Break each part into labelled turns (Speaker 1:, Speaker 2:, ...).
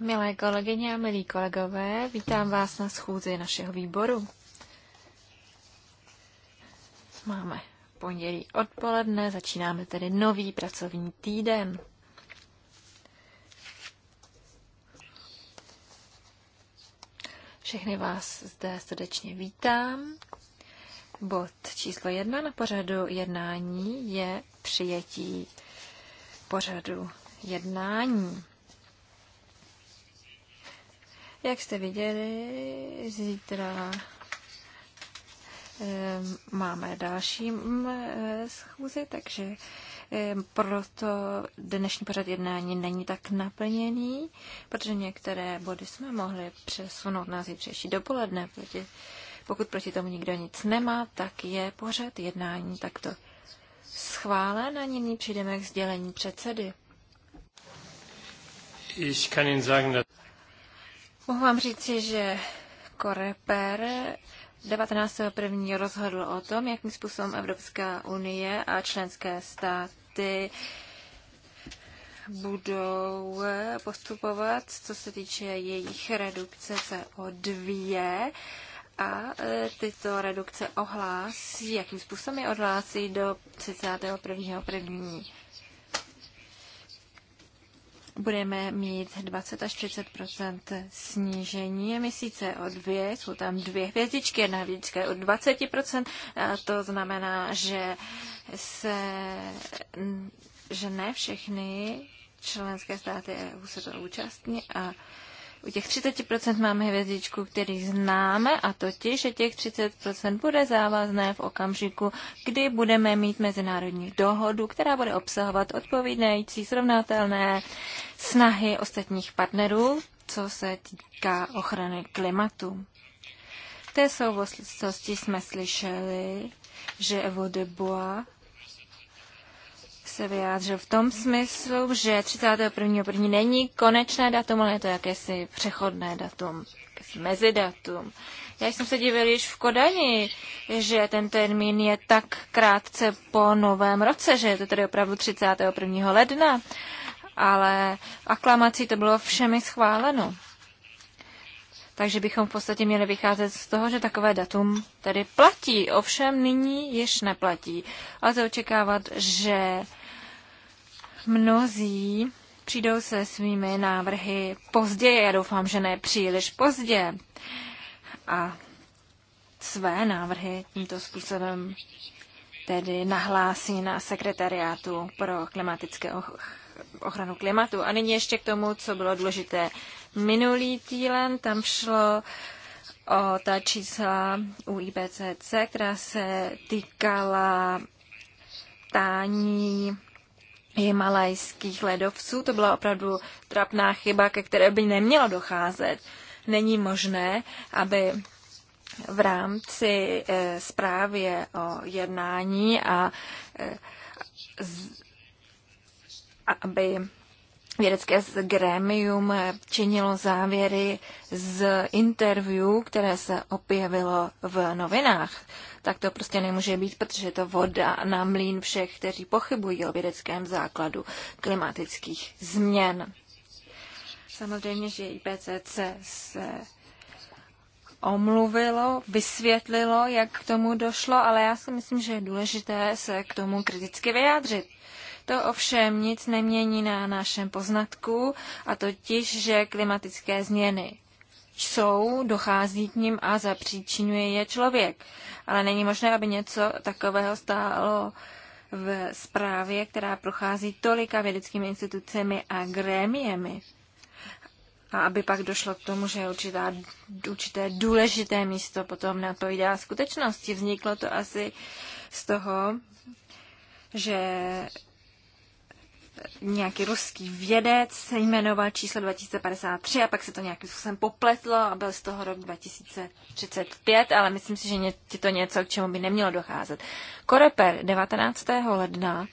Speaker 1: Milé kolegyně a milí kolegové, vítám vás na schůzi našeho výboru. Máme pondělí odpoledne, začínáme tedy nový pracovní týden. Všechny vás zde srdečně vítám. Bod číslo jedna na pořadu jednání je přijetí pořadu jednání. Jak jste viděli, zítra eh, máme další mm, eh, schůzi, takže eh, proto dnešní pořad jednání není tak naplněný, protože některé body jsme mohli přesunout na zítřejší dopoledne. Proti, pokud proti tomu nikdo nic nemá, tak je pořad jednání takto schválen a nyní přijdeme k sdělení předsedy.
Speaker 2: Ich kann Ihnen sagen, dass...
Speaker 1: Mohu vám říci, že Koreper 19.1. rozhodl o tom, jakým způsobem Evropská unie a členské státy budou postupovat, co se týče jejich redukce CO2 a e, tyto redukce ohlásí, jakým způsobem je ohlásí do 31.1 budeme mít 20 až 30 snížení emisí CO2. Jsou tam dvě hvězdičky, jedna hvězdička je od 20 a to znamená, že, se, že ne všechny členské státy EU se to účastní a u těch 30% máme hvězdičku, který známe, a totiž, že těch 30% bude závazné v okamžiku, kdy budeme mít mezinárodní dohodu, která bude obsahovat odpovídající srovnatelné snahy ostatních partnerů, co se týká ochrany klimatu. V té souvislosti jsme slyšeli, že Evo de Bois se vyjádřil v tom smyslu, že 31.1. není konečné datum, ale je to jakési přechodné datum, jakési mezidatum. Já jsem se divil již v Kodani, že ten termín je tak krátce po novém roce, že je to tedy opravdu 31. ledna, ale aklamací to bylo všemi schváleno. Takže bychom v podstatě měli vycházet z toho, že takové datum tady platí. Ovšem nyní již neplatí. A to očekávat, že mnozí přijdou se svými návrhy později, já doufám, že ne příliš pozdě, a své návrhy tímto způsobem tedy nahlásí na sekretariátu pro klimatické ochranu klimatu. A nyní ještě k tomu, co bylo důležité minulý týden. Tam šlo o ta čísla u IPCC, která se týkala tání himalajských ledovců. To byla opravdu trapná chyba, ke které by nemělo docházet. Není možné, aby v rámci eh, zprávě o jednání a eh, aby vědecké grémium činilo závěry z interview, které se objevilo v novinách. Tak to prostě nemůže být, protože je to voda na mlín všech, kteří pochybují o vědeckém základu klimatických změn. Samozřejmě, že IPCC se omluvilo, vysvětlilo, jak k tomu došlo, ale já si myslím, že je důležité se k tomu kriticky vyjádřit. To ovšem nic nemění na našem poznatku, a totiž, že klimatické změny jsou, dochází k ním a zapříčinuje je člověk. Ale není možné, aby něco takového stálo v zprávě, která prochází tolika vědeckými institucemi a grémiemi. A aby pak došlo k tomu, že určitá, určité důležité místo potom na A skutečnosti. Vzniklo to asi z toho, že nějaký ruský vědec se jmenoval číslo 2053 a pak se to nějakým způsobem popletlo a byl z toho rok 2035, ale myslím si, že je to něco, k čemu by nemělo docházet. Koreper 19. ledna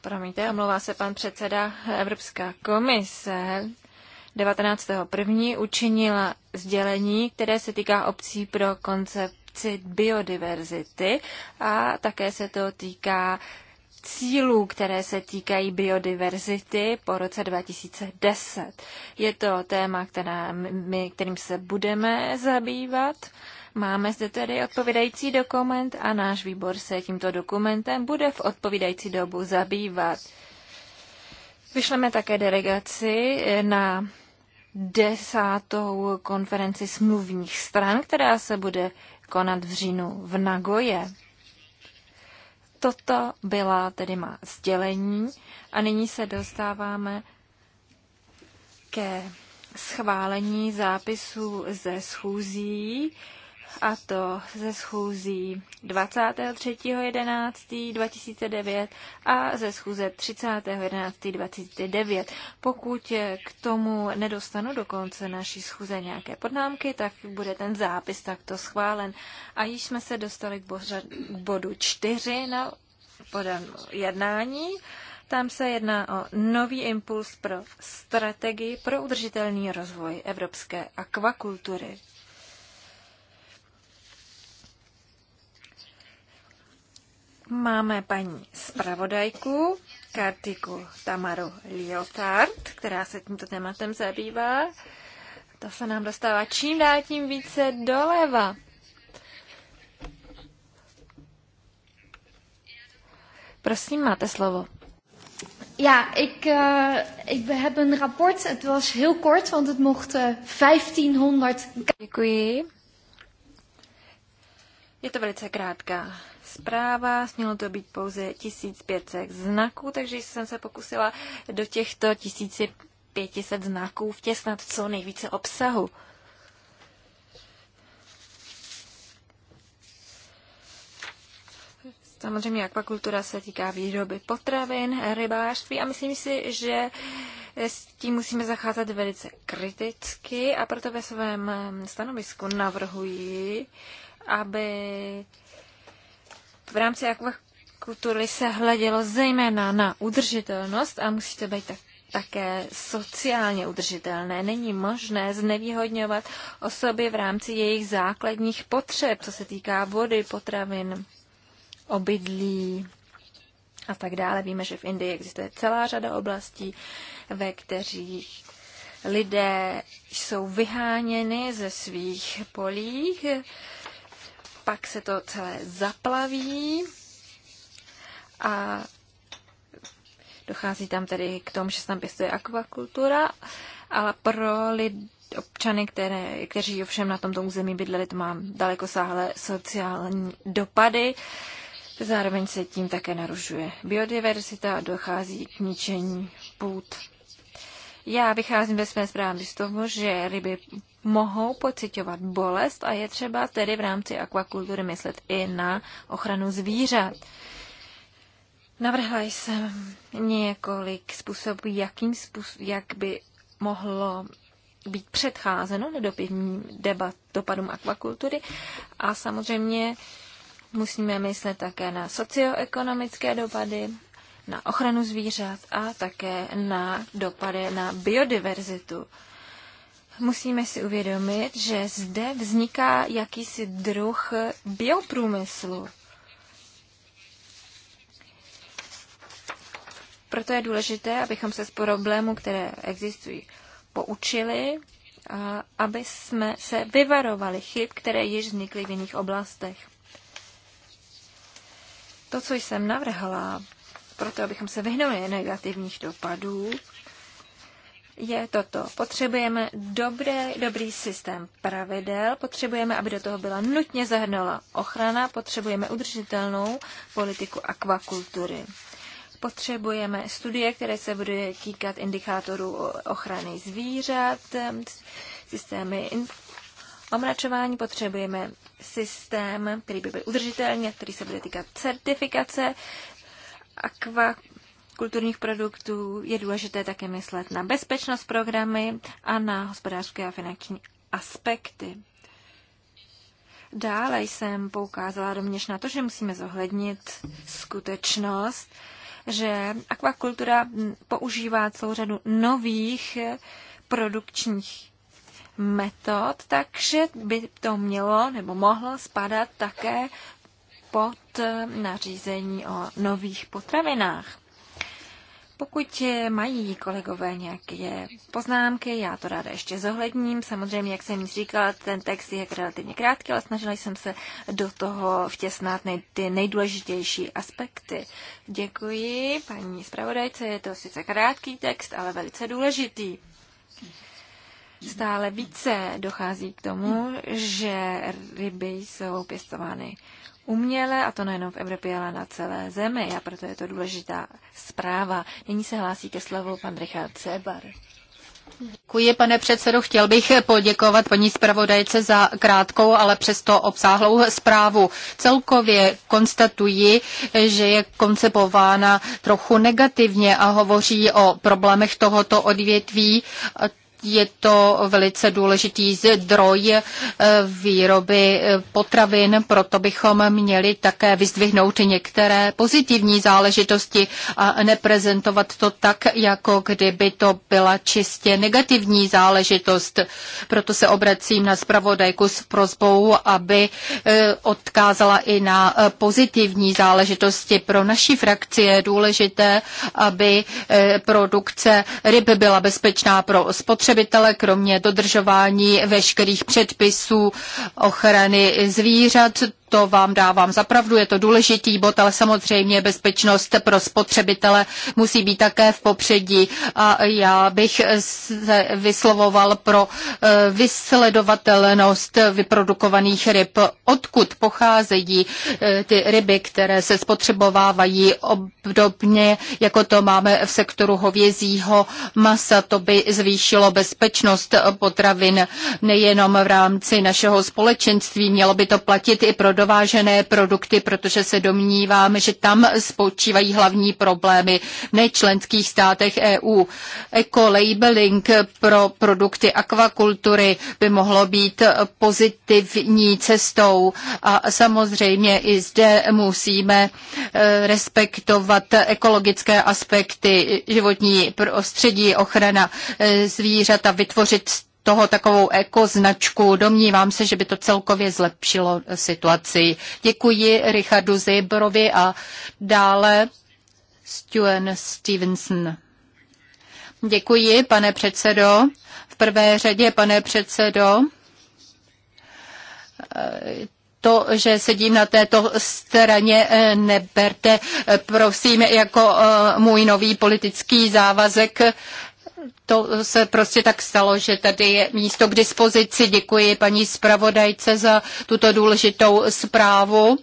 Speaker 1: Promiňte, omlouvá se pan předseda Evropská komise. 19.1. učinila sdělení, které se týká obcí pro koncept biodiverzity a také se to týká cílů, které se týkají biodiverzity po roce 2010. Je to téma, která my, kterým se budeme zabývat. Máme zde tedy odpovídající dokument a náš výbor se tímto dokumentem bude v odpovídající dobu zabývat. Vyšleme také delegaci na desátou konferenci smluvních stran, která se bude konat v říjnu v Nagoje. Toto byla tedy má sdělení a nyní se dostáváme ke schválení zápisů ze schůzí a to ze schůzí 23.11.2009 a ze schůze 30.11.2009. Pokud k tomu nedostanu do konce naší schůze nějaké podnámky, tak bude ten zápis takto schválen. A již jsme se dostali k, bořad, k bodu 4 na podam jednání. Tam se jedná o nový impuls pro strategii pro udržitelný rozvoj evropské akvakultury. Máme paní zpravodajku Kartiku Tamaru Liotard, která se tímto tématem zabývá. To se nám dostává čím dál tím více doleva. Prosím, máte slovo. Ja, ik, uh, ik, we een rapport. Het was heel kort, want het mocht uh, eh, 1500. Děkuji. Je to velice krátká zpráva, smělo to být pouze 1500 znaků, takže jsem se pokusila do těchto 1500 znaků vtěsnat co nejvíce obsahu. Samozřejmě akvakultura se týká výroby potravin, rybářství a myslím si, že s tím musíme zacházet velice kriticky a proto ve svém stanovisku navrhuji, aby v rámci akvakultury se hledělo zejména na udržitelnost a musí to být tak také sociálně udržitelné. Není možné znevýhodňovat osoby v rámci jejich základních potřeb, co se týká vody, potravin, obydlí a tak dále. Víme, že v Indii existuje celá řada oblastí, ve kterých lidé jsou vyháněni ze svých polích pak se to celé zaplaví a dochází tam tedy k tomu, že se tam pěstuje akvakultura, ale pro lid, občany, které, kteří ovšem na tomto území bydleli, to má daleko sáhlé sociální dopady. Zároveň se tím také narušuje biodiverzita a dochází k ničení půd. Já vycházím ve své zprávě z toho, že ryby mohou pocitovat bolest a je třeba tedy v rámci akvakultury myslet i na ochranu zvířat. Navrhla jsem několik způsobů, jakým způsob, jak by mohlo být předcházeno nedopivním debat dopadům akvakultury a samozřejmě musíme myslet také na socioekonomické dopady, na ochranu zvířat a také na dopady na biodiverzitu musíme si uvědomit, že zde vzniká jakýsi druh bioprůmyslu. Proto je důležité, abychom se z problémů, které existují, poučili a aby jsme se vyvarovali chyb, které již vznikly v jiných oblastech. To, co jsem navrhla, proto abychom se vyhnuli negativních dopadů, je toto. Potřebujeme dobré, dobrý systém pravidel, potřebujeme, aby do toho byla nutně zahrnula ochrana, potřebujeme udržitelnou politiku akvakultury. Potřebujeme studie, které se budou týkat indikátorů ochrany zvířat, systémy omračování, potřebujeme systém, který by byl udržitelný, který se bude týkat certifikace, akva kulturních produktů je důležité také myslet na bezpečnost programy a na hospodářské a finanční aspekty. Dále jsem poukázala rovněž na to, že musíme zohlednit skutečnost, že akvakultura používá celou řadu nových produkčních metod, takže by to mělo nebo mohlo spadat také pod nařízení o nových potravinách. Pokud eh, mají kolegové nějaké poznámky, já to ráda ještě zohledním. Samozřejmě, jak jsem říkala, ten text je relativně krátký, ale snažila jsem se do toho vtěsnat nej, ty nejdůležitější aspekty. Děkuji paní zpravodajce, je to sice krátký text, ale velice důležitý. Stále více dochází k tomu, že ryby jsou pěstovány uměle, a to nejenom v Evropě, ale na celé zemi. A proto je to důležitá zpráva. Nyní se hlásí ke slovu pan Richard Sebar.
Speaker 3: Děkuji, pane předsedo. Chtěl bych poděkovat paní zpravodajce za krátkou, ale přesto obsáhlou zprávu. Celkově konstatuji, že je koncepována trochu negativně a hovoří o problémech tohoto odvětví, je to velice důležitý zdroj eh, výroby eh, potravin, proto bychom měli také vyzdvihnout některé pozitivní záležitosti a neprezentovat to tak, jako kdyby to byla čistě negativní záležitost. Proto se obracím na zpravodajku s prozbou, aby eh, odkázala i na pozitivní záležitosti. Pro naší frakci je důležité, aby produkce ryb byla bezpečná pro spotřebitele spotřebitele, kromě dodržování veškerých předpisů ochrany zvířat, to vám dávám za pravdu, je to důležitý bod, ale samozřejmě bezpečnost pro spotřebitele musí být také v popředí a já bych se vyslovoval pro eh, vysledovatelnost vyprodukovaných ryb, odkud pocházejí eh, ty ryby, které se spotřebovávají obdobně, jako to máme v sektoru hovězího masa. To by zvýšilo bezpečnost potravin nejenom v rámci našeho společenství, mělo by to platit i pro do dovážené produkty, protože se domníváme, že tam spočívají hlavní problémy v nečlenských státech EU. Eco-labeling pro produkty akvakultury by mohlo být pozitivní cestou a samozřejmě i zde musíme eh, respektovat ekologické aspekty, životní prostředí, ochrana eh, zvířat a vytvořit toho takovou ekoznačku. Domnívám se, že by to celkově zlepšilo situaci. Děkuji Richardu Zejbrovi a dále Stuart Stevenson. Děkuji, pane předsedo. V prvé řadě, pane předsedo, to, že sedím na této straně, eh, neberte, eh, prosím, jako eh, můj nový politický závazek to se prostě tak stalo, že tady je místo k dispozici. Děkuji paní zpravodajce za tuto důležitou zprávu.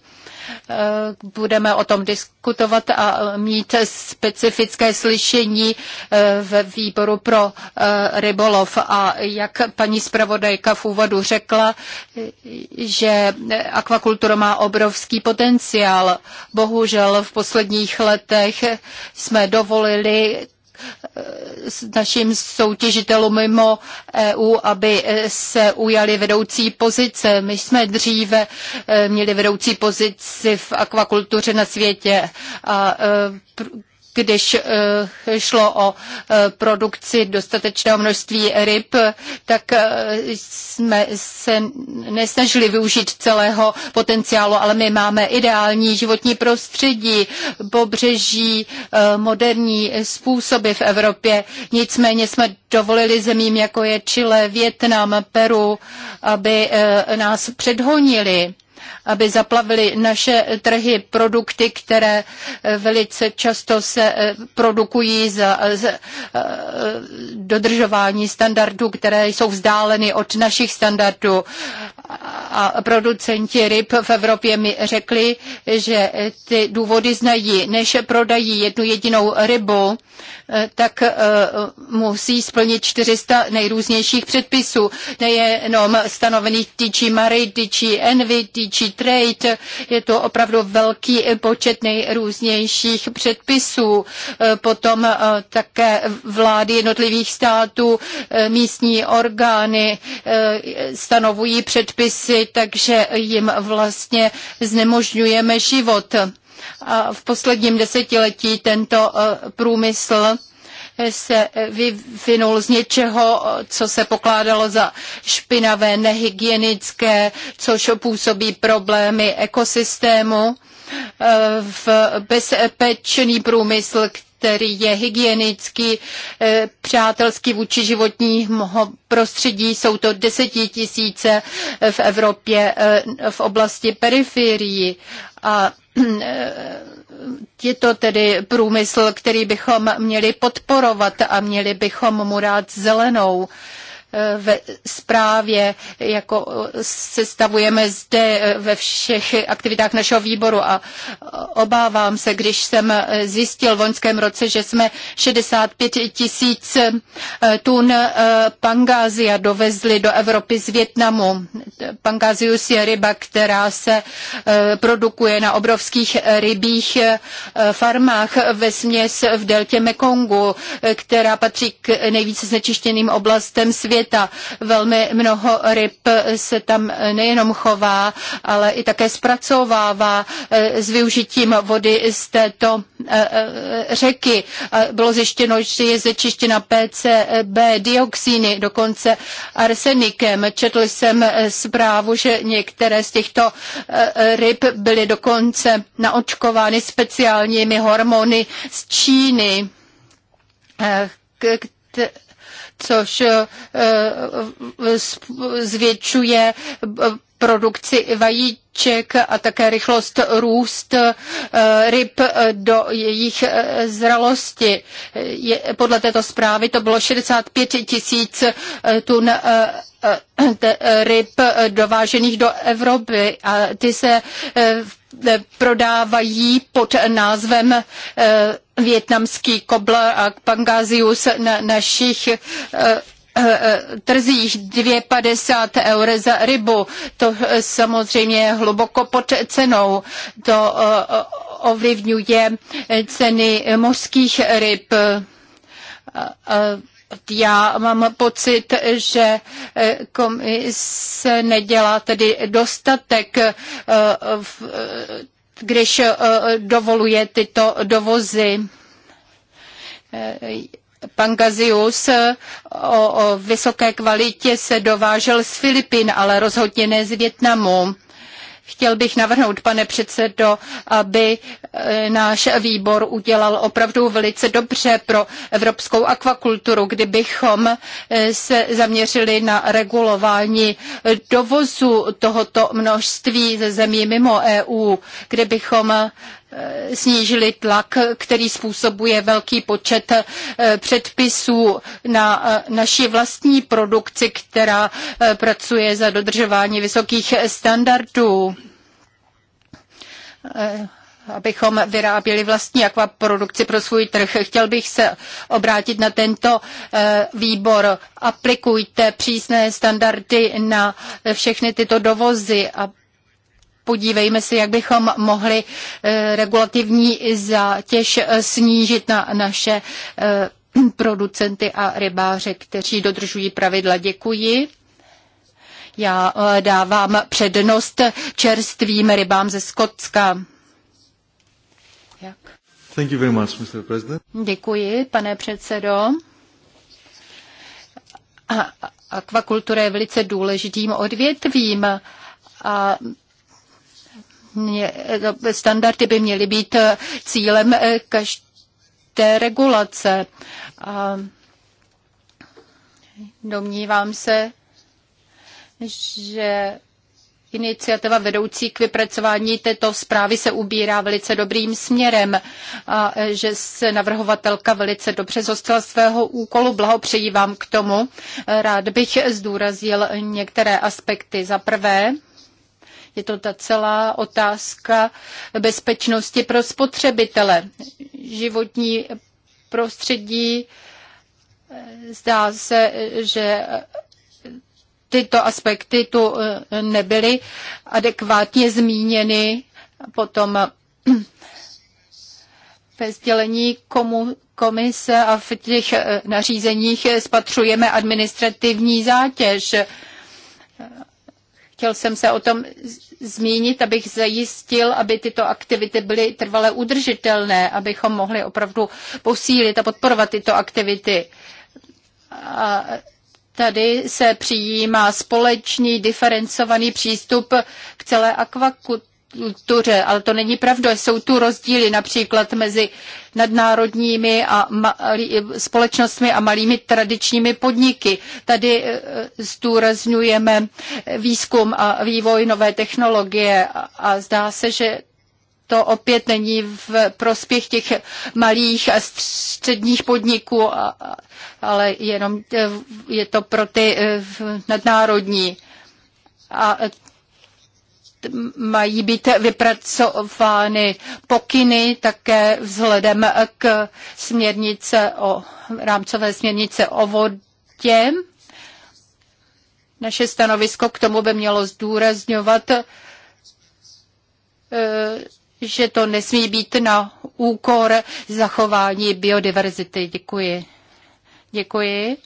Speaker 3: Eh, budeme o tom diskutovat a mít specifické slyšení eh, ve výboru pro eh, rybolov. A jak paní zpravodajka v úvodu řekla, že akvakultura má obrovský potenciál. Bohužel v posledních letech jsme dovolili s naším soutěžitelům mimo EU, aby se ujali vedoucí pozice. My jsme dříve eh, měli vedoucí pozici v akvakultuře na světě a eh, když eh, šlo o eh, produkci dostatečného množství ryb, tak eh, jsme se nesnažili využít celého potenciálu, ale my máme ideální životní prostředí, pobřeží, moderní způsoby v Evropě. Nicméně jsme dovolili zemím, jako je Chile, Větnam, Peru, aby nás předhonili aby zaplavili naše trhy produkty, které eh, velice často se eh, produkují za, za eh, dodržování standardů, které jsou vzdáleny od našich standardů a producenti ryb v Evropě mi řekli, že ty důvody znají. Než prodají jednu jedinou rybu, eh, tak eh, musí splnit 400 nejrůznějších předpisů, nejenom stanovených DG Mary, DG Envy, DG Trade. Je to opravdu velký počet nejrůznějších předpisů. Eh, potom také vlády jednotlivých států, místní orgány stanovují předpisy takže jim vlastně znemožňujeme život. A v posledním desetiletí tento eh, průmysl eh, se eh, vyvinul z něčeho, co se pokládalo za špinavé, nehygienické, což působí problémy ekosystému v bezpečný průmysl, který je hygienický, eh, přátelský vůči životního prostředí. Jsou to desetitisíce v Evropě eh, v oblasti periferií. A eh, je to tedy průmysl, který bychom měli podporovat a měli bychom mu rád zelenou. Eh, ve zprávě, jako eh, sestavujeme zde eh, ve všech aktivitách našeho výboru a obávám se, když jsem zjistil v loňském roce, že jsme 65 tisíc tun pangázia dovezli do Evropy z Větnamu. Pangázius je ryba, která se produkuje na obrovských rybích farmách ve směs v deltě Mekongu, která patří k nejvíce znečištěným oblastem světa biodiverzita. Velmi mnoho ryb se tam nejenom chová, ale i také zpracovává eh, s využitím vody z této eh, eh, řeky. Bylo zjištěno, že je zečištěna PCB, dioxíny, dokonce arsenikem. Četl jsem zprávu, že některé z těchto ryb byly dokonce naočkovány speciálními hormony z Číny, což eh, zvětšuje eh, produkci vajíček a také rychlost růst eh, ryb do jejich zralosti. podle této zprávy to bylo 65 tisíc tun ryb dovážených do Evropy a ty se prodávají pod názvem větnamský kobl a pangázius na našich eh, eh, eh, trzích 2,50 eur za rybu. To samozřejmě je hluboko pod cenou. To ovlivňuje ceny mořských ryb. Já mám pocit, že komise nedělá tedy dostatek v když eh, dovoluje tyto dovozy. Eh, Gazius eh, o, o vysoké kvalitě se dovážel z Filipin, ale rozhodně ne z Větnamu. Chtěl bych navrhnout, pane předsedo, aby e, náš výbor udělal opravdu velice dobře pro evropskou akvakulturu, kdybychom e, se zaměřili na regulování dovozu tohoto množství ze zemí mimo EU, kdybychom Eh, snížili tlak, který způsobuje velký počet eh, předpisů na eh, naši vlastní produkci, která pracuje za dodržování vysokých standardů abychom vyráběli vlastní akvaprodukci pro svůj trh. Chtěl bych se obrátit na tento výbor. Aplikujte přísné standardy na všechny tyto dovozy a podívejme se, jak bychom mohli eh, regulativní zátěž eh, snížit na naše eh, producenty a rybáře, kteří dodržují pravidla. Děkuji. Já dávám přednost čerstvým rybám ze Skotska.
Speaker 2: Jak? Thank you very much,
Speaker 3: Mr. President. Děkuji, pane předsedo. Akvakultura je velice důležitým odvětvím a No, standardy by měly být eh, cílem eh, každé regulace. A domnívám se, že iniciativa vedoucí k vypracování této zprávy se ubírá velice dobrým směrem a eh, že se navrhovatelka velice dobře zostala svého úkolu. Blahopřeji vám k tomu. Rád bych zdůraznil některé aspekty. Za prvé, je to ta celá otázka bezpečnosti pro spotřebitele. Životní prostředí eh, zdá se, že tyto aspekty tu eh, nebyly adekvátně zmíněny. Potom eh, ve sdělení komu, komise a v těch nařízeních spatřujeme administrativní zátěž Chtěl jsem se o tom zmínit, abych zajistil, aby tyto aktivity byly trvale udržitelné, abychom mohli opravdu posílit a podporovat tyto aktivity. A tady se přijímá společný diferencovaný přístup k celé akvakultuře kultuře, ale to není pravda. Jsou tu rozdíly například mezi nadnárodními a malý, společnostmi a malými tradičními podniky. Tady eh, zdůrazňujeme výzkum a vývoj nové technologie a, zdá se, že to opět není v prospěch těch malých a středních podniků, ale jenom eh, je to pro ty eh, nadnárodní. A mají být vypracovány pokyny také vzhledem k směrnice o, rámcové směrnice o vodě. Naše stanovisko k tomu by mělo zdůrazňovat, e, že to nesmí být na úkor zachování biodiverzity. Děkuji. Děkuji.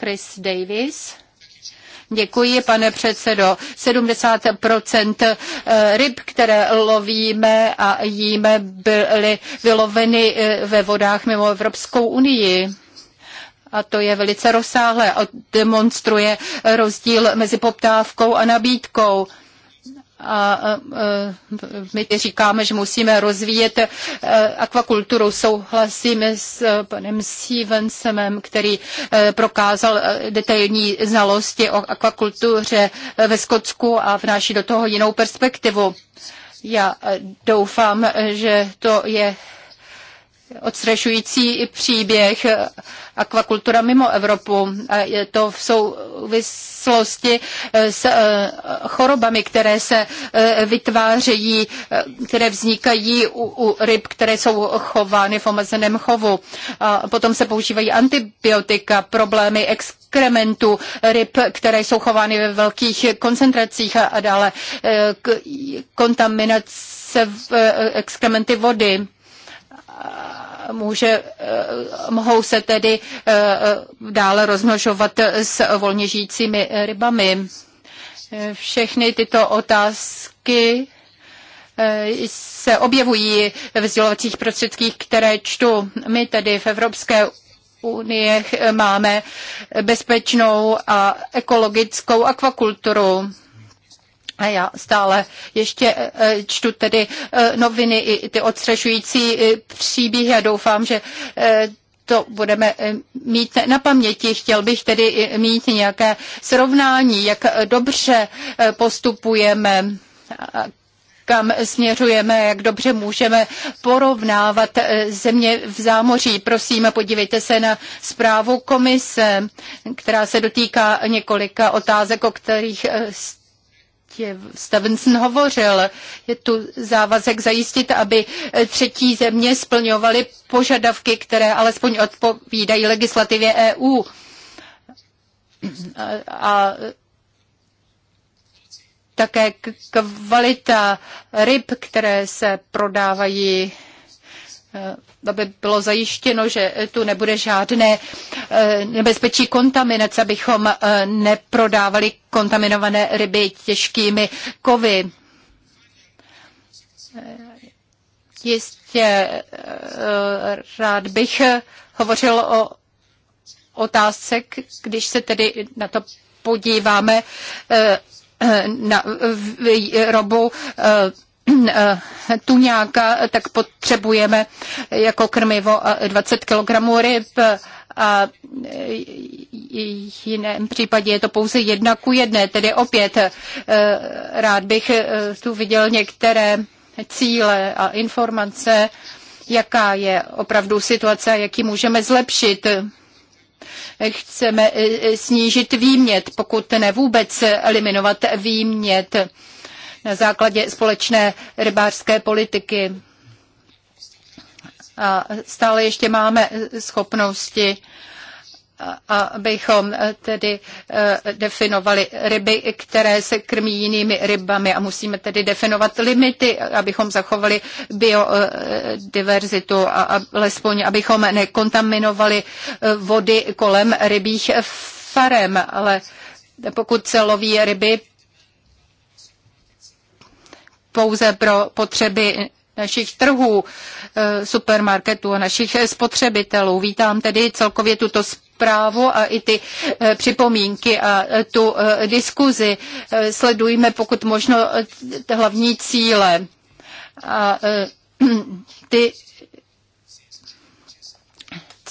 Speaker 3: Chris Davis. Děkuji, pane předsedo. 70 eh, ryb, které lovíme a jíme, byly vyloveny eh, ve vodách mimo Evropskou unii a to je velice rozsáhlé a demonstruje rozdíl mezi poptávkou a nabídkou a my říkáme, že musíme rozvíjet e, akvakulturu. Souhlasíme s panem Stevensem, který e, prokázal e, detailní znalosti o akvakultuře ve Skotsku a vnáší do toho jinou perspektivu. Já doufám, že to je odstrašující příběh akvakultura mimo Evropu. A je to v souvislosti s eh, chorobami, které se eh, vytvářejí, eh, které vznikají u, u ryb, které jsou chovány v omezeném chovu. A potom se používají antibiotika, problémy exkrementu ryb, které jsou chovány ve velkých koncentracích a, a dále kontaminace v exkrementy vody může, eh, mohou se tedy eh, dále rozmnožovat s volně žijícími rybami. Všechny tyto otázky eh, se objevují ve vzdělovacích prostředcích, které čtu. My tedy v Evropské unii máme bezpečnou a ekologickou akvakulturu a já stále ještě eh, eh, čtu tedy eh, noviny i ty odstrašující příběhy a doufám, že to budeme mít na paměti. Chtěl bych tedy mít nějaké srovnání, jak dobře postupujeme, kam směřujeme, jak dobře můžeme porovnávat země v zámoří. Prosím, podívejte se na zprávu komise, která se dotýká několika otázek, o kterých Stevenson hovořil. Je tu závazek zajistit, aby třetí země splňovaly požadavky, které alespoň odpovídají legislativě EU. A také kvalita ryb, které se prodávají Eh, aby bylo zajištěno, že tu nebude žádné eh, nebezpečí kontaminace, abychom eh, neprodávali kontaminované ryby těžkými kovy. Jistě rád bych hovořil o otázce, když se tedy na to podíváme na robu Eh, tuňáka, tak potřebujeme jako krmivo 20 eh, kg ryb a v eh, jiném případě je to pouze jedna ku jedné, tedy opět rád bych tu viděl některé cíle a informace, jaká je opravdu situace a jaký můžeme zlepšit. Chceme snížit výmět, pokud ne vůbec eliminovat výmět na základě společné rybářské politiky. A stále ještě máme schopnosti abychom tedy eh, definovali ryby, které se krmí jinými rybami a musíme tedy definovat limity, abychom zachovali biodiverzitu a alespoň abychom nekontaminovali eh, vody kolem rybích farem, ale pokud se loví ryby pouze pro potřeby našich trhů, eh, supermarketů a našich spotřebitelů. Vítám tedy celkově tuto zprávu a i ty eh, připomínky a eh, tu diskuzi. Sledujme pokud možno hlavní cíle. A ty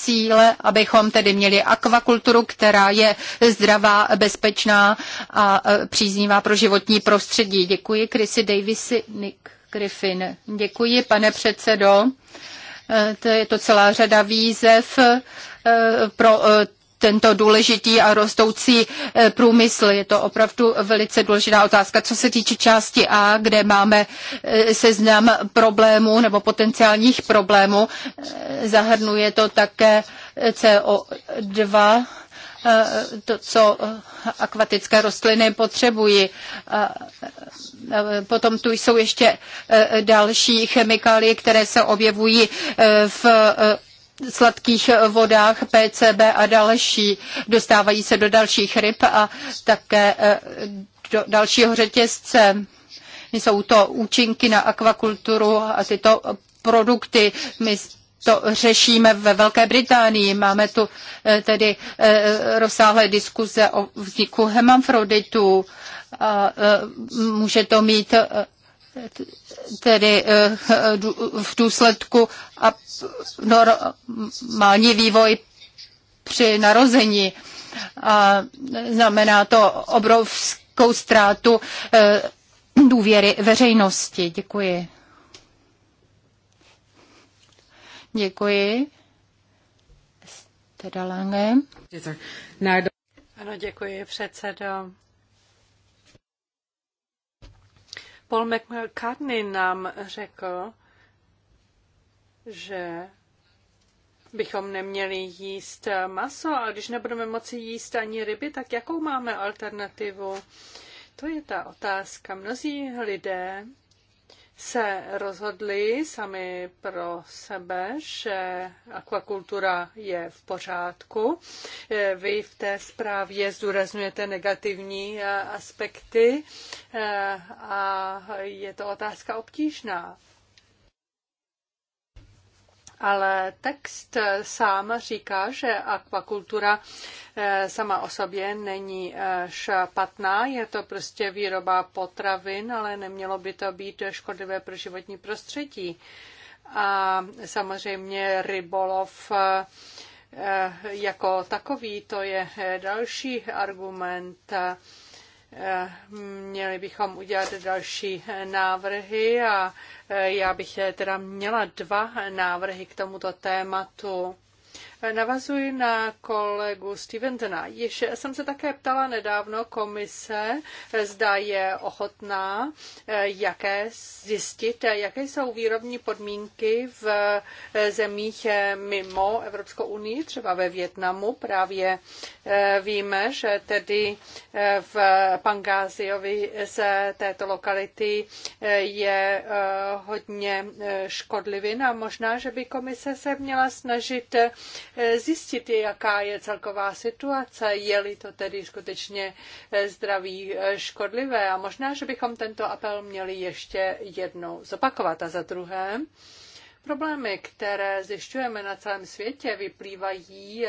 Speaker 3: cíle, abychom tedy měli akvakulturu, která je zdravá, bezpečná a e, příznivá pro životní prostředí. Děkuji Chrissy Davisi, Nick Griffin. Děkuji, pane předsedo. E, to je to celá řada výzev e, pro tento důležitý a rostoucí e, průmysl. Je to opravdu velice důležitá otázka. Co se týče části A, kde máme e, seznam problémů nebo potenciálních problémů, e, zahrnuje to také CO2, to, co akvatické rostliny potřebují. Potom tu jsou ještě další chemikálie, které se objevují v sladkých eh, vodách PCB a další. Dostávají se do dalších ryb a také eh, do dalšího řetězce. Jsou to účinky na akvakulturu a tyto produkty. My to řešíme ve Velké Británii. Máme tu eh, tedy rozsáhlé diskuze o vzniku hemafroditu. A může to mít tedy eh, v důsledku normální vývoj při narození. A znamená to obrovskou ztrátu eh, důvěry veřejnosti. Děkuji. Děkuji. Teda Lange.
Speaker 2: Ano, děkuji předsedo. Paul McCartney nám řekl, že bychom neměli jíst maso, a když nebudeme moci jíst ani ryby, tak jakou máme alternativu? To je ta otázka. Mnozí lidé se rozhodli sami pro sebe, že akvakultura je v pořádku. Eh, vy v té zprávě zdůraznujete negativní eh, aspekty eh, a je to otázka obtížná ale text sám říká, že akvakultura eh, sama o sobě není eh, špatná, je to prostě výroba potravin, ale nemělo by to být škodlivé pro životní prostředí. A samozřejmě rybolov eh, jako takový, to je další argument. Měli bychom udělat další návrhy a já bych teda měla dva návrhy k tomuto tématu. Navazuji na kolegu Steventona. Již jsem se také ptala nedávno komise, zda je ochotná, eh, jaké zjistit, eh, jaké jsou výrobní podmínky v eh, zemích mimo Evropskou unii, třeba ve Větnamu. Právě víme, že tedy v Pangáziovi z této lokality je hodně škodlivin a možná, že by komise se měla snažit Eh, zjistit, jaká je celková situace, je-li to tedy skutečně eh, zdraví eh, škodlivé. A možná, že bychom tento apel měli ještě jednou zopakovat. A za druhé, problémy, které zjišťujeme na celém světě, vyplývají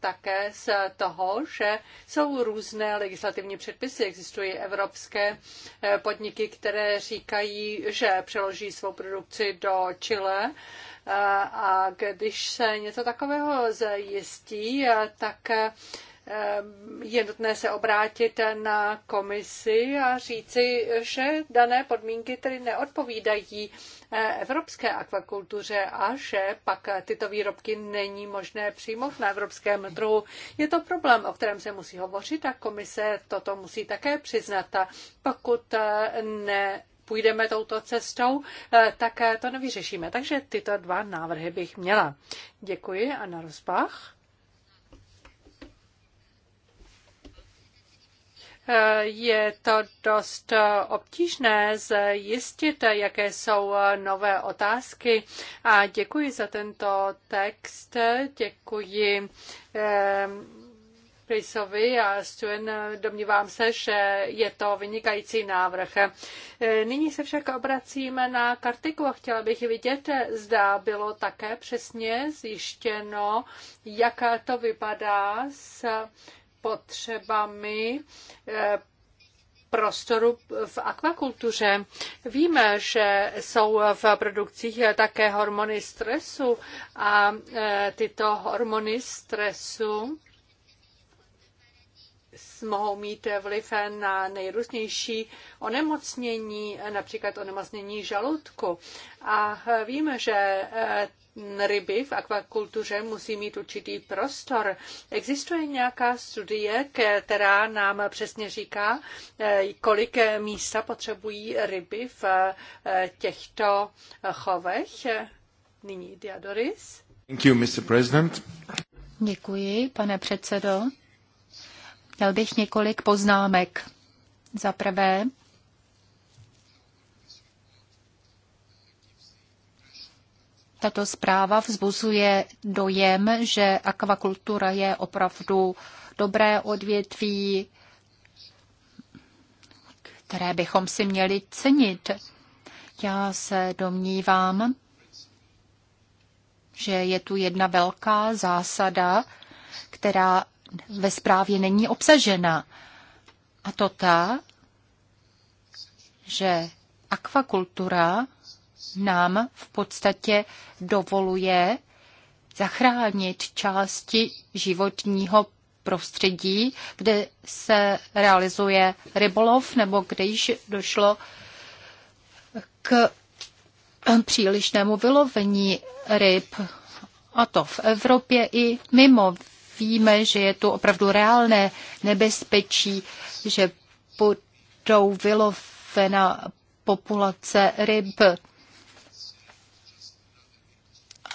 Speaker 2: také z toho, že jsou různé legislativní předpisy. Existují evropské podniky, které říkají, že přeloží svou produkci do Chile a když se něco takového zjistí, tak e, je nutné se obrátit na komisi a říci, že dané podmínky tedy neodpovídají e, evropské akvakultuře a že pak tyto výrobky není možné přijmout na evropském trhu. Je to problém, o kterém se musí hovořit a komise toto musí také přiznat. Pokud e, ne půjdeme touto cestou, eh, tak eh, to nevyřešíme. Takže tyto dva návrhy bych měla. Děkuji a na rozpach. Eh, je to dost obtížné zjistit, jaké jsou nové otázky. A děkuji za tento text, děkuji Prisovi a Stuen, domnívám se, že je to vynikající návrh. Nyní se však obracíme na Kartiku a chtěla bych vidět, zda bylo také přesně zjištěno, jak to vypadá s potřebami eh, prostoru v akvakultuře. Víme, že jsou v produkcích také hormony stresu a eh, tyto hormony stresu mohou mít vliv na nejrůznější onemocnění, například onemocnění žaludku. A víme, že eh, ryby v akvakultuře musí mít určitý prostor. Existuje nějaká studie, která nám přesně říká, eh, kolik místa potřebují ryby v eh, těchto chovech? Nyní Diadoris.
Speaker 1: Thank you, Mr. President.
Speaker 3: Děkuji, pane předsedo. Měl bych několik poznámek. Za prvé, tato zpráva vzbuzuje dojem, že akvakultura je opravdu dobré odvětví, které bychom si měli cenit. Já se domnívám, že je tu jedna velká zásada, která ve zprávě není obsažena. A to ta, že akvakultura nám v podstatě dovoluje zachránit části životního prostředí, kde se realizuje rybolov nebo kde již došlo k přílišnému vylovení ryb, a to v Evropě i mimo víme, že je tu opravdu reálné nebezpečí, že budou vylovena populace ryb.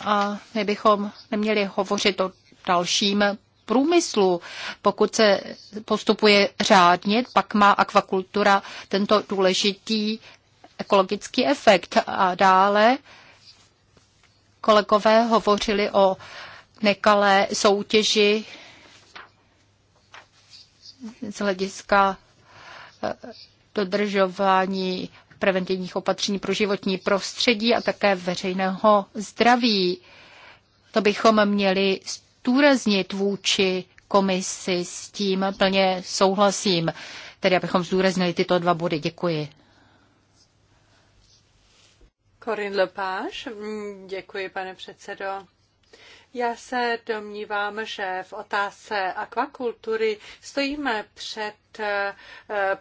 Speaker 3: A my bychom neměli hovořit o dalším průmyslu. Pokud se postupuje řádně, pak má akvakultura tento důležitý ekologický efekt. A dále kolegové hovořili o nekalé soutěži z hlediska eh, dodržování preventivních opatření pro životní prostředí a také veřejného zdraví. To bychom měli zdůraznit vůči komisi, s tím plně souhlasím. Tedy abychom zdůraznili tyto dva body. Děkuji.
Speaker 2: Corinne Lepage, děkuji, pane předsedo. Já se domnívám, že v otázce akvakultury stojíme před eh,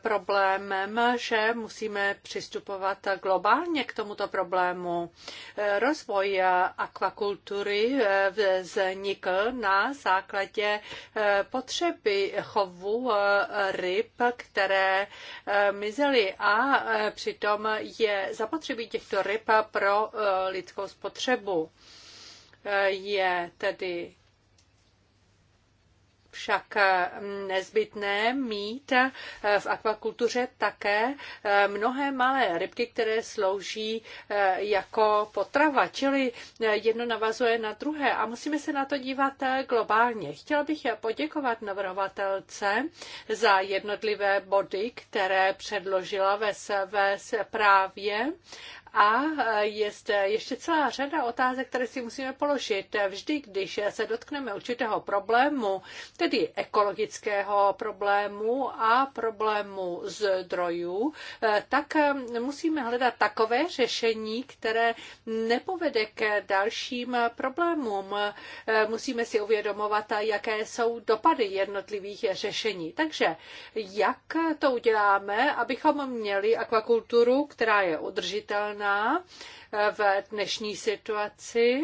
Speaker 2: problémem, že musíme přistupovat globálně k tomuto problému. Eh, rozvoj akvakultury eh, vznikl na základě potřeby chovu ryb, které mizely a přitom je zapotřebí těchto ryb pro lidskou spotřebu je tedy však nezbytné mít v akvakultuře také mnohé malé rybky, které slouží jako potrava, čili jedno navazuje na druhé a musíme se na to dívat globálně. Chtěla bych poděkovat navrhovatelce za jednotlivé body, které předložila ve své zprávě a je zde ještě celá řada otázek, které si musíme položit. Vždy, když se dotkneme určitého problému, tedy ekologického problému a problému zdrojů, tak musíme hledat takové řešení, které nepovede k dalším problémům. Musíme si uvědomovat, jaké jsou dopady jednotlivých řešení. Takže jak to uděláme, abychom měli akvakulturu, která je udržitelná, možná eh, v dnešní situaci.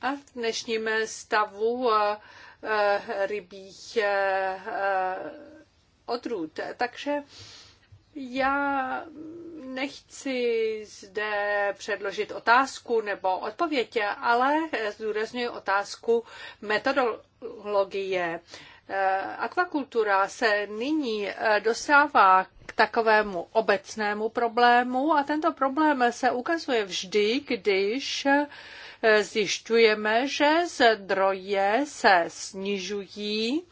Speaker 2: A v dnešním stavu eh, rybích eh, odrůd. Takže já nechci zde předložit otázku nebo odpověď, ale zdůraznuju otázku metodologie. Eh, akvakultura se nyní eh, dostává k takovému obecnému problému a tento problém se ukazuje vždy, když eh, zjišťujeme, že zdroje se snižují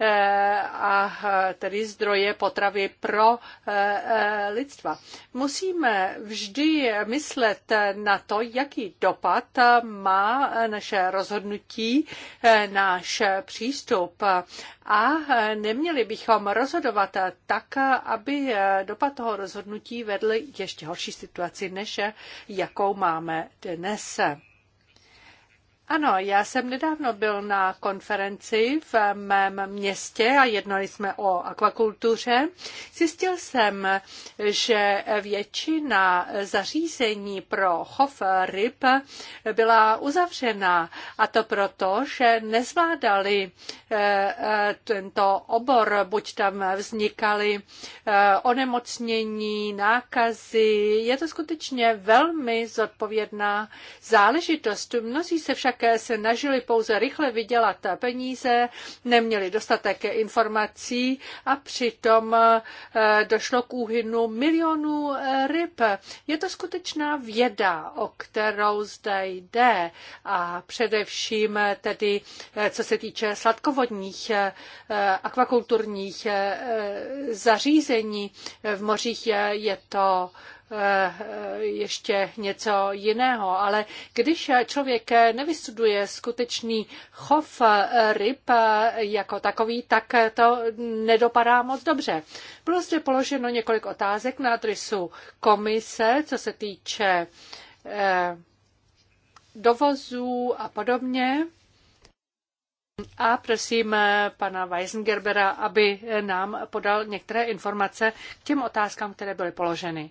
Speaker 2: eh, a tedy zdroje potravy pro eh, lidstva. Musíme vždy myslet na to, jaký dopad má naše rozhodnutí, eh, náš přístup a neměli bychom rozhodovat tak, aby dopad toho rozhodnutí vedl ještě horší situaci, než jakou máme dnes. Ano, já jsem nedávno byl na konferenci v mém městě a jednali jsme o akvakultuře. Zjistil jsem, že většina zařízení pro chov ryb byla uzavřena a to proto, že nezvládali eh, tento obor, buď tam vznikaly eh, onemocnění, nákazy. Je to skutečně velmi zodpovědná záležitost. Mnozí se však také se nažili pouze rychle vydělat peníze, neměli dostatek informací a přitom eh, došlo k úhynu milionů eh, ryb. Je to skutečná věda, o kterou zde jde a především eh, tedy, co se týče sladkovodních akvakulturních zařízení v mořích je, je to Eh, ještě něco jiného, ale když člověk nevystuduje skutečný chov ryb jako takový, tak to nedopadá moc dobře. Bylo zde položeno několik otázek na adresu komise, co se týče eh, dovozů a podobně. A prosím eh, pana Weisengerbera, aby nám podal některé informace k těm otázkám, které byly položeny.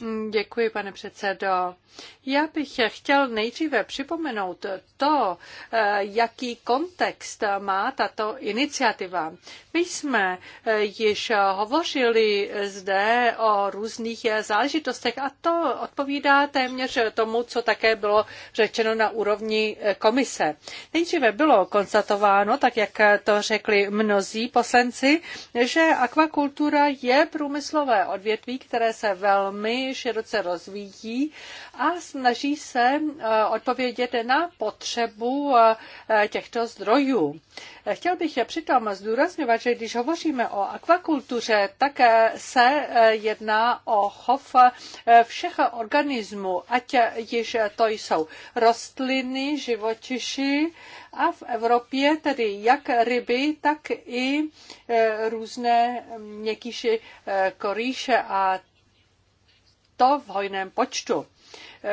Speaker 2: Mm, děkuji, pane předsedo. Já bych chtěl nejdříve připomenout to, eh, jaký kontext má tato iniciativa. My jsme eh, již hovořili zde o různých záležitostech a to odpovídá téměř tomu, co také bylo řečeno na úrovni eh, komise. Nejdříve bylo konstatováno, tak jak to řekli mnozí poslanci, že akvakultura je průmyslové odvětví, které se velmi unii široce rozvíjí a snaží se eh, odpovědět na potřebu eh, těchto zdrojů. Chtěl bych přitom zdůrazňovat, že když hovoříme o akvakultuře, tak eh, se jedná o chov všech organismů, ať již to jsou rostliny, živočiši a v Evropě tedy jak ryby, tak i různé měkýši koríše a to v hojném počtu.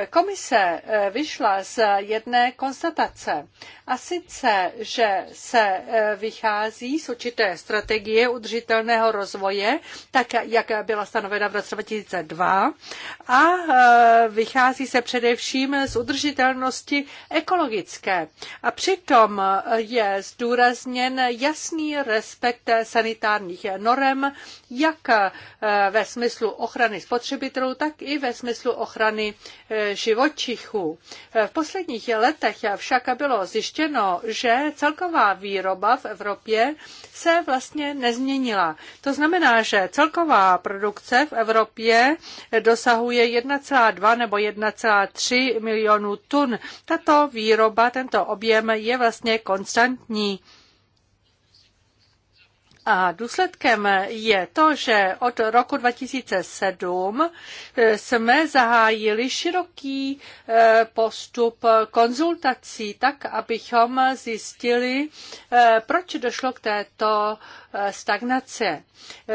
Speaker 2: Komise eh, vyšla z jedné konstatace a sice, že se eh, vychází z určité strategie udržitelného rozvoje, tak jak byla stanovena v roce 2002 a eh, vychází se především z udržitelnosti ekologické. A přitom je zdůrazněn jasný respekt sanitárních norem, jak ve smyslu ochrany spotřebitelů, tak i ve smyslu ochrany živočichů. V posledních letech však bylo zjištěno, že celková výroba v Evropě se vlastně nezměnila. To znamená, že celková produkce v Evropě dosahuje 1,2 nebo 1,3 milionů tun. Tato výroba, tento objem je vlastně konstantní. A důsledkem je to, že od roku 2007 eh, jsme zahájili široký eh, postup konzultací, tak abychom zjistili, eh, proč došlo k této stagnace.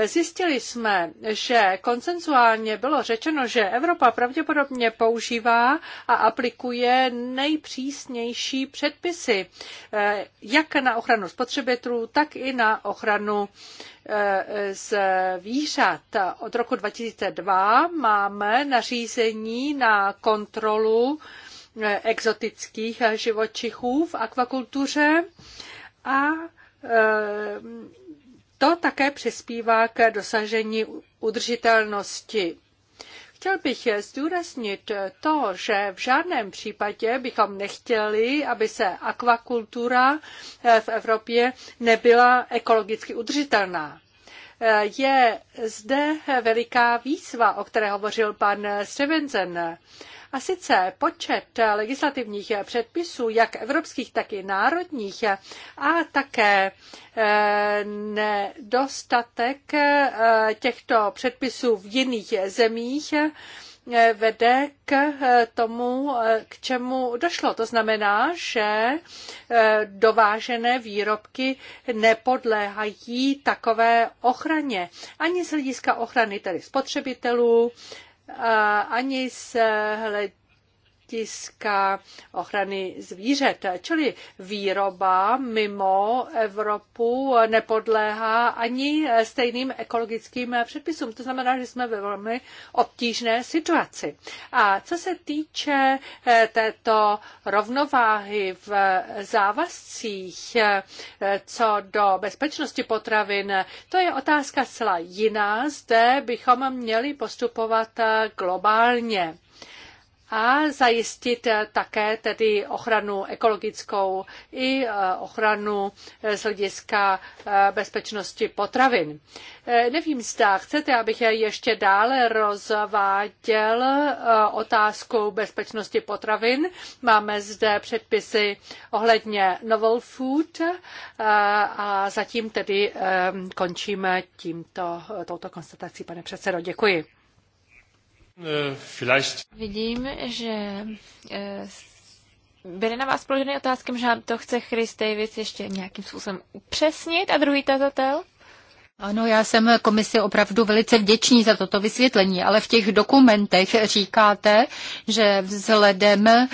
Speaker 2: Zjistili jsme, že konsenzuálně bylo řečeno, že Evropa pravděpodobně používá a aplikuje nejpřísnější předpisy, eh, jak na ochranu spotřebitelů, tak i na ochranu eh, zvířat. Od roku 2002 máme nařízení na kontrolu eh, exotických živočichů v akvakultuře a to také přispívá k dosažení udržitelnosti. Chtěl bych zdůraznit to, že v žádném případě bychom nechtěli, aby se akvakultura v Evropě nebyla ekologicky udržitelná je zde veliká výzva, o které hovořil pan Stevenson. A sice počet legislativních předpisů, jak evropských, tak i národních, a také eh, nedostatek eh, těchto předpisů v jiných zemích Eh, vede k eh, tomu, eh, k čemu došlo. To znamená, že dovážené výrobky nepodléhají takové ochraně. Ani z hlediska ochrany tedy spotřebitelů, ani z hlediska hlediska ochrany zvířat. Čili výroba mimo Evropu nepodléhá ani stejným ekologickým předpisům. To znamená, že jsme ve velmi obtížné situaci. A co se týče eh, této rovnováhy v závazcích eh, co do bezpečnosti potravin, to je otázka zcela jiná. Zde bychom měli postupovat eh, globálně a zajistit eh, také tedy ochranu ekologickou i eh, ochranu eh, z hlediska bezpečnosti potravin. Nevím, zda chcete, abych ještě dále rozváděl otázku bezpečnosti potravin. Máme zde předpisy ohledně novel food a zatím tedy končíme tímto, touto konstatací, pane předsedo. Děkuji.
Speaker 3: Eh, vielleicht.
Speaker 1: Vidím, že eh, byly na vás položeny otázky, možná to chce Chris Davis ještě nějakým způsobem upřesnit a druhý tazatel.
Speaker 3: Ano, já jsem komisi opravdu velice vděčný za toto vysvětlení, ale v těch dokumentech říkáte, že vzhledem eh,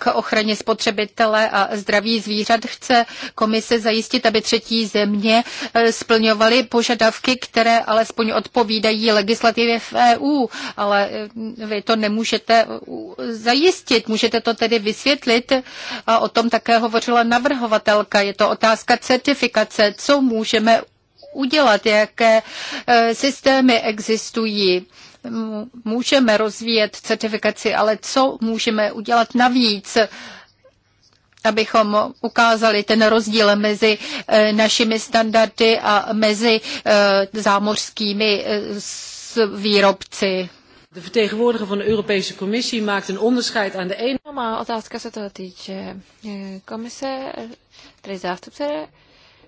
Speaker 3: k ochraně spotřebitele a zdraví zvířat chce komise zajistit, aby třetí země eh, splňovaly požadavky, které alespoň odpovídají legislativě v EU, ale eh, vy to nemůžete zajistit. Můžete to tedy vysvětlit a o tom také hovořila navrhovatelka. Je to otázka certifikace, co můžeme udělat, jaké e, systémy existují. Můžeme rozvíjet certifikaci, ale co můžeme udělat navíc? abychom ukázali ten rozdíl mezi e, našimi standardy a mezi e, zámořskými výrobci. De vertegenwoordiger van de Europese Commissie maakt een onderscheid aan de ene...
Speaker 1: Má otázka se toho týče komise, tedy zástupce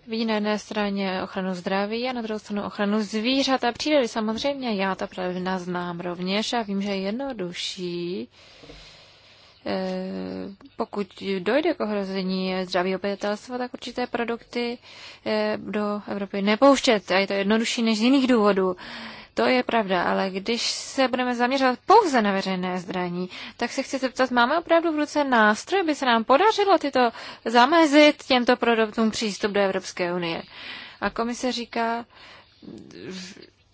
Speaker 1: vidí na jedné straně ochranu zdraví a na druhou stranu ochranu zvířat a přírody. Samozřejmě já ta pravidla znám rovněž a vím, že je jednodušší, eh, pokud dojde k ohrození zdraví obyvatelstva, tak určité produkty eh, do Evropy nepouštět. A je to jednodušší než z jiných důvodů. To je pravda, ale když se budeme zaměřovat pouze na veřejné zdraní, tak se chci zeptat, máme opravdu v ruce nástroj, aby se nám podařilo tyto zamezit těmto produktům přístup do Evropské unie. A komise říká,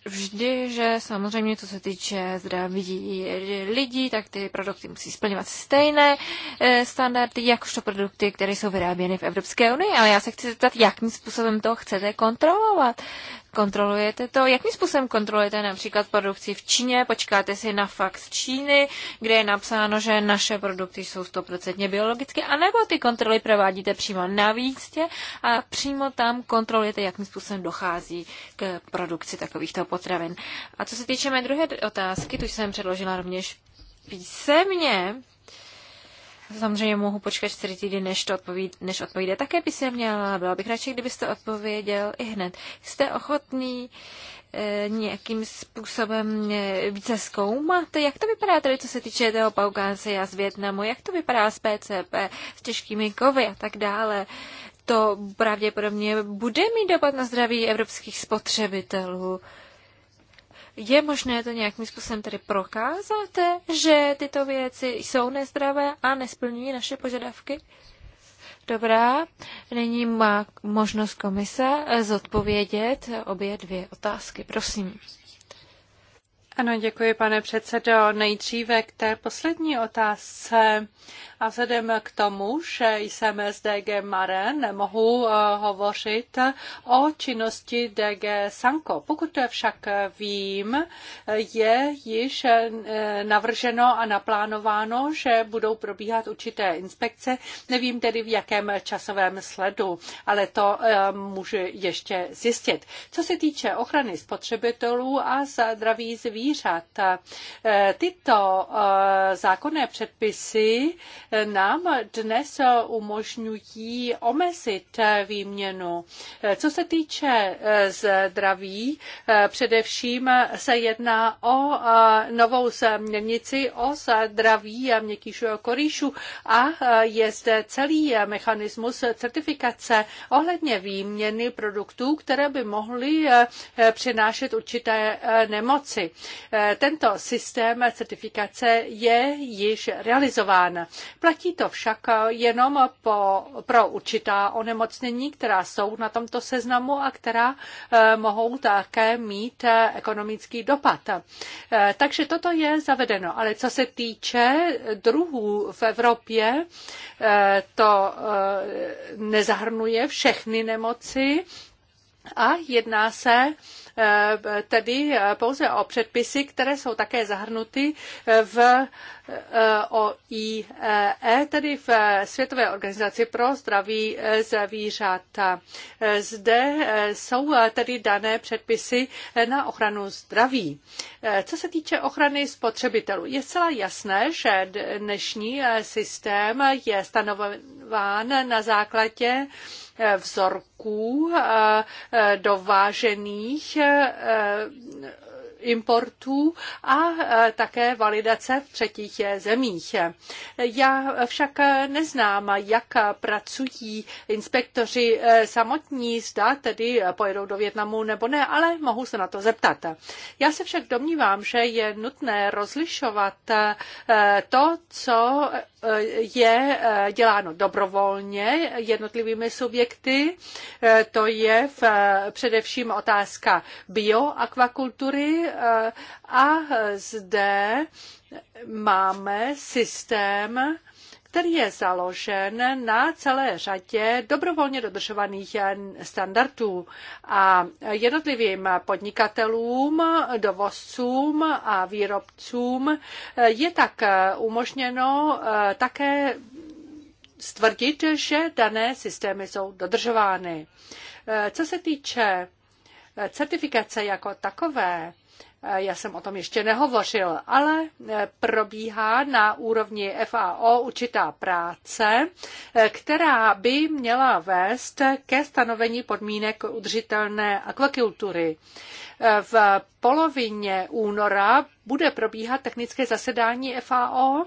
Speaker 1: vždy, že samozřejmě, co se týče zdraví lidí, tak ty produkty musí splňovat stejné eh, standardy, jakožto produkty, které jsou vyráběny v Evropské unii. Ale já se chci zeptat, jakým způsobem to chcete kontrolovat. Kontrolujete to? Jakým způsobem kontrolujete například produkci v Číně? Počkáte si na fax Číny, kde je napsáno, že naše produkty jsou stoprocentně biologické, anebo ty kontroly provádíte přímo na místě a přímo tam kontrolujete, jakým způsobem dochází k produkci takovýchto potravin. A co se týče mé druhé otázky, tu jsem předložila rovněž písemně, Samozřejmě mohu počkat čtyři týdny, než to odpoví, než odpovíde také písemně, ale byla bych radši, kdybyste odpověděl i hned. Jste ochotný e, nějakým způsobem e, více zkoumat? Jak to vypadá tady, co se týče toho paukánce a z Větnamu? Jak to vypadá s PCP, s těžkými kovy a tak dále? To pravděpodobně bude mít dopad na zdraví evropských spotřebitelů. Je možné to nějakým způsobem tedy prokázat, že tyto věci jsou nezdravé a nesplňují naše požadavky? Dobrá, nyní má možnost komise zodpovědět obě dvě otázky. Prosím.
Speaker 2: Ano, děkuji, pane předsedo. Nejdříve k té poslední otázce. A vzhledem k tomu, že jsem z DG Mare, nemohu eh, hovořit o činnosti DG Sanko. Pokud to však vím, je již eh, navrženo a naplánováno, že budou probíhat určité inspekce. Nevím tedy, v jakém časovém sledu, ale to eh, můžu ještě zjistit. Co se týče ochrany spotřebitelů a zdraví zvířat, zvířat. E, tyto e, zákonné předpisy e, nám dnes umožňují omezit výměnu. Co se týče zdraví, především se jedná o novou směrnici o zdraví a korýšů a je zde celý mechanismus certifikace ohledně výměny produktů, které by mohly přinášet určité nemoci. Eh, tento systém certifikace je již realizován. Platí to však jenom po, pro určitá onemocnění, která jsou na tomto seznamu a která eh, mohou také mít eh, ekonomický dopad. Takže toto je zavedeno. Ale co se týče druhů v Evropě, to nezahrnuje všechny nemoci a jedná se Eh, tedy eh, pouze o předpisy, které jsou také zahrnuty eh, v Eh, OIE, e, tedy v eh, Světové organizaci pro zdraví eh, zvířat. Zde jsou tedy dané předpisy na ochranu zdraví. Co se týče ochrany spotřebitelů, je zcela jasné, že dnešní systém je stanovován na základě vzorků dovážených importů a e, také validace v třetích e, zemích. Já však neznám, jak pracují inspektoři e, samotní, zda tedy pojedou do Větnamu nebo ne, ale mohu se na to zeptat. Já se však domnívám, že je nutné rozlišovat to, co je děláno dobrovolně jednotlivými subjekty. To je v, především otázka bioakvakultury, Eh, a zde máme systém, který je založen na celé řadě dobrovolně dodržovaných standardů a jednotlivým podnikatelům, dovozcům a výrobcům je tak umožněno eh, také stvrdit, že dané systémy jsou dodržovány. Eh, co se týče certifikace jako takové, Eh, já jsem o tom ještě nehovořil, ale eh, probíhá na úrovni FAO určitá práce, eh, která by měla vést ke stanovení podmínek udržitelné akvakultury. V polovině února bude probíhat technické zasedání FAO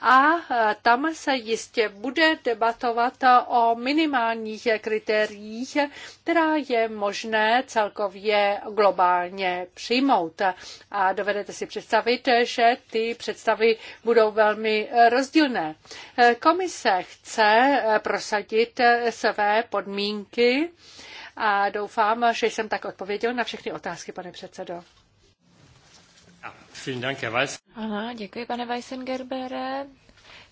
Speaker 2: a e, tam se jistě bude debatovat o minimálních kritériích, která je možné celkově globálně přijmout. A dovedete si představit, že ty představy budou velmi rozdílné. E, komise chce e, prosadit své podmínky, a doufám, že jsem tak odpověděl na všechny otázky, pane předsedo.
Speaker 1: Ano, děkuji, pane Weissengerbere.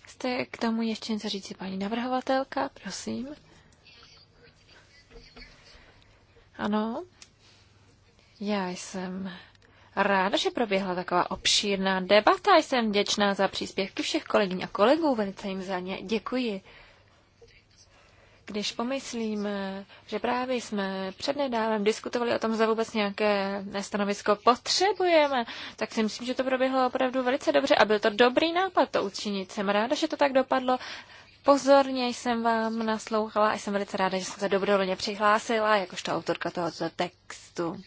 Speaker 1: Jste k tomu ještě něco říci, paní navrhovatelka, prosím. Ano, já jsem ráda, že proběhla taková obšírná debata. Jsem děčná za příspěvky všech kolegyň a kolegů, velice jim za ně děkuji. Když pomyslím, že právě jsme přednedávem diskutovali o tom, zda vůbec nějaké stanovisko potřebujeme, tak si myslím, že to proběhlo opravdu velice dobře a byl to dobrý nápad to učinit. Jsem ráda, že to tak dopadlo. Pozorně jsem vám naslouchala a jsem velice ráda, že jsem se dobrovolně přihlásila jakožto autorka tohoto textu.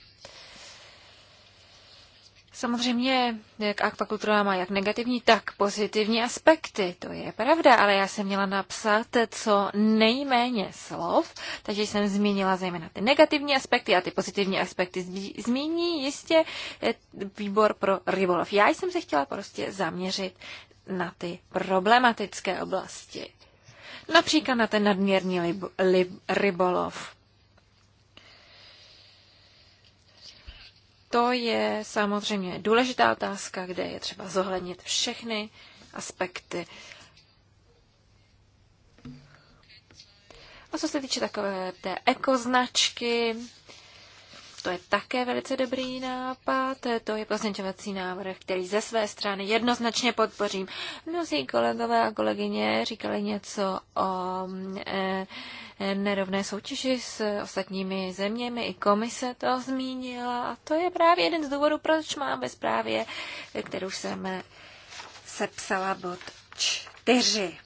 Speaker 1: Samozřejmě k akvakultura má jak negativní, tak pozitivní aspekty, to je pravda, ale já jsem měla napsat co nejméně slov, takže jsem zmínila zejména ty negativní aspekty a ty pozitivní aspekty zmíní jistě eh, výbor pro rybolov. Já jsem se chtěla prostě zaměřit na ty problematické oblasti. Například na ten nadměrný rybolov. To je samozřejmě důležitá otázka, kde je třeba zohlednit všechny aspekty. A co se týče takové té ekoznačky, to je také velice dobrý nápad. To je pozměňovací návrh, který ze své strany jednoznačně podpořím. Mnozí kolegové a kolegyně říkali něco o e, nerovné soutěži s ostatními zeměmi. I komise to zmínila. A to je právě jeden z důvodů, proč mám ve zprávě, kterou jsem sepsala bod 4.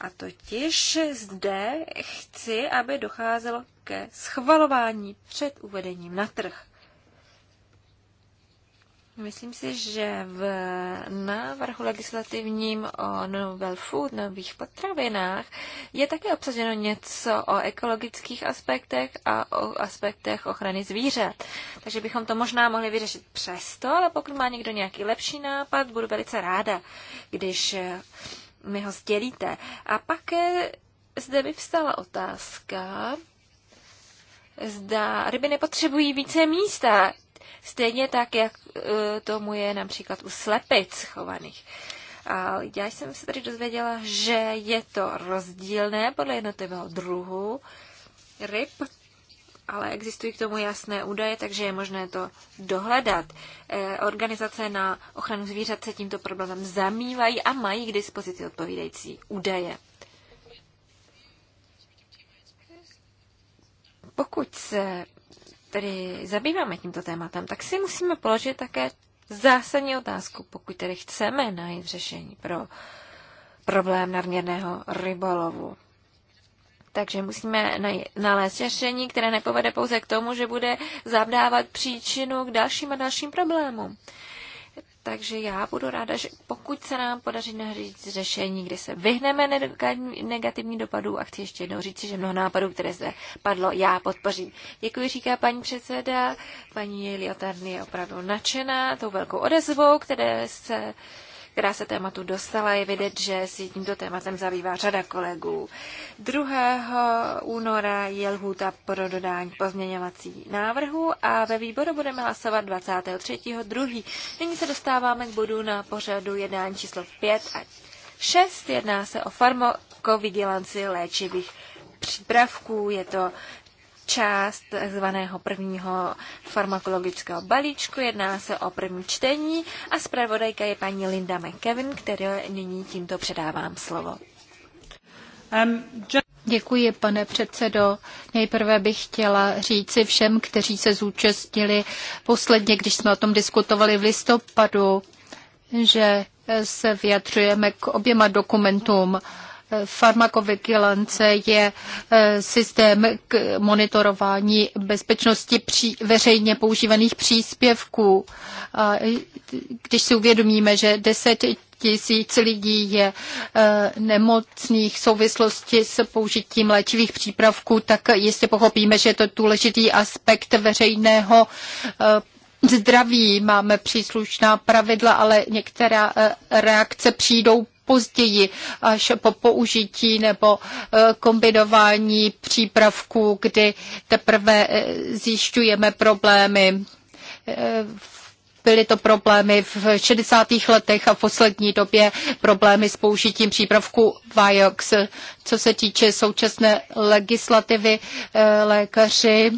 Speaker 1: A totiž zde chci, aby docházelo ke schvalování před uvedením na trh. Myslím si, že v návrhu legislativním o novel food, nových potravinách, je také obsaženo něco o ekologických aspektech a o aspektech ochrany zvířat. Takže bychom to možná mohli vyřešit přesto, ale pokud má někdo nějaký lepší nápad, budu velice ráda, když mi ho sdělíte. A pak zde vyvstala otázka, zda ryby nepotřebují více místa, stejně tak, jak e, tomu je například u slepic chovaných. A já jsem se tady dozvěděla, že je to rozdílné podle jednotlivého druhu ryb, ale existují k tomu jasné údaje, takže je možné to dohledat. E, organizace na ochranu zvířat se tímto problémem zamývají a mají k dispozici odpovídající údaje. Pokud se tedy zabýváme tímto tématem, tak si musíme položit také zásadní otázku, pokud tedy chceme najít řešení pro problém nadměrného rybolovu. Takže musíme nalézt řešení, které nepovede pouze k tomu, že bude zabdávat příčinu k dalším a dalším problémům. Takže já budu ráda, že pokud se nám podaří nařídit řešení, kdy se vyhneme negativní dopadů, a chci ještě jednou říct, že mnoho nápadů, které zde padlo, já podpořím. Děkuji, říká paní předseda. Paní Liotarny je opravdu nadšená tou velkou odezvou, které se která se tématu dostala. Je vidět, že si tímto tématem zabývá řada kolegů. 2. února je lhůta pro dodání pozměňovací návrhu a ve výboru budeme hlasovat 23. 2. Nyní se dostáváme k bodu na pořadu jednání číslo 5 a 6. Jedná se o farmakovigilanci léčivých přípravků. Je to část zvaného prvního farmakologického balíčku. Jedná se o první čtení a zpravodajka je paní Linda McKevin, které nyní tímto předávám slovo.
Speaker 3: Um, just... Děkuji, pane předsedo. Nejprve bych chtěla říci všem, kteří se zúčastnili posledně, když jsme o tom diskutovali v listopadu, že se vyjadřujeme k oběma dokumentům. Farmakovigilance je eh, systém k monitorování bezpečnosti při veřejně používaných příspěvků. když si uvědomíme, že 10 tisíc lidí je eh, nemocných v souvislosti s použitím léčivých přípravků, tak jistě pochopíme, že je to důležitý aspekt veřejného eh, zdraví. Máme příslušná pravidla, ale některá reakce přijdou později, až po použití nebo eh, kombinování přípravků, kdy teprve eh, zjišťujeme problémy eh, byly to problémy v 60. letech a v poslední době problémy s použitím přípravku Vioxx. Co se týče současné legislativy, lékaři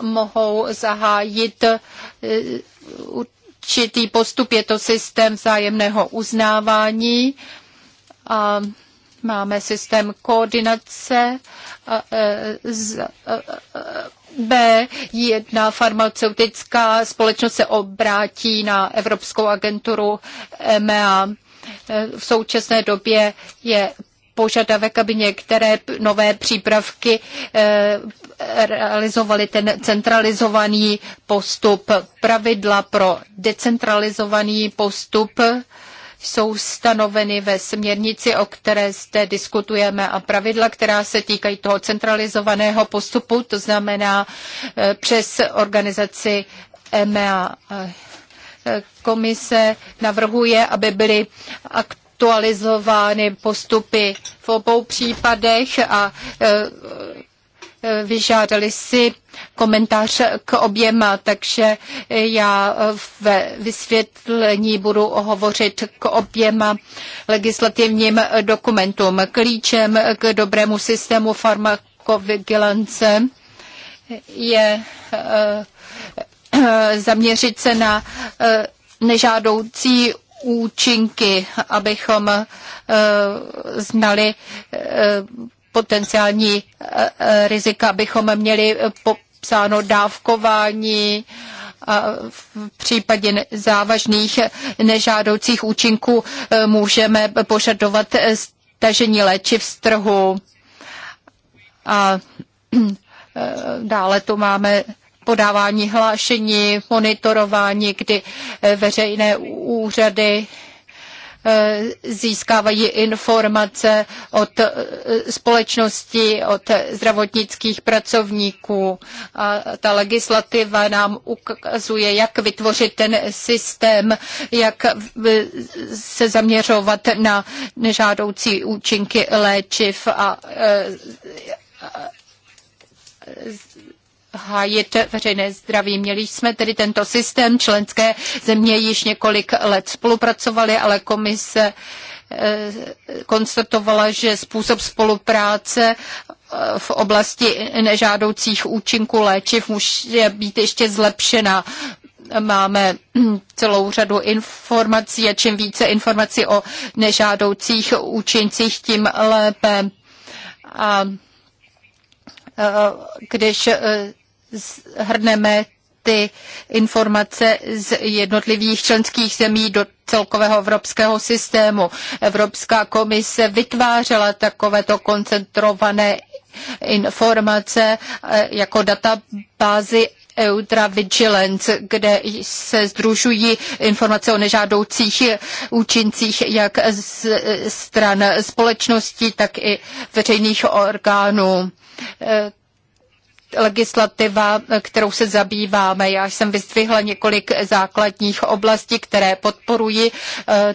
Speaker 3: mohou zahájit určitý postup, je to systém vzájemného uznávání. A máme systém koordinace e, z e, e, B. Jedna farmaceutická společnost se obrátí na Evropskou agenturu EMEA. V současné době je požadavek, aby některé nové přípravky eh, realizovaly ten centralizovaný postup. Pravidla pro decentralizovaný postup jsou stanoveny ve směrnici, o které zde diskutujeme a pravidla, která se týkají toho centralizovaného postupu, to znamená eh, přes organizaci EMEA eh, komise navrhuje, aby byly akt aktualizovány postupy v obou případech a e, e, vyžádali si komentář k oběma, takže já ve vysvětlení budu hovořit k oběma legislativním dokumentům. Klíčem k dobrému systému farmakovigilance je e, zaměřit se na nežádoucí účinky, abychom eh, znali eh, potenciální eh, rizika, abychom měli popsáno dávkování a v případě závažných nežádoucích účinků můžeme požadovat stažení léčiv z trhu. A dále tu máme podávání hlášení, monitorování, kdy eh, veřejné úřady eh, získávají informace od eh, společnosti, od zdravotnických pracovníků. A ta legislativa nám ukazuje, jak vytvořit ten systém, jak se zaměřovat na nežádoucí účinky léčiv a hájit veřejné zdraví. Měli jsme tedy tento systém, členské země již několik let spolupracovaly, ale komise eh, konstatovala, že způsob spolupráce eh, v oblasti nežádoucích účinků léčiv může být ještě zlepšena. Máme hm, celou řadu informací a čím více informací o nežádoucích účincích, tím lépe. A eh, když hrneme ty informace z jednotlivých členských zemí do celkového evropského systému. Evropská komise vytvářela takovéto koncentrované informace eh, jako databázy Eutra Vigilance, kde se združují informace o nežádoucích účincích jak z stran společnosti, tak i veřejných orgánů. Eh, legislativa, kterou se zabýváme. Já jsem vyzdvihla několik základních oblastí, které podporuji, eh,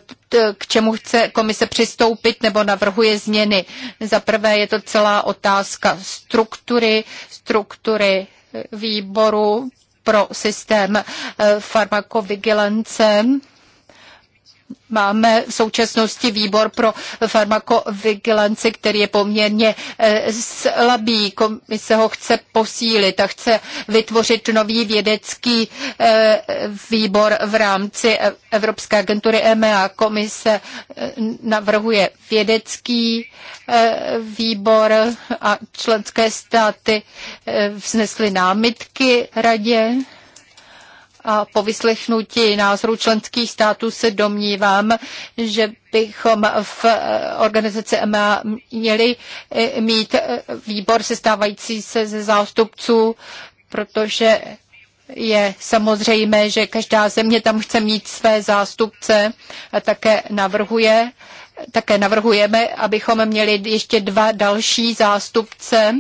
Speaker 3: k čemu chce komise přistoupit nebo navrhuje změny. Za prvé je to celá otázka struktury, struktury výboru pro systém eh, farmakovigilance Máme v současnosti výbor pro farmakovigilanci, který je poměrně eh, slabý. Komise ho chce posílit a chce vytvořit nový vědecký eh, výbor v rámci e- Evropské agentury EMA. E Komise eh, navrhuje vědecký výbor a členské státy vznesly námitky radě a po vyslechnutí názoru členských států se domnívám, že bychom v eh, organizaci MA měli eh, mít eh, výbor sestávající se ze zástupců, protože je samozřejmé, že každá země tam chce mít své zástupce a také navrhuje, také navrhujeme, abychom měli ještě dva další zástupce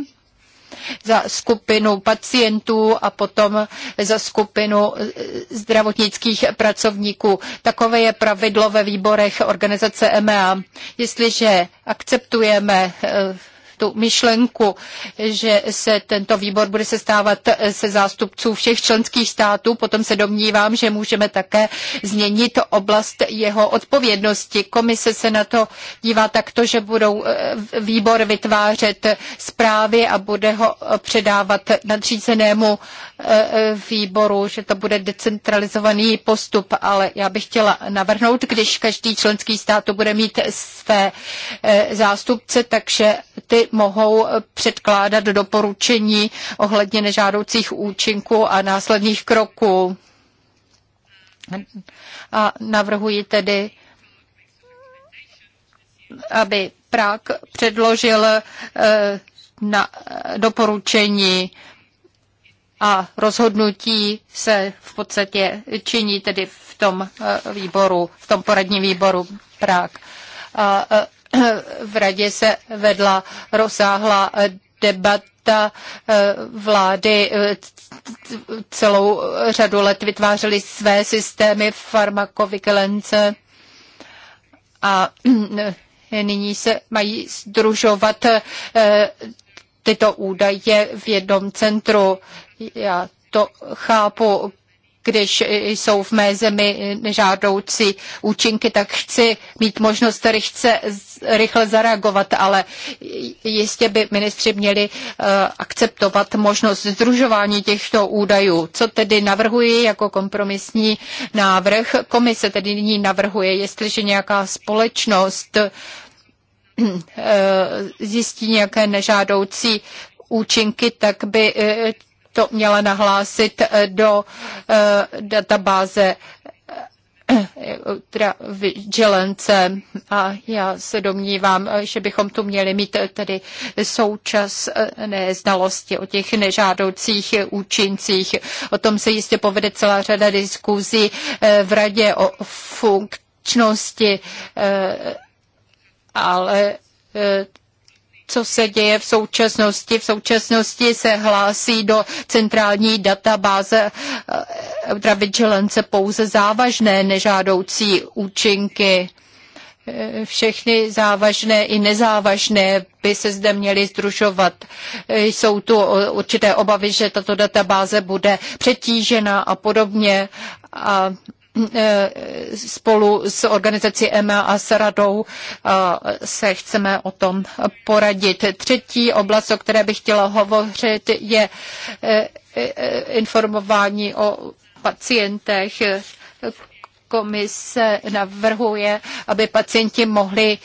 Speaker 3: za skupinu pacientů a potom za skupinu eh, zdravotnických pracovníků. Takové je pravidlo ve výborech organizace EMEA. Jestliže akceptujeme eh, tu myšlenku, že se tento výbor bude sestávat se zástupců všech členských států. Potom se domnívám, že můžeme také změnit oblast jeho odpovědnosti. Komise se na to dívá takto, že budou eh, výbor vytvářet zprávy a bude ho předávat nadřízenému eh, eh, výboru, že to bude decentralizovaný postup, ale já bych chtěla navrhnout, když každý členský stát to bude mít své zástupce, takže ty mohou předkládat doporučení ohledně nežádoucích účinků a následných kroků. A navrhuji tedy, aby Prák předložil eh, na doporučení a rozhodnutí se v podstatě činí tedy v tom eh, výboru, v tom poradním výboru Prák. A eh, v radě se vedla rozsáhlá debata eh, vlády eh, celou řadu let vytvářely své systémy farmakovigilance a eh, nyní se mají združovat tyto údaje v jednom centru. Já to chápu když jsou v mé zemi nežádoucí účinky, tak chci mít možnost rychle, rychle zareagovat, ale jistě by ministři měli eh, akceptovat možnost združování těchto údajů. Co tedy navrhuji jako kompromisní návrh? Komise tedy nyní navrhuje, jestliže nějaká společnost eh, zjistí nějaké nežádoucí účinky, tak by eh, to měla nahlásit eh, do eh, databáze eh, teda vigilance a já se domnívám, že bychom tu měli mít tedy současné znalosti o těch nežádoucích účincích. O tom se jistě povede celá řada diskuzí v radě o funkčnosti, ale co se děje v současnosti. V současnosti se hlásí do centrální databáze ultravigilance eh, pouze závažné nežádoucí účinky. Eh, všechny závažné i nezávažné by se zde měly združovat. Eh, jsou tu určité obavy, že tato databáze bude přetížena a podobně. A Eh, spolu s organizací EMA a s radou eh, se chceme o tom poradit. Třetí oblast, o které bych chtěla hovořit, je eh, informování o pacientech. Komise navrhuje, aby pacienti mohli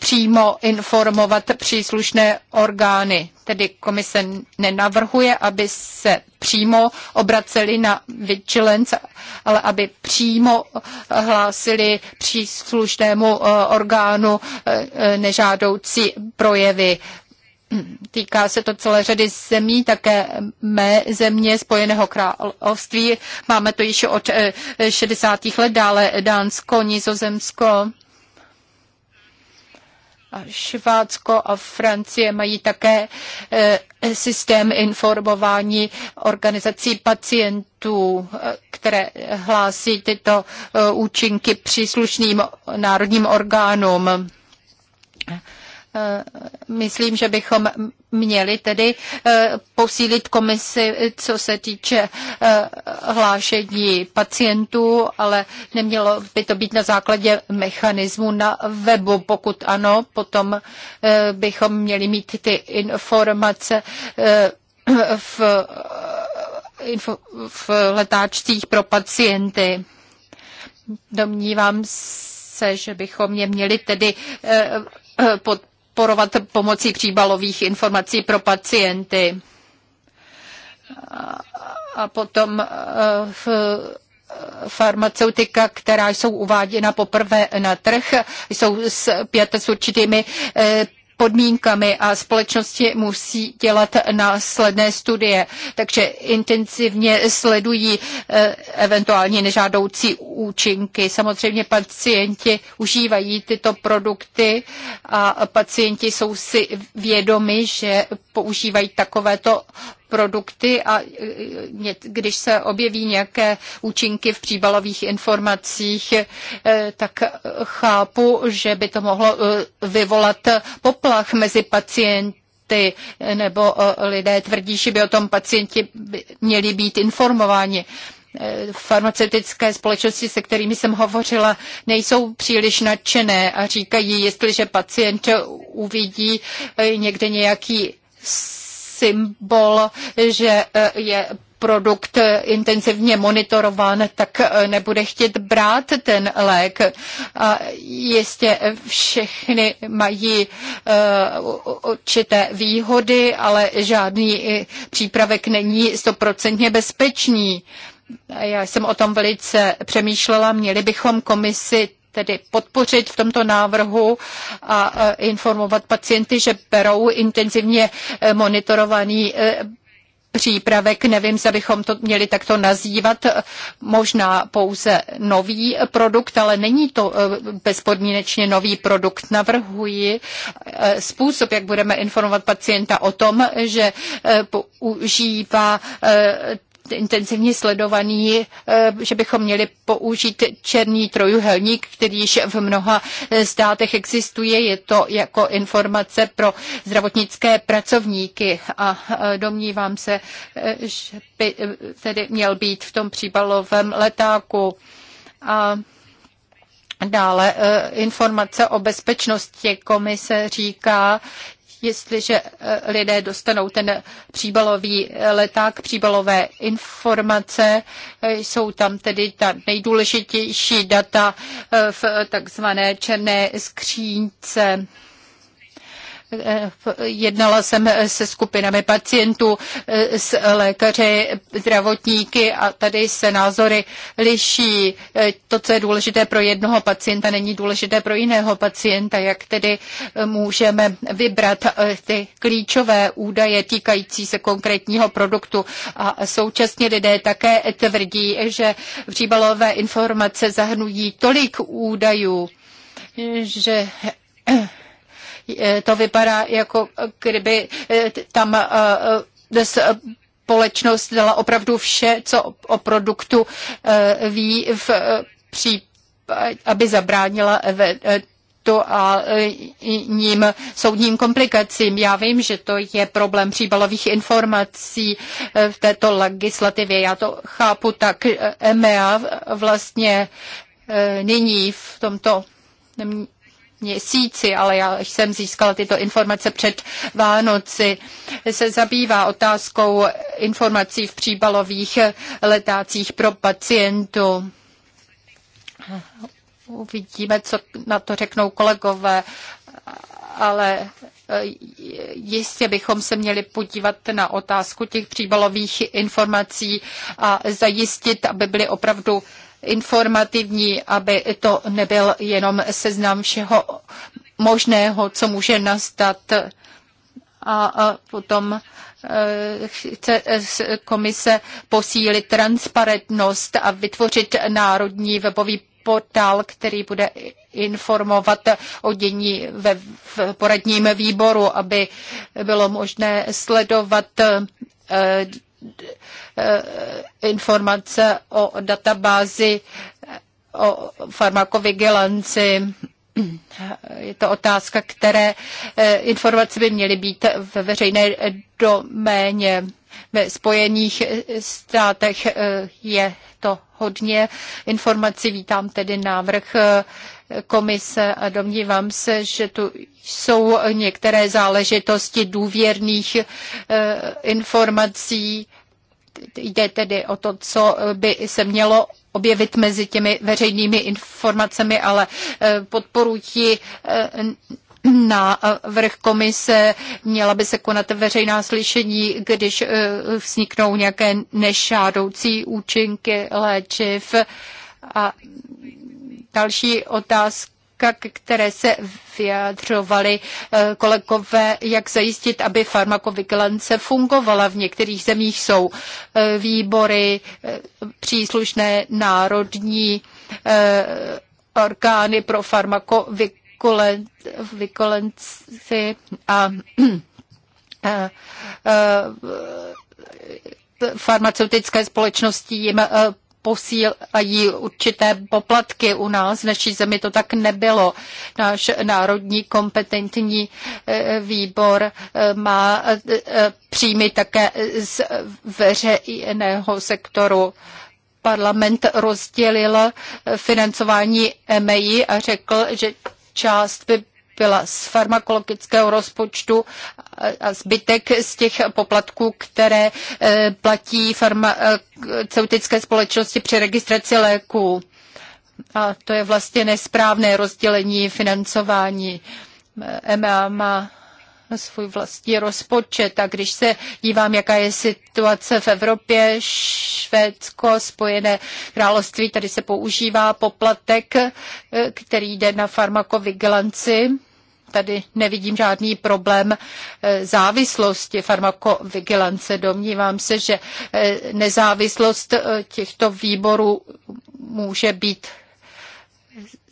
Speaker 3: přímo informovat příslušné orgány. Tedy komise nenavrhuje, aby se přímo obraceli na vigilance, ale aby přímo eh, hlásili příslušnému eh, orgánu eh, nežádoucí projevy. Týká se to celé řady zemí, také mé země Spojeného království. Máme to již od 60. let, dále Dánsko, Nizozemsko a a Francie mají také eh, systém informování organizací pacientů, eh, které hlásí tyto eh, účinky příslušným národním orgánům. Eh, myslím, že bychom měli tedy eh, posílit komisi, co se týče eh, hlášení pacientů, ale nemělo by to být na základě mechanismu na webu. Pokud ano, potom bychom měli mít ty informace v, v letáčcích pro pacienty. Domnívám se, že bychom je měli tedy pod podporovat pomocí příbalových informací pro pacienty. A potom eh, v eh, farmaceutika, která jsou uváděna poprvé na trh, jsou zpět s určitými eh, podmínkami a společnosti musí dělat následné studie. Takže intenzivně sledují eh, eventuálně nežádoucí účinky. Samozřejmě pacienti užívají tyto produkty a pacienti jsou si vědomi, že používají takovéto produkty a e, když se objeví nějaké účinky v příbalových informacích, e, tak chápu, že by to mohlo e, vyvolat poplach mezi pacienty nebo lidé tvrdí, že by o tom pacienti měli být informováni. Farmaceutické společnosti, se kterými jsem hovořila, nejsou příliš nadšené a říkají, jestliže pacient uvidí někde nějaký symbol, že e, je produkt intenzivně monitorován, tak e, nebude chtět brát ten lék. A jistě všechny mají e, určité výhody, ale žádný přípravek není stoprocentně bezpečný. Já jsem o tom velice přemýšlela. Měli bychom komisi tedy podpořit v tomto návrhu a e, informovat pacienty, že berou intenzivně e, monitorovaný e, přípravek, nevím, zda bychom to měli takto nazývat, možná pouze nový produkt, ale není to bezpodmínečně nový produkt. Navrhuji způsob, jak budeme informovat pacienta o tom, že používá intenzivně sledovaný, eh, že bychom měli použít černý trojuhelník, který již v mnoha eh, státech existuje. Je to jako informace pro zdravotnické pracovníky a eh, domnívám se, že by tedy měl být v tom příbalovém letáku. A Dále informace o bezpečnosti komise říká, jestliže eh, lidé dostanou ten příbalový eh, leták, příbalové informace, eh, jsou tam tedy ta nejdůležitější data v takzvané černé skřínce Jednala jsem se skupinami pacientů, eh, s lékaři, zdravotníky a tady se názory liší. Eh, to, co je důležité pro jednoho pacienta, není důležité pro jiného pacienta. Jak tedy eh, můžeme vybrat ty klíčové údaje týkající se konkrétního produktu. A současně lidé také tvrdí, že příbalové informace zahrnují tolik údajů, že Eh, to vypadá, jako eh, kdyby eh, tam společnost dala opravdu vše, co o produktu ví, v případě, aby zabránila to a ním soudním komplikacím. Já vím, že to je problém příbalových informací v této legislativě. Já to chápu tak. EMEA e vlastně nyní v tomto měsíci, ale já jsem získala tyto informace před Vánoci, se zabývá otázkou informací v příbalových letácích pro pacientů. Uvidíme, co na to řeknou kolegové, ale eh, jistě bychom se měli podívat na otázku těch příbalových informací a zajistit, aby byly opravdu informativní, aby to nebyl jenom seznam všeho možného, co může nastat. A potom e, chce komise posílit transparentnost a vytvořit národní webový portál, který bude informovat o dění ve poradním výboru, aby bylo možné sledovat e, Eh, informace o databázi o farmakovigilanci. Je to otázka, které eh, informace by měly být ve veřejné doméně. Ve Spojených státech eh, je to hodně informací. Vítám tedy návrh komise a domnívám se, že tu jsou některé záležitosti důvěrných eh, informací. Jde tedy o to, co by se mělo objevit mezi těmi veřejnými informacemi, ale eh, podporují eh, na vrch komise, měla by se konat veřejná slyšení, když vzniknou nějaké nežádoucí účinky léčiv a Další otázka k které se vyjadřovali eh, kolegové, jak zajistit, aby farmakovigilance fungovala. V některých zemích jsou eh, výbory eh, příslušné národní orgány pro farmakovigilanci a farmaceutické společnosti jim posílají určité poplatky u nás. V naší zemi to tak nebylo. Náš národní kompetentní e, výbor e, má e, příjmy také z veřejného sektoru parlament rozdělil financování EMEI a řekl, že část by byla z farmakologického rozpočtu a zbytek z těch poplatků, které eh, platí farmaceutické společnosti při registraci léků. A to je vlastně nesprávné rozdělení financování. EMA má svůj vlastní rozpočet. A když se dívám, jaká je situace v Evropě, Švédsko, Spojené království, tady se používá poplatek, eh, který jde na farmakovigilanci tady nevidím žádný problém eh, závislosti farmakovigilance. Domnívám se, že eh, nezávislost eh, těchto výborů může být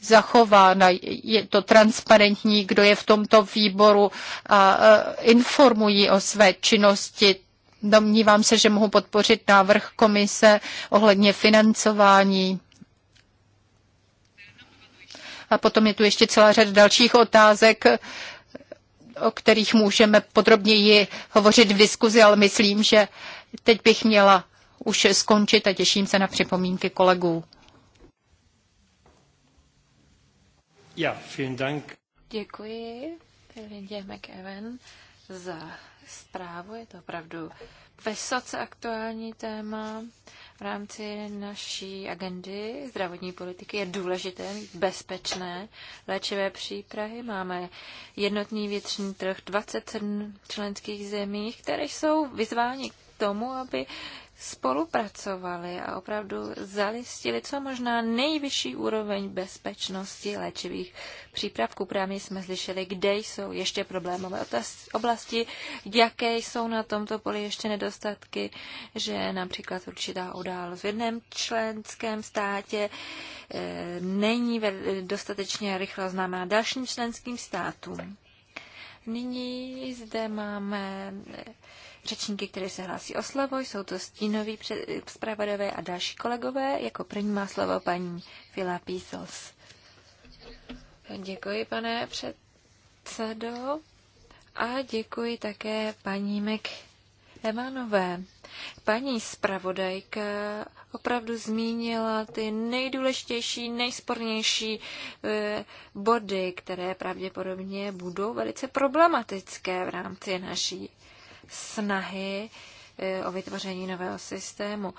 Speaker 3: zachována, je to transparentní, kdo je v tomto výboru a informují o své činnosti. Domnívám se, že mohu podpořit návrh komise ohledně financování a potom je tu ještě celá řada dalších otázek, o kterých můžeme podrobněji hovořit v diskuzi, ale myslím, že teď bych měla už skončit a těším se na připomínky kolegů. Ja, vielen Dank.
Speaker 1: Děkuji Lindě McEwen za zprávu. Je to opravdu vysoce aktuální téma v rámci naší agendy zdravotní politiky. Je důležité mít bezpečné léčivé přípravy. Máme jednotný vnitřní trh 27 členských zemí, které jsou vyzváni k tomu, aby spolupracovali a opravdu zalistili co možná nejvyšší úroveň bezpečnosti léčivých přípravků. Právě jsme slyšeli, kde jsou ještě problémové oblasti, jaké jsou na tomto poli ještě nedostatky, že například určitá událost v jednom členském státě eh, není dostatečně rychle známá dalším členským státům. Nyní zde máme řečníky, které se hlásí o slovo. Jsou to stínoví zpravodové a další kolegové. Jako první má slovo paní Fila Písos. Děkuji, pane předsedo. A děkuji také paní Mek Emanové. Paní zpravodajka opravdu zmínila ty nejdůležitější, nejspornější eh, body, které pravděpodobně budou velice problematické v rámci naší snahy eh, o vytvoření nového systému.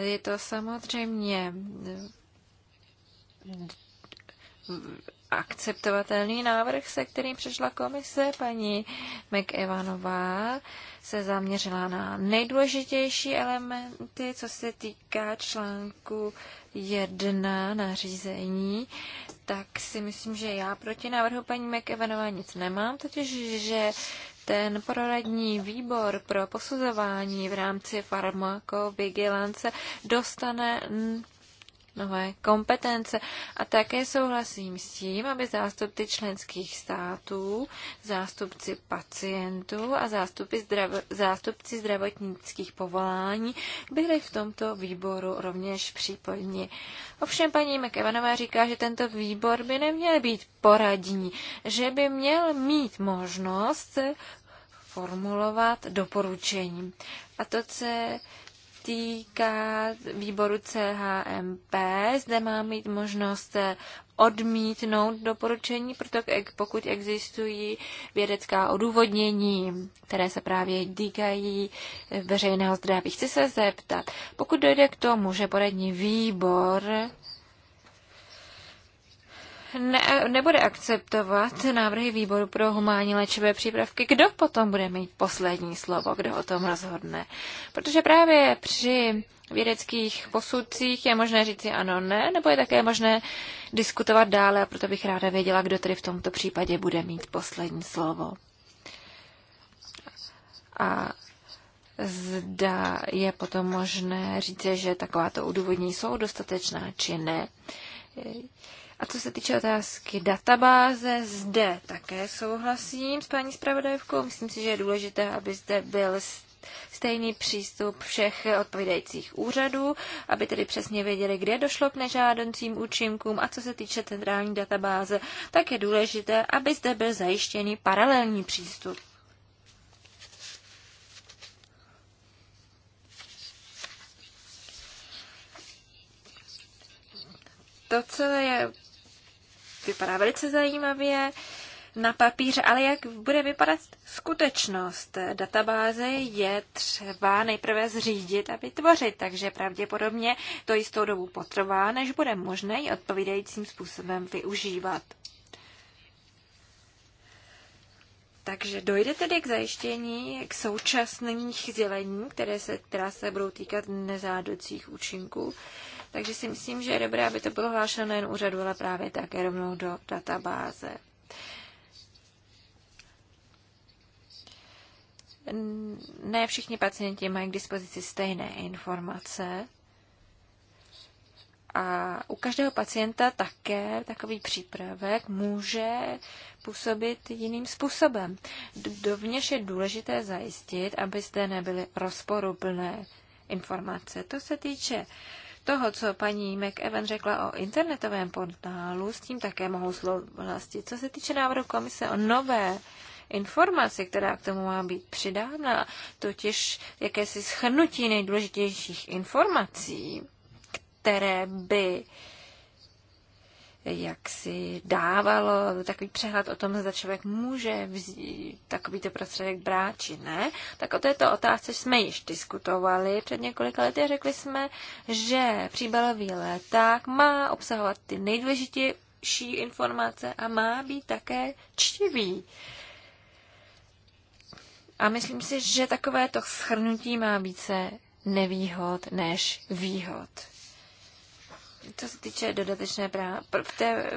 Speaker 1: Je to samozřejmě eh, akceptovatelný návrh, se kterým přišla komise. Paní McEvanová se zaměřila na nejdůležitější elementy, co se týká článku 1 nařízení, tak si myslím, že já proti návrhu paní McEvanová nic nemám, totiž, že ten poradní výbor pro posuzování v rámci farmakovigilance dostane nové kompetence. A také souhlasím s tím, aby zástupci členských států, zástupci pacientů a zástupci, zdrav- zástupci zdravotnických povolání byli v tomto výboru rovněž případní. Ovšem paní McEvanová říká, že tento výbor by neměl být poradní, že by měl mít možnost formulovat doporučení. A to, co týká výboru CHMP. Zde má mít možnost odmítnout doporučení, protože pokud existují vědecká odůvodnění, které se právě týkají veřejného zdraví. Chci se zeptat, pokud dojde k tomu, že poradní výbor ne, nebude akceptovat návrhy výboru pro humánní léčivé přípravky, kdo potom bude mít poslední slovo, kdo o tom rozhodne. Protože právě při vědeckých posudcích je možné říci ano, ne, nebo je také možné diskutovat dále a proto bych ráda věděla, kdo tedy v tomto případě bude mít poslední slovo. A zda je potom možné říci, že takováto udůvodní jsou dostatečná či ne. A co se týče otázky databáze, zde také souhlasím s paní zpravodajkou. Myslím si, že je důležité, aby zde byl stejný přístup všech odpovídajících úřadů, aby tedy přesně věděli, kde došlo k nežádancím účinkům a co se týče centrální databáze, tak je důležité, aby zde byl zajištěný paralelní přístup. To celé je vypadá velice zajímavě na papíře, ale jak bude vypadat skutečnost? Databáze je třeba nejprve zřídit a vytvořit, takže pravděpodobně to jistou dobu potrvá, než bude možné ji odpovídajícím způsobem využívat. Takže dojde tedy k zajištění k současných sdělení, které se, která se budou týkat nezádocích účinků. Takže si myslím, že je dobré, aby to bylo hlášeno nejen úřadu, ale právě také rovnou do databáze. Ne všichni pacienti mají k dispozici stejné informace. A u každého pacienta také takový přípravek může působit jiným způsobem. Dovněž je důležité zajistit, aby zde nebyly rozporuplné informace. To se týče toho, co paní McEwen řekla o internetovém portálu, s tím také mohou souhlasit. Co se týče návrhu komise o nové informaci, která k tomu má být přidána, totiž jakési schrnutí nejdůležitějších informací, které by uh, jak si dávalo takový přehled o tom, zda člověk může vzít takovýto prostředek brát či ne, tak o této otázce jsme již diskutovali před několika lety a řekli jsme, že příbalový leták má obsahovat ty nejdůležitější informace a má být také čtivý. A myslím si, že takovéto schrnutí má více nevýhod než výhod co se týče dodatečné práce, té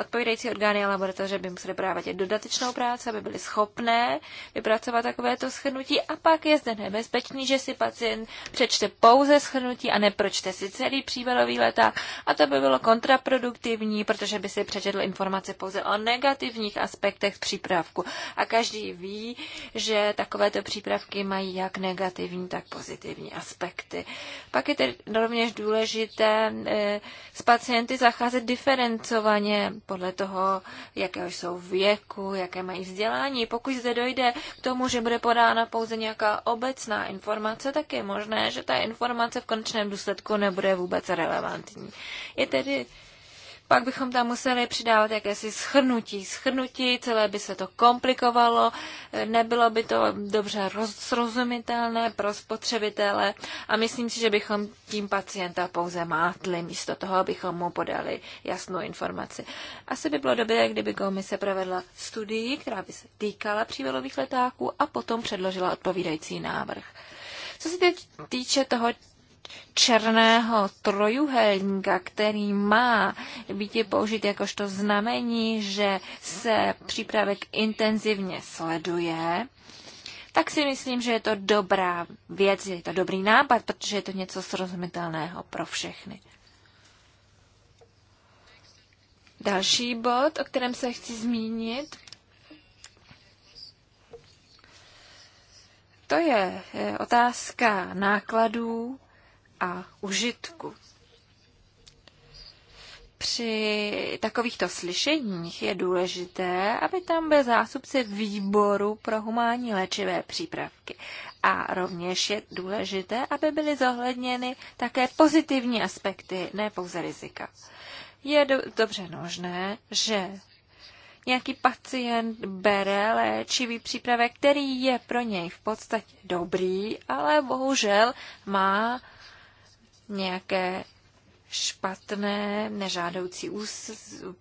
Speaker 1: odpovídající orgány a laboratoře by musely provádět dodatečnou práci, aby byly schopné vypracovat takovéto schrnutí a pak je zde nebezpečný, že si pacient přečte pouze schrnutí a nepročte si celý příbalový leták a to by bylo kontraproduktivní, protože by si přečetl informace pouze o negativních aspektech přípravku a každý ví, že takovéto přípravky mají jak negativní, tak pozitivní aspekty. Pak je tedy rovněž důležité eh, s pacienty zacházet diferencovaně Vlastně podle toho, jakého jsou věku, jaké mají vzdělání. Pokud zde dojde k tomu, že bude podána pouze nějaká obecná informace, tak je možné, že ta informace v konečném důsledku nebude vůbec relevantní. Je tedy pak bychom tam museli přidávat jakési schrnutí. Schrnutí, celé by se to komplikovalo, nebylo by to dobře srozumitelné pro spotřebitele a myslím si, že bychom tím pacienta pouze mátli, místo toho, abychom mu podali jasnou informaci. Asi by bylo dobré, kdyby komise provedla studii, která by se týkala přívalových letáků a potom předložila odpovídající návrh. Co se teď týče toho černého trojuhelníka, který má být použit jakožto znamení, že se přípravek intenzivně sleduje, tak si myslím, že je to dobrá věc, je to dobrý nápad, protože je to něco srozumitelného pro všechny. Další bod, o kterém se chci zmínit, to je eh, otázka nákladů a užitku. Při takovýchto slyšeních je důležité, aby tam byl zástupce výboru pro humánní léčivé přípravky. A rovněž je důležité, aby byly zohledněny také pozitivní aspekty, ne pouze rizika. Je do- dobře možné, že nějaký pacient bere léčivý přípravek, který je pro něj v podstatě dobrý, ale bohužel má nějaké špatné, nežádoucí ús,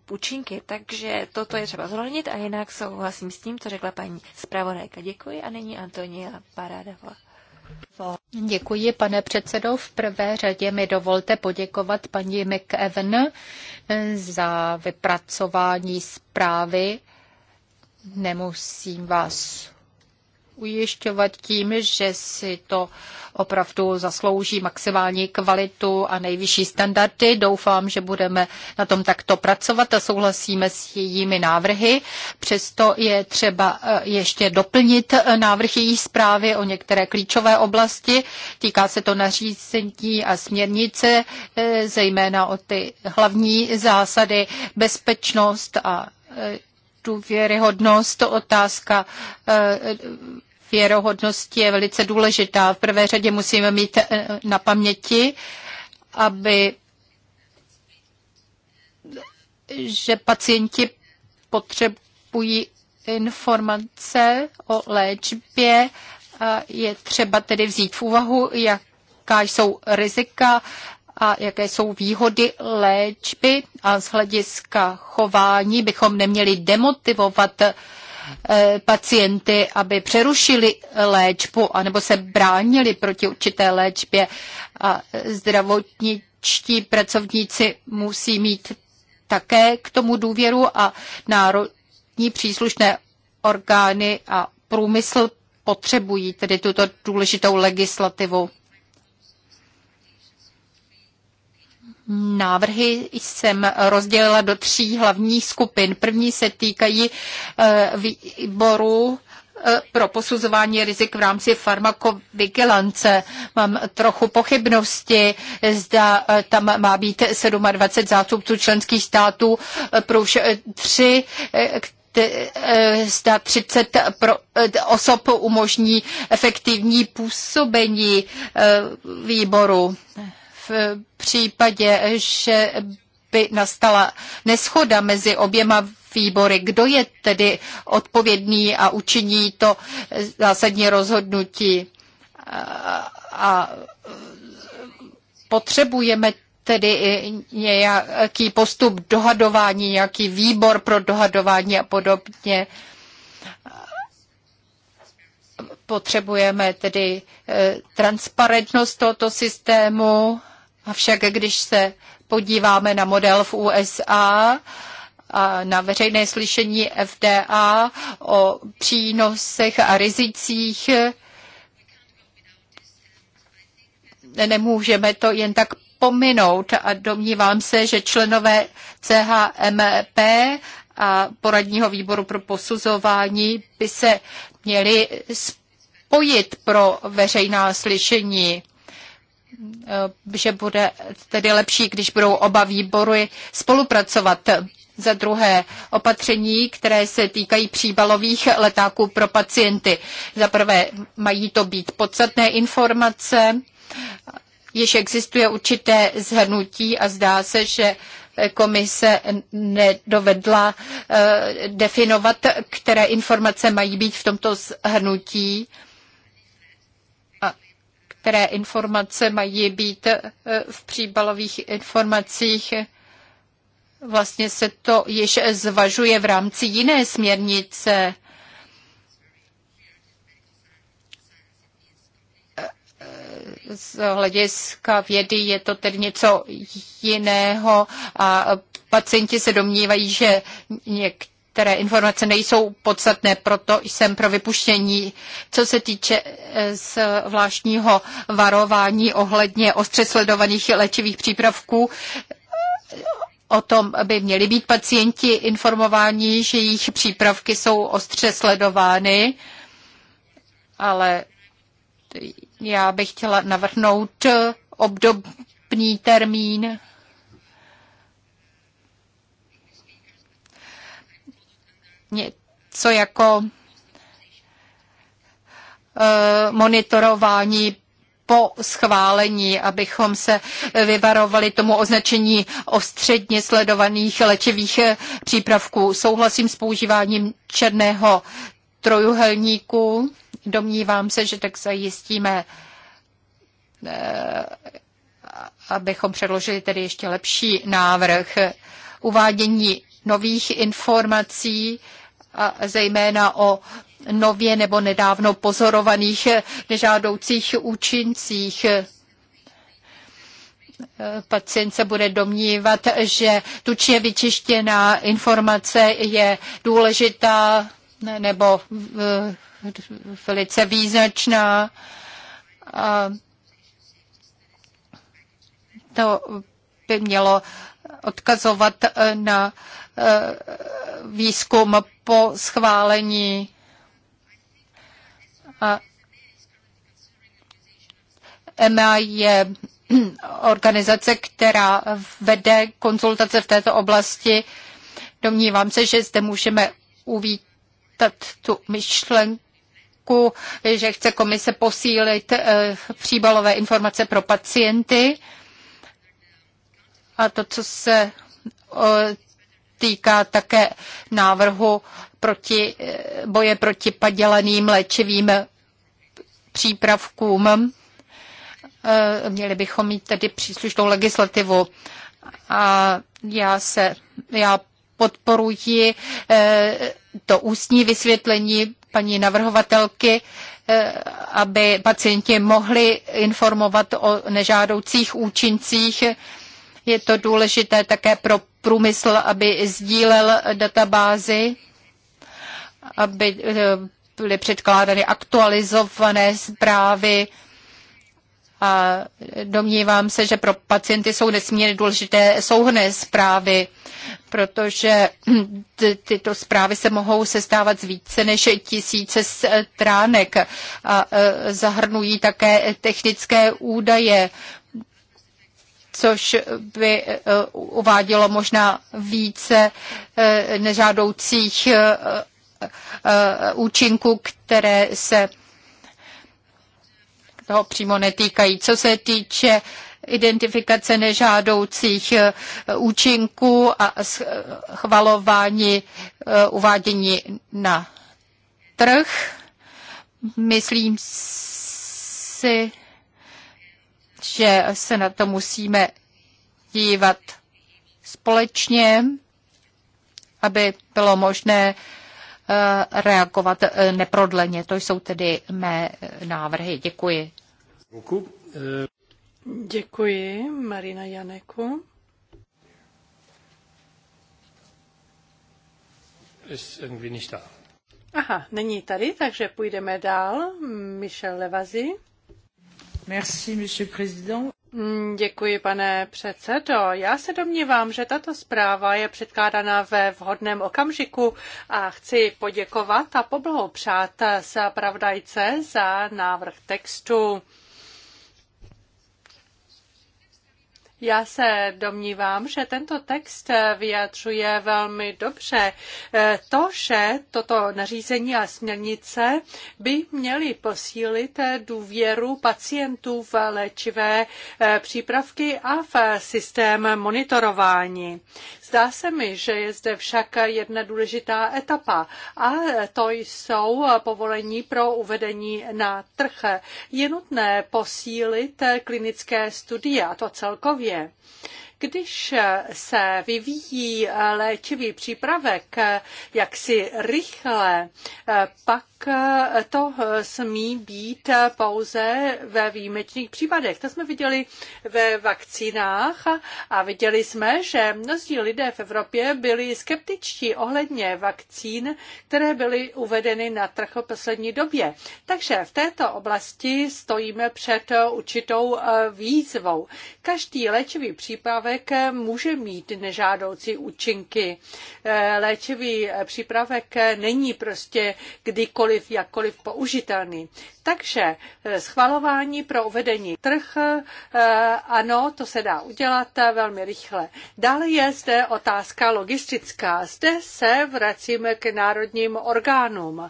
Speaker 1: účinky, takže toto je třeba zhlednit a jinak souhlasím s tím, co řekla paní zpravodajka. Děkuji a nyní Antonia Parádova.
Speaker 3: Děkuji, pane předsedo. V prvé řadě mi dovolte poděkovat paní McEwen eh, za vypracování zprávy. Nemusím vás ujišťovat tím, že si to opravdu zaslouží maximální kvalitu a nejvyšší standardy. Doufám, že budeme na tom takto pracovat a souhlasíme s jejími návrhy. Přesto je třeba eh, ještě doplnit eh, návrh její zprávy o některé klíčové oblasti. Týká se to nařízení a směrnice, eh, zejména o ty hlavní zásady bezpečnost a důvěryhodnost, otázka věrohodnosti je velice důležitá. V prvé řadě musíme mít eh, na paměti, aby že pacienti potřebují informace o léčbě. Je třeba tedy vzít v úvahu, jaká jsou rizika a jaké jsou výhody léčby a z hlediska chování bychom neměli demotivovat Eh, pacienty, aby přerušili léčbu anebo se bránili proti určité léčbě. A zdravotničtí pracovníci musí mít také k tomu důvěru a národní příslušné orgány a průmysl potřebují tedy tuto důležitou legislativu. návrhy jsem rozdělila do tří hlavních skupin. První se týkají eh, výboru eh, pro posuzování rizik v rámci farmakovigilance. Mám trochu pochybnosti, zda eh, tam má být 27 zástupců členských států, průž tři, zda 30 pro, osob umožní efektivní působení výboru v případě, že by nastala neschoda mezi oběma výbory. Kdo je tedy odpovědný a učiní to zásadní rozhodnutí? A potřebujeme tedy nějaký postup dohadování, nějaký výbor pro dohadování a podobně. Potřebujeme tedy eh, transparentnost tohoto systému Avšak když se podíváme na model v USA, a na veřejné slyšení FDA o přínosech a rizicích, nemůžeme to jen tak pominout a domnívám se, že členové CHMP a poradního výboru pro posuzování by se měli spojit pro veřejná slyšení že bude tedy lepší, když budou oba výbory spolupracovat. Za druhé, opatření, které se týkají příbalových letáků pro pacienty. Za prvé, mají to být podstatné informace, již existuje určité zhrnutí a zdá se, že komise nedovedla eh, definovat, které informace mají být v tomto zhrnutí které informace mají být eh, v příbalových informacích. Vlastně se to již zvažuje v rámci jiné směrnice. Z hlediska vědy je to tedy něco jiného a pacienti se domnívají, že někdo Některé informace nejsou podstatné, proto jsem pro vypuštění. Co se týče eh, zvláštního varování ohledně ostře sledovaných léčivých přípravků, eh, O tom by měli být pacienti informováni, že jejich přípravky jsou ostře sledovány, ale já bych chtěla navrhnout eh, obdobný termín něco jako eh, monitorování po schválení, abychom se vyvarovali tomu označení ostředně sledovaných léčivých eh, přípravků. Souhlasím s používáním černého trojuhelníku. Domnívám se, že tak zajistíme, eh, abychom předložili tedy ještě lepší návrh. Uvádění nových informací a zejména o nově nebo nedávno pozorovaných nežádoucích účincích pacient se bude domnívat, že tučně vyčištěná informace je důležitá nebo eh, velice význačná. A to by mělo odkazovat na Eh, výzkum po schválení. EMA je organizace, která vede konzultace v této oblasti. Domnívám se, že zde můžeme uvítat tu myšlenku, že chce komise posílit eh, příbalové informace pro pacienty. A to, co se týká také návrhu proti, boje proti padělaným léčivým přípravkům. Eh, měli bychom mít tedy příslušnou legislativu. A já se, já podporuji eh, to ústní vysvětlení paní navrhovatelky, eh, aby pacienti mohli informovat o nežádoucích účincích je to důležité také pro průmysl, aby sdílel databázy, aby eh, byly předkládány aktualizované zprávy. A domnívám se, že pro pacienty jsou nesmírně důležité souhrné zprávy, protože tyto zprávy se mohou sestávat z více než tisíce stránek a eh, zahrnují také technické údaje, což by eh, uvádělo možná více eh, nežádoucích eh, účinků, které se toho přímo netýkají. Co se týče identifikace nežádoucích účinků a schvalování uvádění na trh, myslím si, že se na to musíme dívat společně, aby bylo možné eh, reagovat eh, neprodleně. To jsou tedy mé eh, návrhy. Děkuji.
Speaker 2: Děkuji, Marina Janeku. Aha, není tady, takže půjdeme dál. Michel Levazi. Mm, děkuji, pane předsedo. Já se domnívám, že tato zpráva je předkládána ve vhodném okamžiku a chci poděkovat a poblahopřát se pravdajce za návrh textu. Já se domnívám, že tento text vyjadřuje velmi dobře eh, to, že toto nařízení a směrnice by měly posílit eh, důvěru pacientů v léčivé eh, přípravky a v systém monitorování. Zdá se mi, že je zde však jedna důležitá etapa a to jsou povolení pro uvedení na trh. Je nutné posílit klinické studie a to celkově. Když se vyvíjí léčivý přípravek jaksi rychle, pak to smí být pouze ve výjimečných případech. To jsme viděli ve vakcínách a viděli jsme, že mnozí lidé v Evropě byli skeptičtí ohledně vakcín, které byly uvedeny na trh v poslední době. Takže v této oblasti stojíme před určitou eh, výzvou. Každý léčivý přípravek může mít nežádoucí účinky. Eh, léčivý přípravek není prostě kdykoliv kdykoliv, jakkoliv použitelný. Takže eh, schvalování pro uvedení trh, eh, ano, to se dá udělat eh, velmi rychle. Dále je zde otázka logistická. Zde se vracíme k národním orgánům.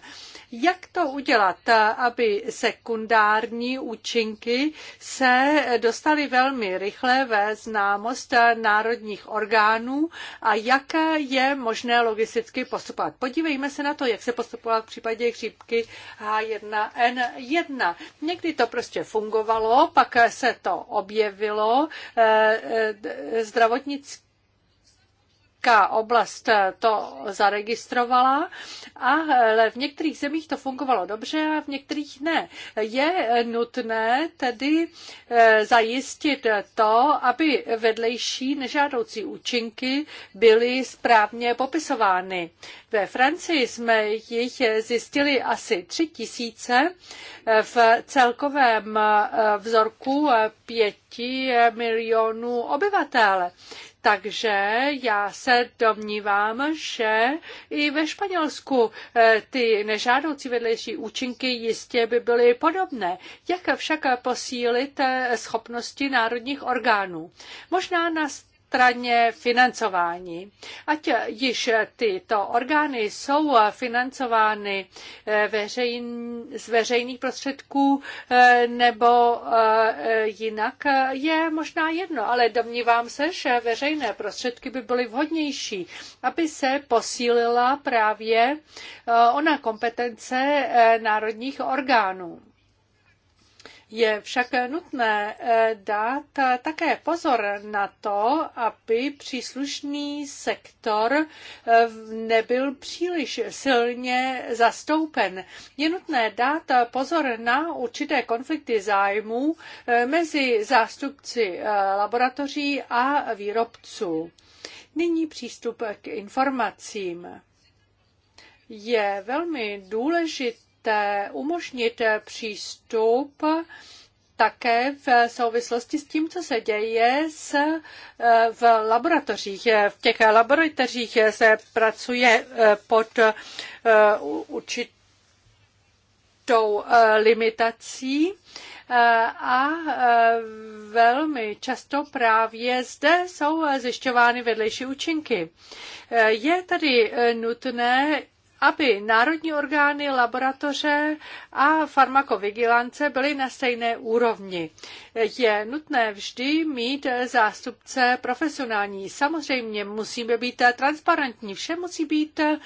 Speaker 2: Jak to udělat, aby sekundární účinky se dostaly velmi rychle ve známost národních orgánů a jak je možné logisticky postupovat? Podívejme se na to, jak se postupovat v případě chřipky H1N1. Někdy to prostě fungovalo, pak se to objevilo eh, eh, zdravotnický Česká oblast to zaregistrovala, ale v některých zemích to fungovalo dobře a v některých ne. Je nutné tedy e, zajistit to, aby vedlejší nežádoucí účinky byly správně popisovány. Ve Francii jsme jich zjistili asi tři tisíce e, v celkovém e, vzorku pěti milionů obyvatel. Takže já se domnívám, že i ve Španělsku eh, ty nežádoucí vedlejší účinky jistě by byly podobné. Jak však posílit eh, schopnosti národních orgánů? Možná nás straně financování. Ať již tyto orgány jsou financovány eh, veřejn, z veřejných prostředků eh, nebo eh, jinak, je možná jedno, ale domnívám se, že veřejné prostředky by byly vhodnější, aby se posílila právě ona kompetence národních orgánů. Je však nutné eh, dát také pozor na to, aby příslušný sektor eh, nebyl příliš silně zastoupen. Je nutné dát pozor na určité konflikty zájmů eh, mezi zástupci laboratoří a výrobců. Nyní přístup k informacím je velmi důležité, umožnit přístup také v souvislosti s tím, co se děje s, eh, v laboratořích. V těch laboratořích se pracuje eh, pod eh, určitou limitací a velmi často právě zde jsou zjišťovány vedlejší účinky. Je tady nutné aby národní orgány, laboratoře a farmakovigilance byly na stejné úrovni. Je nutné vždy mít zástupce profesionální. Samozřejmě musíme být transparentní, vše musí být eh,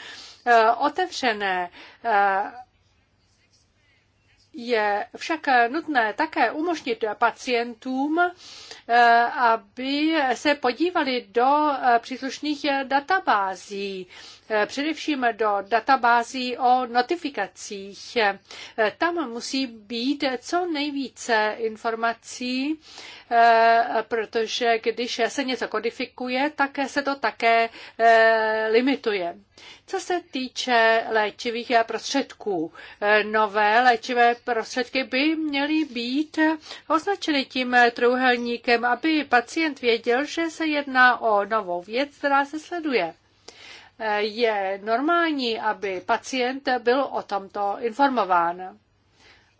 Speaker 2: otevřené. Eh, je však nutné také umožnit pacientům, eh, aby se podívali do příslušných databází. Eh, především do databází o notifikacích. Eh, tam musí být co nejvíce informací, eh, protože když se něco kodifikuje, tak se to také limituje. Co se týče léčivých prostředků, nové léčivé prostředky by měly být označeny tím trouhelníkem, aby pacient věděl, že se jedná o novou věc, která se sleduje je normální, aby pacient byl o tomto informován.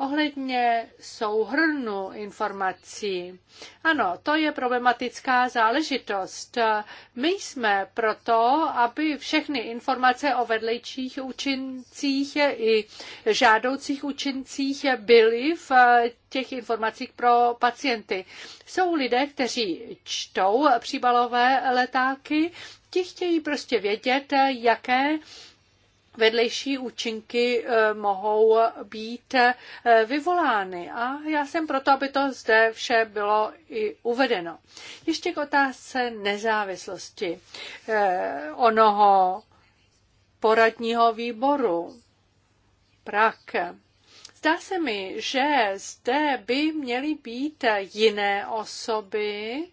Speaker 2: Ohledně souhrnu informací. Ano, to je problematická záležitost. My jsme proto, aby všechny informace o vedlejších účincích i žádoucích účincích byly v těch informacích pro pacienty. Jsou lidé, kteří čtou příbalové letáky, ti chtějí prostě vědět, jaké vedlejší účinky eh, mohou být eh, vyvolány. A já jsem proto, aby to zde vše bylo i uvedeno. Ještě k otázce nezávislosti eh, onoho poradního výboru. Prak. Zdá se mi, že zde by měly být jiné osoby,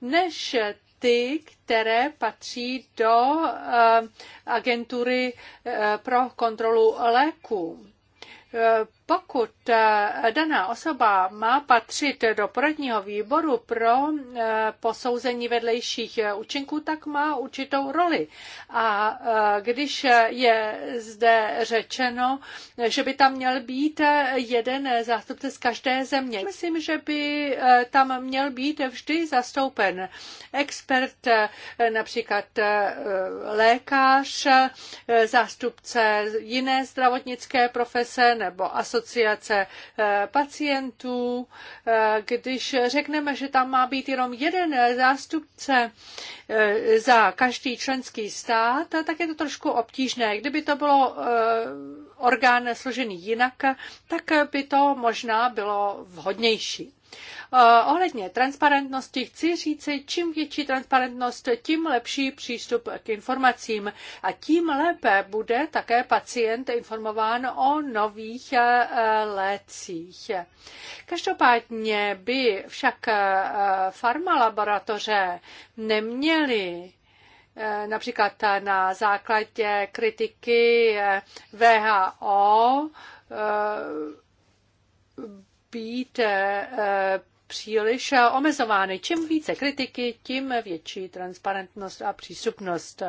Speaker 2: než ty, které patří do eh, agentury eh, pro kontrolu léků eh, pokud eh, daná osoba má patřit do poradního výboru pro eh, posouzení vedlejších eh, účinků, tak má určitou roli. A když je zde řečeno, že by tam měl být jeden zástupce z každé země, myslím, že by tam měl být vždy zastoupen expert, například lékař, zástupce jiné zdravotnické profese nebo asociace asociace eh, pacientů. Eh, když řekneme, že tam má být jenom jeden zástupce eh, za každý členský stát, tak je to trošku obtížné. Kdyby to bylo orgán složený jinak, tak by to možná bylo vhodnější. Eh, ohledně transparentnosti chci říci, čím větší transparentnost, tím lepší přístup k informacím a tím lépe bude také pacient informován o nových eh, lécích. Každopádně by však eh, farmalaboratoře neměly například na základě kritiky VHO být příliš omezovány. Čím více kritiky, tím větší transparentnost a přístupnost.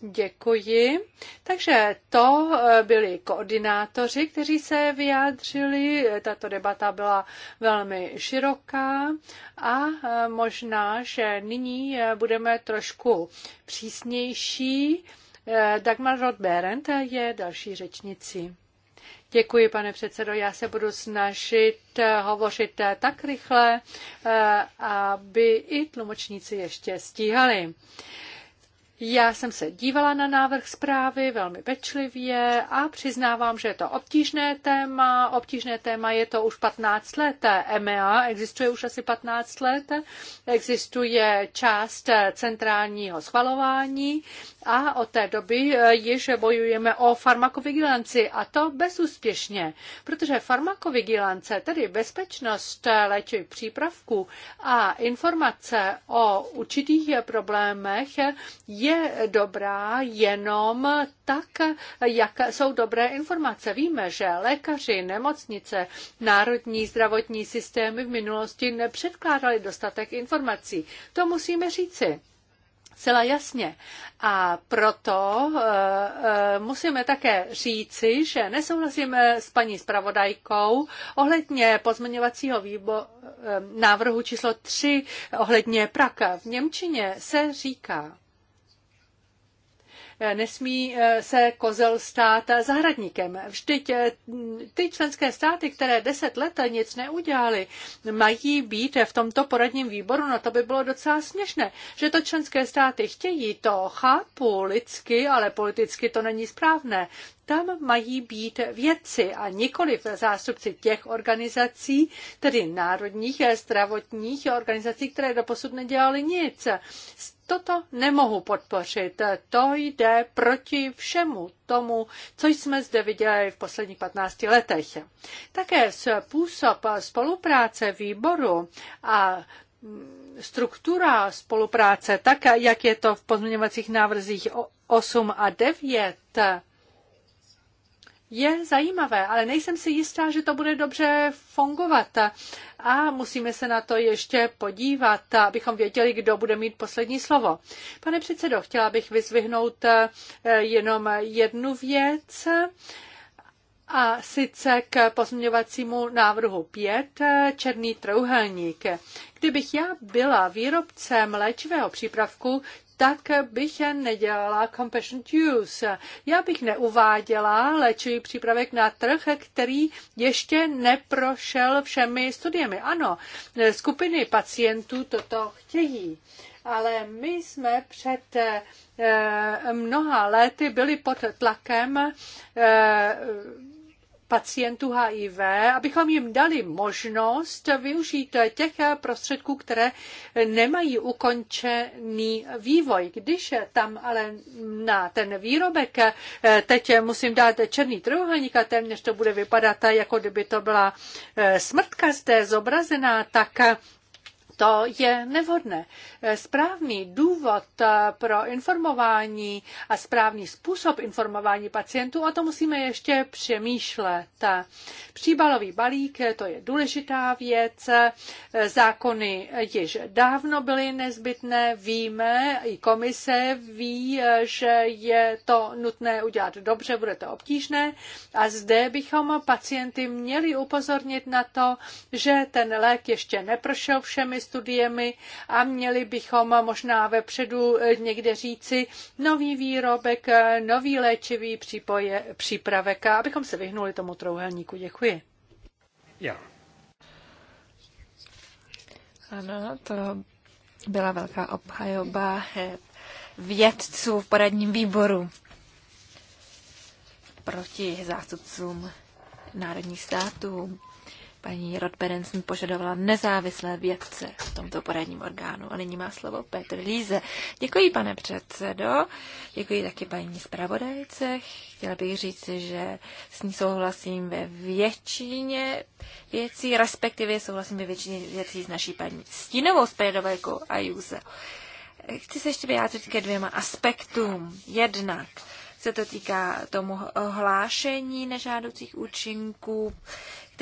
Speaker 2: Děkuji. Takže to eh, byli koordinátoři, kteří se vyjádřili. Tato debata byla velmi široká a eh, možná, že nyní eh, budeme trošku přísnější. Dagmar Roth-Berendt je další řečnicí. Děkuji, pane předsedo. Já se budu snažit eh, hovořit eh, tak rychle, eh, aby i tlumočníci ještě stíhali. Já jsem se dívala na návrh zprávy velmi pečlivě a přiznávám, že je to obtížné téma. Obtížné téma je to už 15 let. EMEA existuje už asi 15 let. Existuje část centrálního schvalování a od té doby eh, již bojujeme o farmakovigilanci a to bezúspěšně, protože farmakovigilance, tedy bezpečnost léčivých přípravků a informace o určitých problémech je je dobrá jenom tak, jak jsou dobré informace. Víme, že lékaři, nemocnice, národní zdravotní systémy v minulosti nepředkládali dostatek informací. To musíme říci. Celá jasně. A proto uh, uh, musíme také říci, že nesouhlasíme s paní zpravodajkou ohledně pozměňovacího výbo- eh, návrhu číslo 3 ohledně Praka. V Němčině se říká, Nesmí eh, se kozel stát zahradníkem. Vždyť eh, ty členské státy, které deset let nic neudělali, mají být v tomto poradním výboru. No to by bylo docela směšné, že to členské státy chtějí, to chápu lidsky, ale politicky to není správné tam mají být vědci a nikoli zástupci těch organizací, tedy národních eh, zdravotních organizací, které doposud nedělali nic. Toto nemohu podpořit. To jde proti všemu tomu, co jsme zde viděli v posledních 15 letech. Také způsob spolupráce výboru a struktura spolupráce, tak jak je to v pozměňovacích návrzích 8 a 9, je zajímavé, ale nejsem si jistá, že to bude dobře fungovat. A musíme se na to ještě podívat, abychom věděli, kdo bude mít poslední slovo. Pane předsedo, chtěla bych vyzvihnout eh, jenom jednu věc a sice k pozměňovacímu návrhu 5, eh, černý trouhelník. Kdybych já byla výrobcem léčivého přípravku, tak bych nedělala compassion use. Já bych neuváděla léčivý přípravek na trh, který ještě neprošel všemi studiemi. Ano, skupiny pacientů toto chtějí ale my jsme před eh, mnoha lety byli pod tlakem eh, pacientů HIV, abychom jim dali možnost využít těch prostředků, které nemají ukončený vývoj. Když tam ale na ten výrobek eh, teď musím dát černý trojuhelník a téměř to bude vypadat eh, jako kdyby to byla eh, smrtka zde zobrazená, tak to je nevhodné. Správný důvod eh, pro informování a správný způsob informování pacientů, o to musíme ještě přemýšlet. Příbalový balík, eh, to je důležitá věc. Eh, zákony již dávno byly nezbytné, víme, i komise ví, že je to nutné udělat dobře, bude to obtížné. A zde bychom pacienty měli upozornit na to, že ten lék ještě neprošel všemi studiemi a měli bychom možná vepředu eh, někde říci nový výrobek, eh, nový léčivý přípoje, přípravek, abychom se vyhnuli tomu trouhelníku. Děkuji. Já.
Speaker 1: Ano, to byla velká obhajoba eh, vědců v poradním výboru proti zástupcům národních států. Paní Berenson požadovala nezávislé vědce v tomto poradním orgánu. A nyní má slovo Petr Líze. Děkuji, pane předsedo. Děkuji taky paní zpravodajce. Chtěla bych říct, že s ní souhlasím ve většině věcí, respektive souhlasím ve většině věcí s naší paní Stínovou zpravodajkou Juze. Chci se ještě vyjádřit ke dvěma aspektům. Jednak se to týká tomu hlášení nežádoucích účinků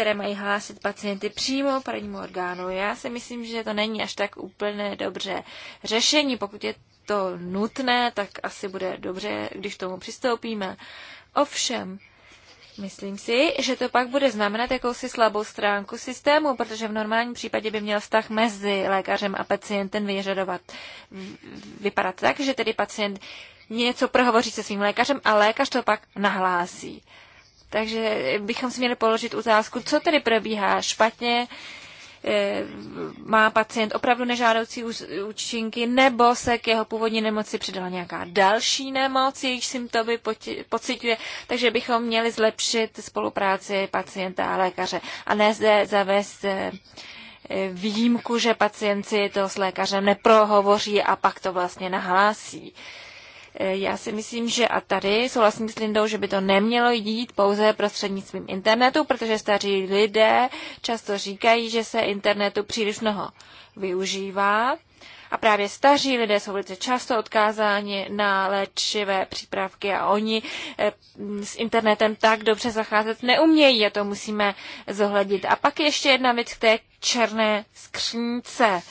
Speaker 1: které mají hlásit pacienty přímo prvnímu orgánu. Já si myslím, že to není až tak úplně dobře řešení. Pokud je to nutné, tak asi bude dobře, když tomu přistoupíme. Ovšem, Myslím si, že to pak bude znamenat jakousi slabou stránku systému, protože v normálním případě by měl vztah mezi lékařem a pacientem vyžadovat, vypadat tak, že tedy pacient něco prohovoří se svým lékařem a lékař to pak nahlásí. Takže bychom si měli položit otázku, co tedy probíhá špatně, eh, má pacient opravdu nežádoucí účinky, nebo se k jeho původní nemoci přidala nějaká další nemoc, jejíž symptomy pociťuje, takže bychom měli zlepšit spolupráci pacienta a lékaře a ne zde zavést eh, výjimku, že pacienti to s lékařem neprohovoří a pak to vlastně nahlásí. Já si myslím, že a tady souhlasím s Lindou, že by to nemělo jít pouze prostřednictvím internetu, protože staří lidé často říkají, že se internetu příliš mnoho využívá. A právě staří lidé jsou velice často odkázáni na léčivé přípravky a oni eh, s internetem tak dobře zacházet neumějí a to musíme zohlednit. A pak ještě jedna věc k té černé skřínce.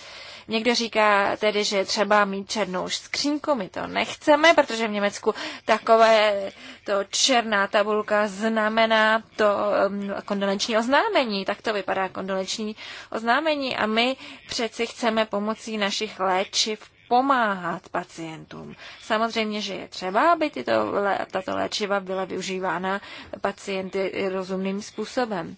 Speaker 1: Někdo říká tedy, že je třeba mít černou skřínku, my to nechceme, protože v Německu takové to černá tabulka znamená to um, kondolenční oznámení, tak to vypadá kondolenční oznámení a my přeci chceme pomocí našich léčiv pomáhat pacientům. Samozřejmě, že je třeba, aby tyto, tato léčiva byla využívána pacienty rozumným způsobem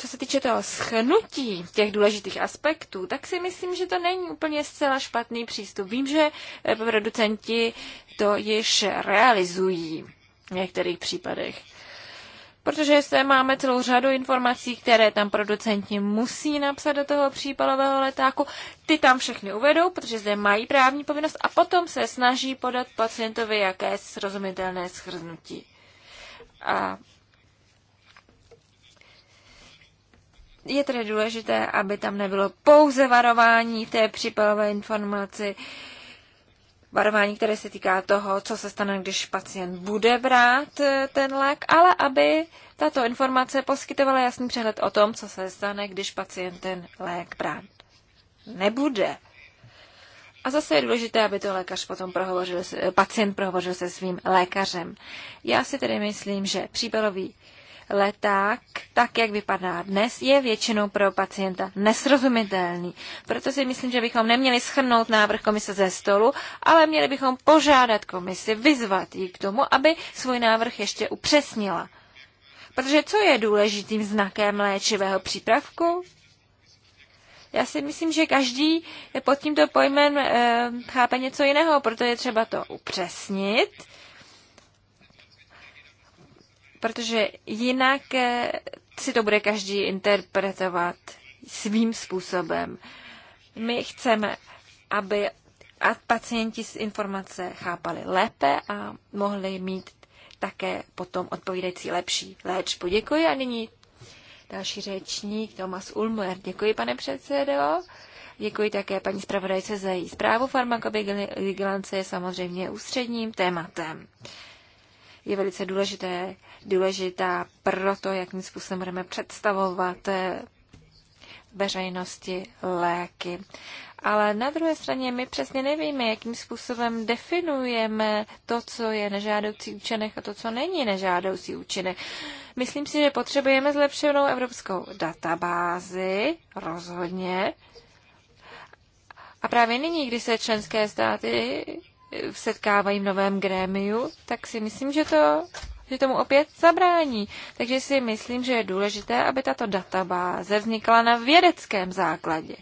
Speaker 1: co se týče toho schnutí těch důležitých aspektů, tak si myslím, že to není úplně zcela špatný přístup. Vím, že eh, producenti to již realizují v některých případech. Protože se máme celou řadu informací, které tam producenti musí napsat do toho přípalového letáku. Ty tam všechny uvedou, protože zde mají právní povinnost a potom se snaží podat pacientovi jaké srozumitelné schrnutí. A Je tedy důležité, aby tam nebylo pouze varování v té přípalové informaci, varování, které se týká toho, co se stane, když pacient bude brát eh, ten lék, ale aby tato informace poskytovala jasný přehled o tom, co se stane, když pacient ten lék brát nebude. A zase je důležité, aby to lékař potom prohovořil, eh, pacient prohovořil se svým lékařem. Já si tedy myslím, že příbalový leták, tak jak vypadá dnes, je většinou pro pacienta nesrozumitelný. Proto si myslím, že bychom neměli schrnout návrh komise ze stolu, ale měli bychom požádat komisi, vyzvat ji k tomu, aby svůj návrh ještě upřesnila. Protože co je důležitým znakem léčivého přípravku? Já si myslím, že každý pod tímto pojmem e, chápe něco jiného, proto je třeba to upřesnit protože jinak eh, si to bude každý interpretovat svým způsobem. My chceme, aby a pacienti s informace chápali lépe a mohli mít také potom odpovídající lepší léčbu. Děkuji a nyní další řečník Tomas Ulmer. Děkuji, pane předsedo. Děkuji také paní zpravodajce za její zprávu. Farmakovigilance je samozřejmě ústředním tématem je velice důležité, důležitá pro to, jakým způsobem budeme představovat eh, veřejnosti léky. Ale na druhé straně my přesně nevíme, jakým způsobem definujeme to, co je nežádoucí účinek a to, co není nežádoucí účinek. Myslím si, že potřebujeme zlepšenou evropskou databázi, rozhodně. A právě nyní, kdy se členské státy setkávají v novém grémiu, tak si myslím, že to že tomu opět zabrání. Takže si myslím, že je důležité, aby tato databáze vznikla na vědeckém základě.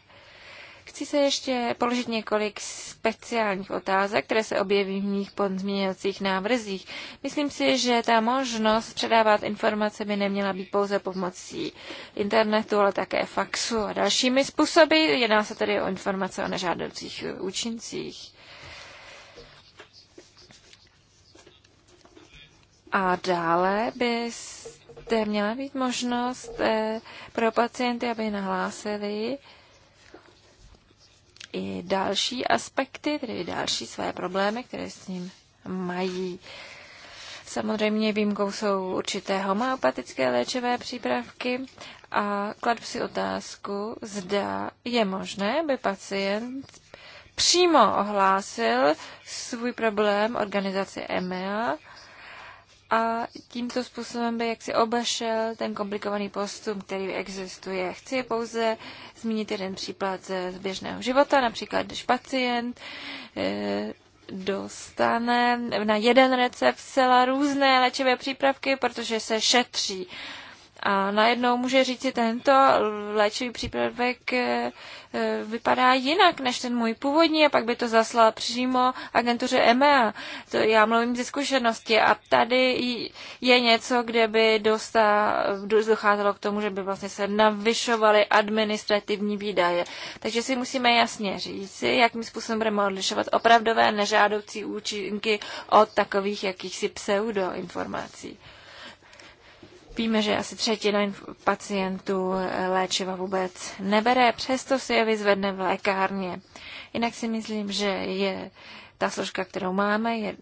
Speaker 1: Chci se ještě položit několik speciálních otázek, které se objeví v mých pozměňovacích návrzích. Myslím si, že ta možnost předávat informace by neměla být pouze pomocí internetu, ale také faxu a dalšími způsoby. Jedná se tedy o informace o nežádoucích účincích. A dále by zde měla být možnost eh, pro pacienty, aby nahlásili i další aspekty, tedy další své problémy, které s ním mají. Samozřejmě výjimkou jsou určité homeopatické léčivé přípravky a kladu si otázku, zda je možné, aby pacient přímo ohlásil svůj problém organizaci EMEA a tímto způsobem by jaksi obešel ten komplikovaný postup, který existuje. Chci pouze zmínit jeden příklad z běžného života, například když pacient eh, dostane na jeden recept zcela různé léčivé přípravky, protože se šetří. A najednou může říct si, tento léčivý přípravek eh, eh, vypadá jinak než ten můj původní a pak by to zaslala přímo agentuře EMEA. To já mluvím ze zkušenosti a tady je něco, kde by dosta, eh, docházelo k tomu, že by vlastně se navyšovaly administrativní výdaje. Takže si musíme jasně říci, jakým způsobem budeme odlišovat opravdové nežádoucí účinky od takových jakýchsi pseudoinformací. informací. Víme, že asi třetina pacientů eh, léčiva vůbec nebere, přesto si je vyzvedne v lékárně. Jinak si myslím, že je ta složka, kterou máme, je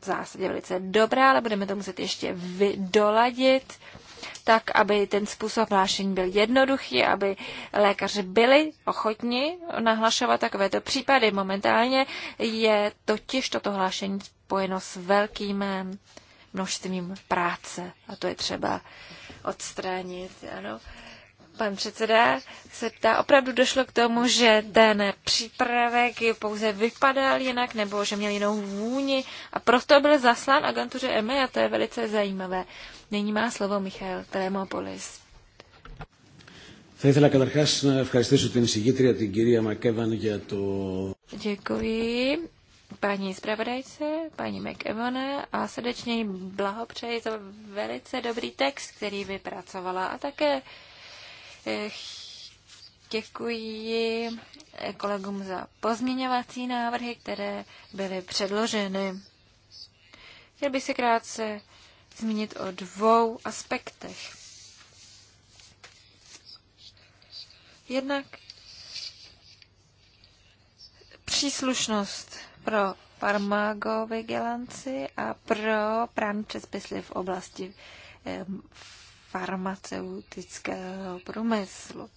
Speaker 1: v zásadě velice dobrá, ale budeme to muset ještě vydoladit, tak aby ten způsob hlášení byl jednoduchý, aby lékaři byli ochotni nahlašovat takovéto případy. Momentálně je totiž toto hlášení spojeno s velkým množstvím práce a to je třeba odstranit. Ano. Pan předseda se ptá, opravdu došlo k tomu, že ten přípravek pouze vypadal jinak nebo že měl jinou vůni a proto byl zaslán agentuře EMI e a to je velice zajímavé. Nyní má slovo Michal Tremopolis. Děkuji paní zpravodajce, paní McEvone a srdečně jí blahopřeji za velice dobrý text, který vypracovala a také eh, děkuji eh, kolegům za pozměňovací návrhy, které byly předloženy. Chtěl bych se krátce zmínit o dvou aspektech. Jednak příslušnost pro farmakovigilanci a pro právní předpisy v oblasti farmaceutického průmyslu.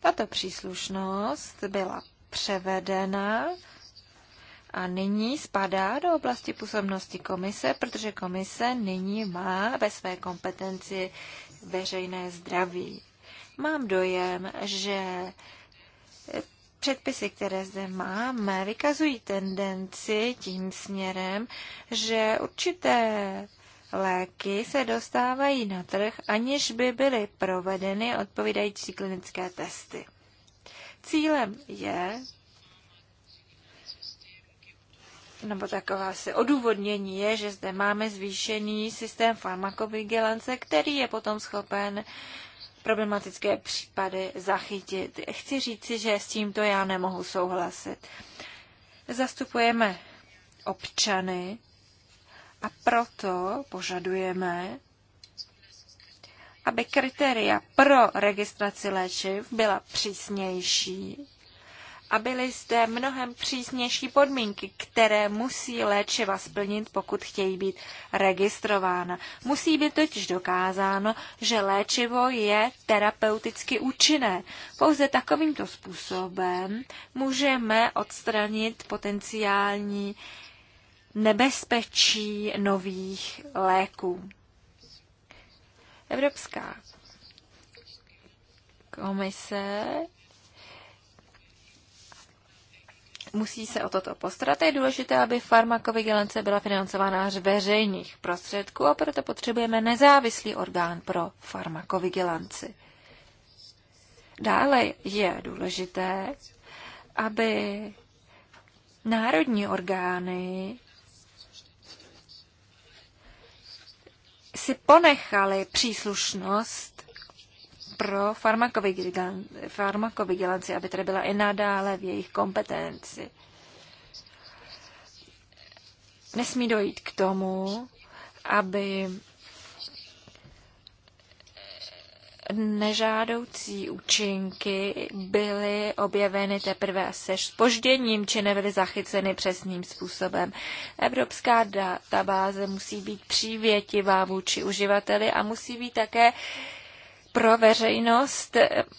Speaker 1: Tato příslušnost byla převedena a nyní spadá do oblasti působnosti komise, protože komise nyní má ve své kompetenci veřejné zdraví. Mám dojem, že předpisy, které zde máme, vykazují tendenci tím směrem, že určité léky se dostávají na trh, aniž by byly provedeny odpovídající klinické testy. Cílem je, nebo taková se odůvodnění je, že zde máme zvýšený systém farmakovigilance, který je potom schopen problematické případy zachytit. Chci říci, že s tímto já nemohu souhlasit. Zastupujeme občany a proto požadujeme, aby kritéria pro registraci léčiv byla přísnější a byly zde mnohem přísnější podmínky, které musí léčiva splnit, pokud chtějí být registrována. Musí být totiž dokázáno, že léčivo je terapeuticky účinné. Pouze takovýmto způsobem můžeme odstranit potenciální nebezpečí nových léků. Evropská komise musí se o toto postarat. Je důležité, aby farmakovigilance byla financována z veřejných prostředků a proto potřebujeme nezávislý orgán pro farmakovigilanci. Dále je důležité, aby národní orgány si ponechali příslušnost pro farmakovigilanci, aby tady byla i nadále v jejich kompetenci. Nesmí dojít k tomu, aby nežádoucí účinky byly objeveny teprve se spožděním, či nebyly zachyceny přesným způsobem. Evropská databáze musí být přívětivá vůči uživateli a musí být také pro veřejnost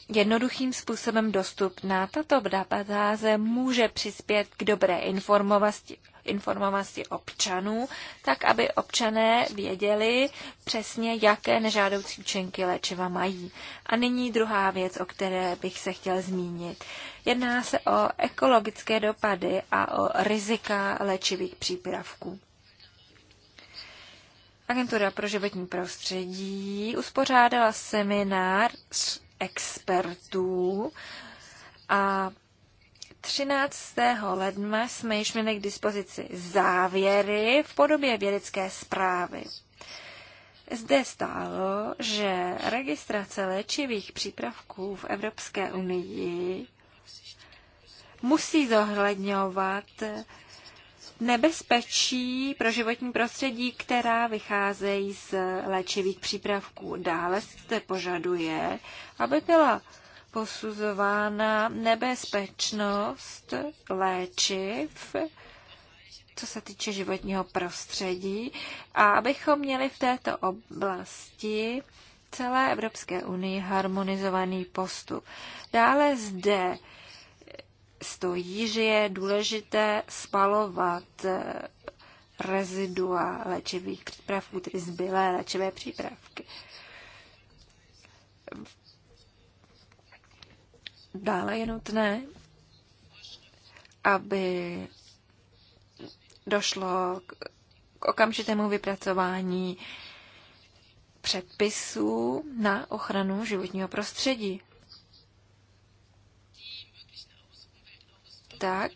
Speaker 1: jednoduchým způsobem dostupná. Tato databáze může přispět k dobré informovosti, informovanosti občanů, tak aby občané věděli přesně, jaké nežádoucí účinky léčiva mají. A nyní druhá věc, o které bych se chtěl zmínit. Jedná se o ekologické dopady a o rizika léčivých přípravků. Agentura pro životní prostředí uspořádala seminár s expertů a 13. ledna jsme již měli k dispozici závěry v podobě vědecké zprávy. Zde stálo, že registrace léčivých přípravků v Evropské unii musí zohledňovat nebezpečí pro životní prostředí, která vycházejí z léčivých přípravků. Dále se požaduje, aby byla posuzována nebezpečnost léčiv, co se týče životního prostředí, a abychom měli v této oblasti celé Evropské unii harmonizovaný postup. Dále zde stojí, že je důležité spalovat eh, rezidua léčivých přípravků, tedy zbylé léčivé přípravky. Dále je nutné, aby došlo k okamžitému vypracování předpisů na ochranu životního prostředí. tak,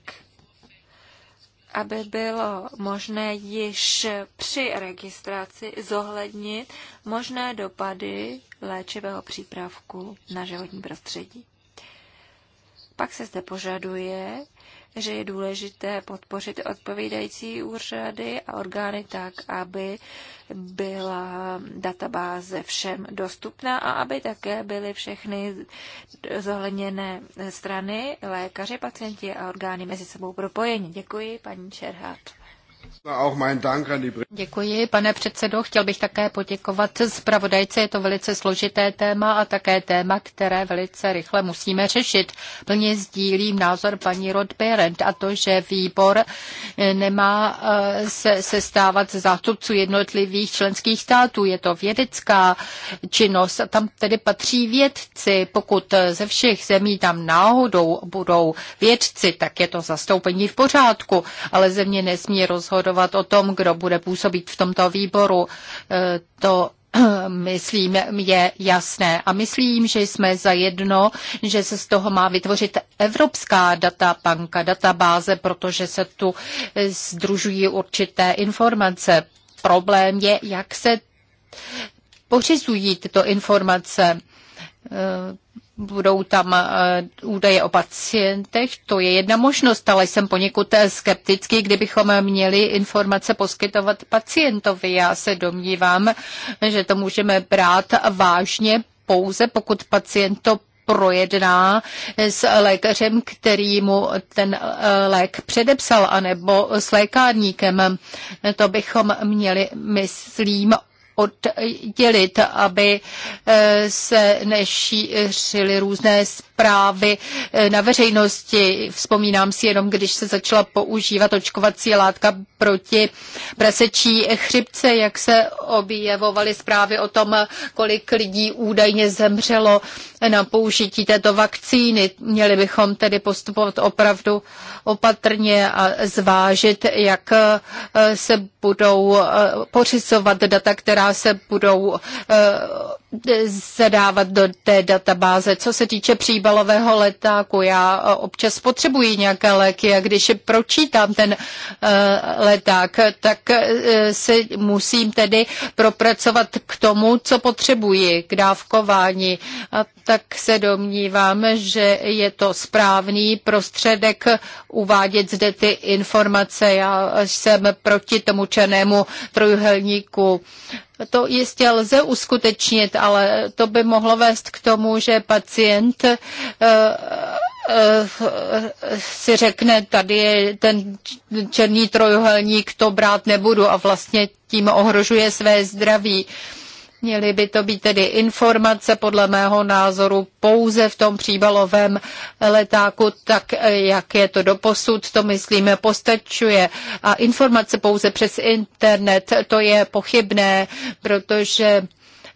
Speaker 1: aby bylo možné již při registraci zohlednit možné dopady léčivého přípravku na životní prostředí. Pak se zde požaduje, že je důležité podpořit odpovídající úřady a orgány tak, aby byla databáze všem dostupná a aby také byly všechny zohledněné strany, lékaři, pacienti a orgány mezi sebou propojeni. Děkuji, paní Čerhát. Děkuji, pane předsedo. Chtěl bych také
Speaker 3: poděkovat zpravodajce. Je to velice složité téma a také téma, které velice rychle musíme řešit. Plně sdílím názor paní Rodberend a to, že výbor eh, nemá eh, se, se stávat zástupců jednotlivých členských států. Je to vědecká činnost a tam tedy patří vědci. Pokud eh, ze všech zemí tam náhodou budou vědci, tak je to zastoupení v pořádku, ale země nesmí rozhodnout rozhodovat o tom, kdo bude působit v tomto výboru. E, to myslím, je jasné. A myslím, že jsme za jedno, že se z toho má vytvořit evropská databanka, databáze, protože se tu združují e, určité informace. Problém je, jak se pořizují tyto informace Eh, budou tam eh, údaje o pacientech, to je jedna možnost, ale jsem poněkud eh, skeptický, kdybychom měli informace poskytovat pacientovi. Já se domnívám, že to můžeme brát vážně pouze, pokud pacient to projedná s lékařem, který mu ten lék předepsal, anebo s lékárníkem. To bychom měli, myslím, oddělit, aby eh, se nešířily různé zprávy eh, na veřejnosti. Vzpomínám si jenom, když se začala používat očkovací látka proti prasečí chřipce, jak se objevovaly zprávy o tom, kolik lidí údajně zemřelo na použití této vakcíny. Měli bychom tedy postupovat opravdu opatrně a zvážit, jak eh, se budou eh, pořizovat data, která se budou zadávat do té databáze. Co se týče příbalového letáku, já eh, občas potřebuji nějaké léky a když pročítám ten eh, leták, tak eh, se musím tedy propracovat k tomu, co potřebuji, k dávkování tak se domnívám, že je to správný prostředek uvádět zde ty informace. Já jsem proti tomu černému trojuhelníku. To jistě lze uskutečnit, ale to by mohlo vést k tomu, že pacient eh, eh, si řekne, tady je ten černý trojuhelník, to brát nebudu a vlastně tím ohrožuje své zdraví. Uh, Měly by to být tedy informace podle mého názoru pouze v tom příbalovém letáku, tak eh, jak je to doposud, to myslíme postačuje. A informace pouze přes internet, to je pochybné, protože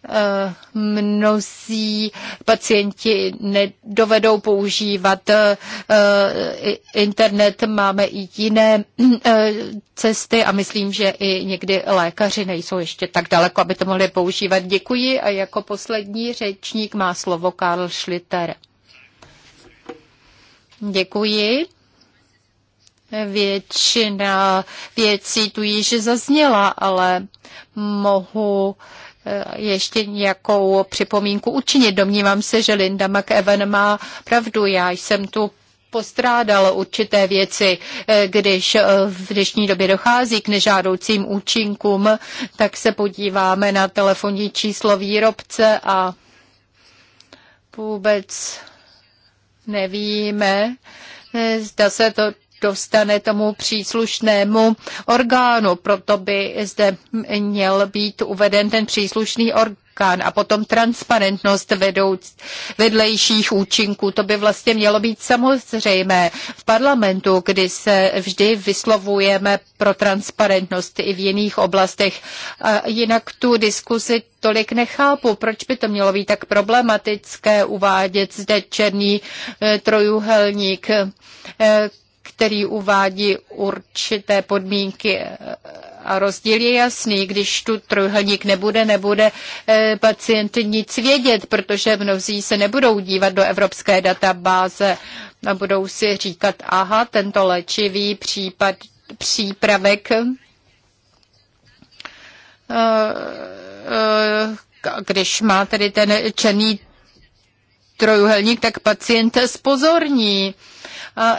Speaker 3: Eh, mnozí pacienti nedovedou používat eh, internet, máme i jiné eh, cesty a myslím, že i někdy lékaři nejsou ještě tak daleko, aby to mohli používat. Děkuji a jako poslední řečník má slovo Karl Schlitter. Děkuji. Většina věcí tu již zazněla, ale mohu uh, Eh, ještě nějakou připomínku učinit. Domnívám se, že Linda McEwen má pravdu. Já jsem tu postrádal určité věci, eh, když eh, v dnešní době dochází k nežádoucím účinkům, tak se podíváme na telefonní číslo výrobce a vůbec nevíme, zda se to dostane tomu příslušnému orgánu. Proto by zde měl být uveden ten příslušný orgán a potom transparentnost vedouc, vedlejších účinků. To by vlastně mělo být samozřejmé v parlamentu, kdy se vždy vyslovujeme pro transparentnost i v jiných oblastech. A jinak tu diskusi tolik nechápu, proč by to mělo být tak problematické uvádět zde černý eh, trojuhelník. Eh, který uvádí určité podmínky eh, a rozdíl je jasný, když tu trojhelník nebude, nebude eh, pacient nic vědět, protože mnozí se nebudou dívat do evropské databáze a budou si říkat, aha, tento léčivý případ, přípravek eh, když má tedy ten černý trojuhelník, tak pacient spozorní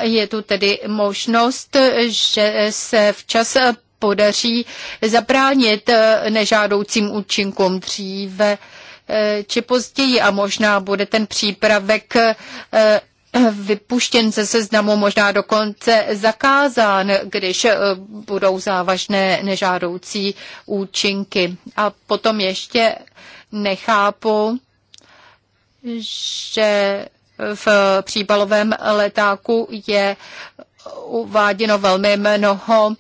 Speaker 3: je tu tedy možnost, že se včas podaří zabránit nežádoucím účinkům dříve eh, či později a možná bude ten přípravek eh, vypuštěn ze seznamu, možná dokonce zakázán, když eh, budou závažné nežádoucí účinky. A potom ještě nechápu, že v příbalovém letáku je uváděno velmi mnoho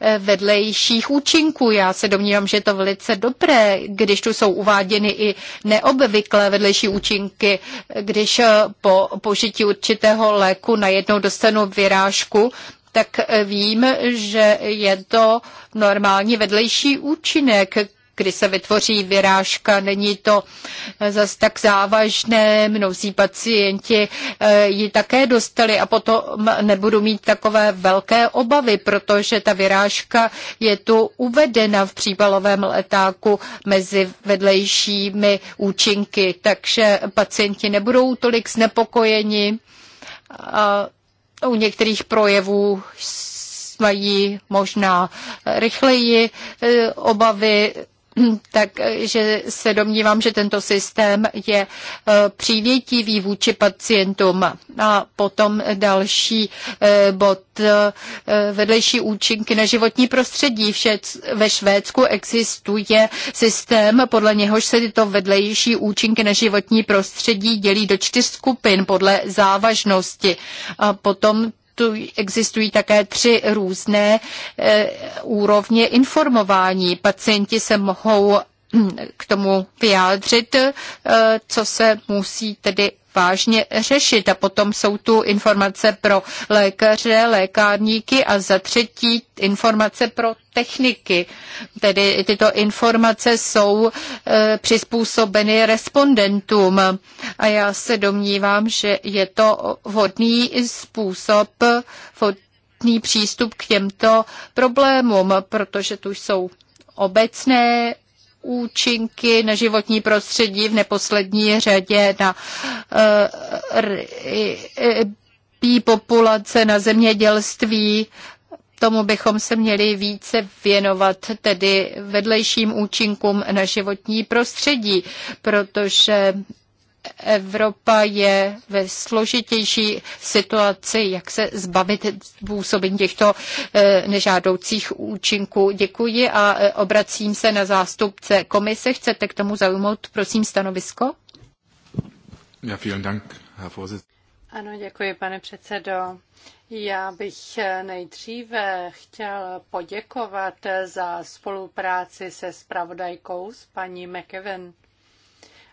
Speaker 3: eh, vedlejších účinků. Já se domnívám, že je to velice dobré, když tu jsou uváděny i neobvyklé vedlejší účinky, když eh, po použití určitého léku najednou dostanu vyrážku, tak eh, vím, že je to normální vedlejší účinek, kdy se vytvoří vyrážka, není to eh, zas tak závažné, mnozí pacienti eh, ji také dostali a potom nebudu mít takové velké obavy, protože ta vyrážka je tu uvedena v příbalovém letáku mezi vedlejšími účinky, takže pacienti nebudou tolik znepokojeni. A u některých projevů mají možná rychleji eh, obavy takže se domnívám, že tento systém je e, přívětivý vůči pacientům. A potom další e, bod e, vedlejší účinky na životní prostředí. Vše ve Švédsku existuje systém, podle něhož se tyto vedlejší účinky na životní prostředí dělí do čtyř skupin podle závažnosti. A potom existují také tři různé eh, úrovně informování. Pacienti se mohou hm, k tomu vyjádřit, eh, co se musí tedy vážně řešit. A potom jsou tu informace pro lékaře, lékárníky a za třetí informace pro techniky. Tedy tyto informace jsou e, přizpůsobeny respondentům. A já se domnívám, že je to vhodný způsob, vhodný přístup k těmto problémům, protože tu jsou obecné účinky na životní prostředí, v neposlední řadě na pí eh, populace, na zemědělství. Tomu bychom se měli více věnovat, tedy vedlejším účinkům na životní prostředí, protože Evropa je ve složitější situaci, jak se zbavit působení těchto eh, nežádoucích účinků. Děkuji a eh, obracím se na zástupce komise. Chcete k tomu zaujmout, prosím, stanovisko?
Speaker 1: Ja, vielen Dank, Herr Vorsitz.
Speaker 2: Ano, děkuji, pane předsedo. Já bych eh, nejdříve chtěl poděkovat za spolupráci se spravodajkou s paní McEwen.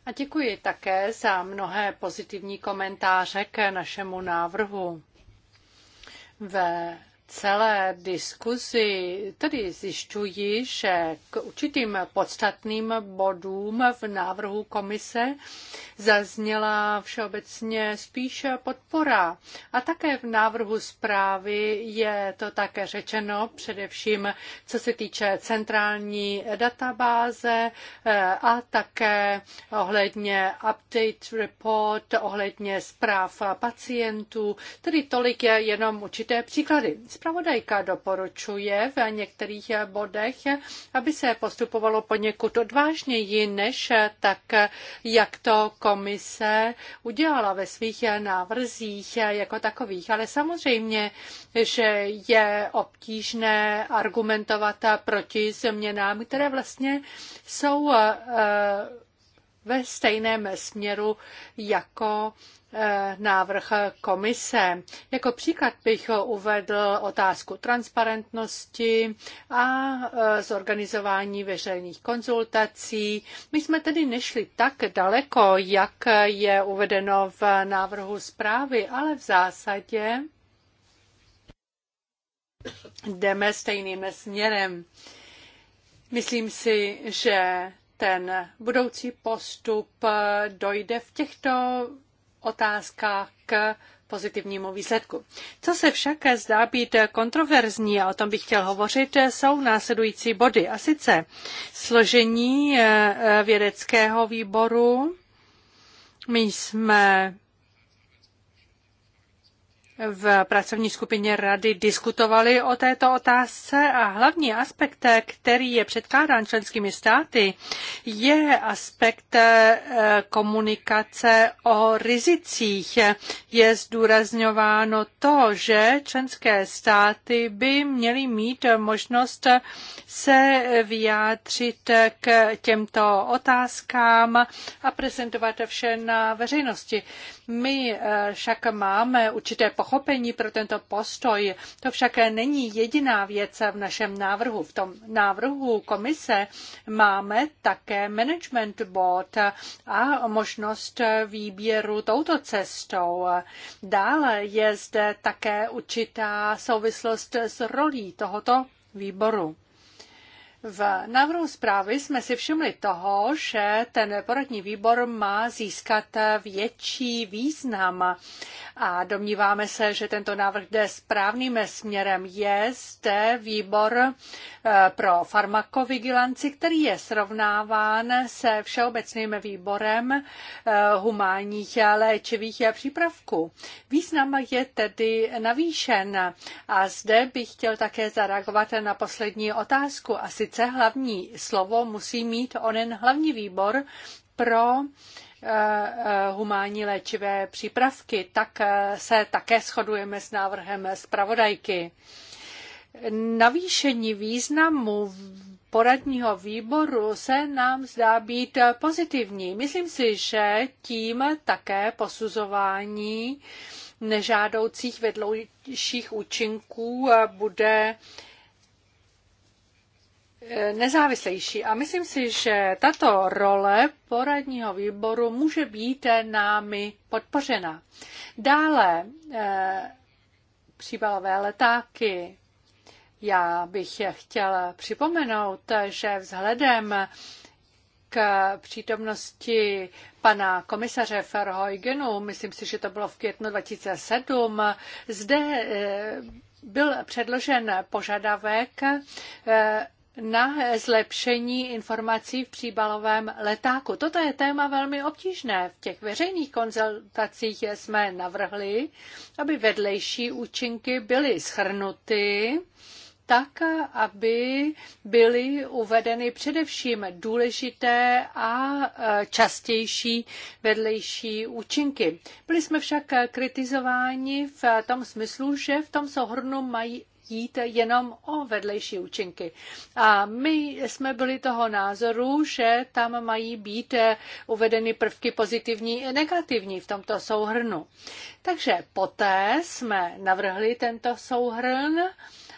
Speaker 2: A děkuji také za mnohé pozitivní komentáře k našemu návrhu. Ve celé diskuzi tedy zjišťuji, že k určitým podstatným bodům v návrhu komise zazněla všeobecně spíše podpora. A také v návrhu zprávy je to také řečeno, především co se týče centrální databáze eh, a také ohledně update report, ohledně zpráv pacientů, tedy tolik je jenom určité příklady Spravodajka doporučuje v některých bodech, aby se postupovalo poněkud odvážněji, než tak, jak to komise udělala ve svých návrzích jako takových. Ale samozřejmě, že je obtížné argumentovat proti změnám, které vlastně jsou eh, ve stejném směru jako Eh, návrh komise. Jako příklad bych uvedl otázku transparentnosti a eh, zorganizování veřejných konzultací. My jsme tedy nešli tak daleko, jak je uvedeno v návrhu zprávy, ale v zásadě jdeme stejným směrem. Myslím si, že ten budoucí postup dojde v těchto otázkách k pozitivnímu výsledku. Co se však zdá být kontroverzní, a o tom bych chtěl hovořit, jsou následující body. A sice složení eh, eh, vědeckého výboru. My jsme v pracovní skupině rady diskutovali o této otázce a hlavní aspekt, který je předkládán členskými státy, je aspekt eh, komunikace o rizicích. Je zdůrazňováno to, že členské státy by měly mít možnost se vyjádřit k těmto otázkám a prezentovat vše na veřejnosti. My eh, však máme určité pochopení, pochopení pro tento postoj. To však není jediná věc v našem návrhu. V tom návrhu komise máme také management board a možnost výběru touto cestou. Dále je zde také určitá souvislost s rolí tohoto výboru. V návrhu zprávy jsme si všimli toho, že ten poradní výbor má získat větší význam a domníváme se, že tento návrh jde správným směrem. Je zde výbor eh, pro farmakovigilanci, který je srovnáván se Všeobecným výborem eh, humánních léčivých přípravků. Význam je tedy navýšen a zde bych chtěl také zareagovat na poslední otázku a sice přece hlavní slovo musí mít onen hlavní výbor pro eh, eh, humánní léčivé přípravky. Tak eh, se také shodujeme s návrhem zpravodajky. Navýšení významu poradního výboru se nám zdá být pozitivní. Myslím si, že tím také posuzování nežádoucích vedlejších účinků bude nezávislejší. A myslím si, že tato role poradního výboru může být námi podpořena. Dále eh, příbalové letáky. Já bych chtěla připomenout, že vzhledem k přítomnosti pana komisaře Verheugenu, myslím si, že to bylo v květnu 2007, zde eh, byl předložen požadavek eh, na zlepšení informací v příbalovém letáku. Toto je téma velmi obtížné. V těch veřejných konzultacích jsme navrhli, aby vedlejší účinky byly schrnuty tak, aby byly uvedeny především důležité a e, častější vedlejší účinky. Byli jsme však kritizováni v tom smyslu, že v tom souhrnu mají jít jenom o vedlejší účinky. A my jsme byli toho názoru, že tam mají být eh, uvedeny prvky pozitivní i negativní v tomto souhrnu. Takže poté jsme navrhli tento souhrn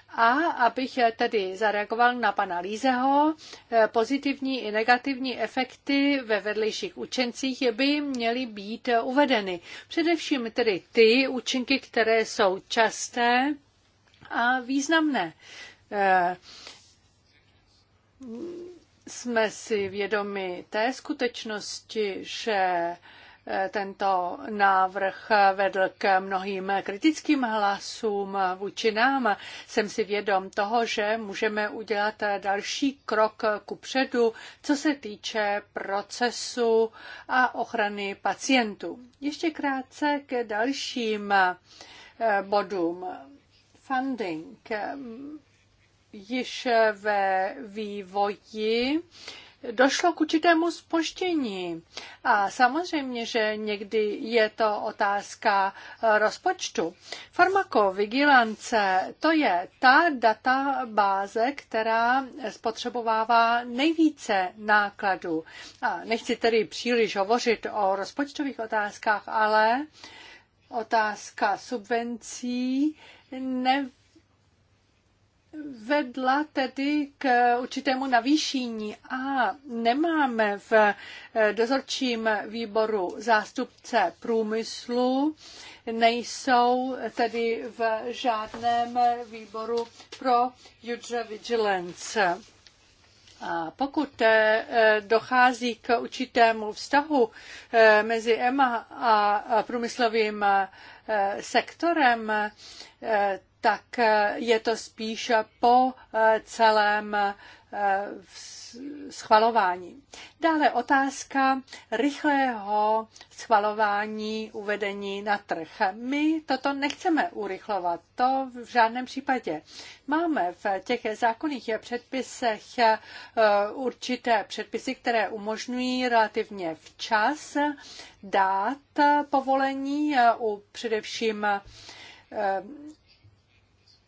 Speaker 2: a abych eh, tedy zareagoval na pana Lízeho, eh, pozitivní i negativní efekty ve vedlejších učencích by měly být uvedeny. Především tedy ty účinky, které jsou časté, a významné. Eh, jsme si vědomi té skutečnosti, že eh, tento návrh vedl k mnohým kritickým hlasům vůči nám. Jsem si vědom toho, že můžeme udělat další krok kupředu, co se týče procesu a ochrany pacientů. Ještě krátce k dalším eh, bodům funding ehm, již ve vývoji došlo k určitému spoždění. A samozřejmě, že někdy je to otázka eh, rozpočtu. Farmakovigilance to je ta databáze, která spotřebovává nejvíce nákladů. A nechci tedy příliš hovořit o rozpočtových otázkách, ale otázka subvencí ne vedla tedy k určitému navýšení a nemáme v eh, dozorčím výboru zástupce průmyslu, nejsou tedy v žádném výboru pro Judge Vigilance. A pokud eh, dochází k určitému vztahu eh, mezi EMA a průmyslovým sektorem, eh, tak je to spíš po eh, celém eh, schvalování. Dále otázka rychlého schvalování uvedení na trh. My toto nechceme urychlovat, to v žádném případě. Máme v těch zákonných předpisech určité předpisy, které umožňují relativně včas dát povolení u především především eh,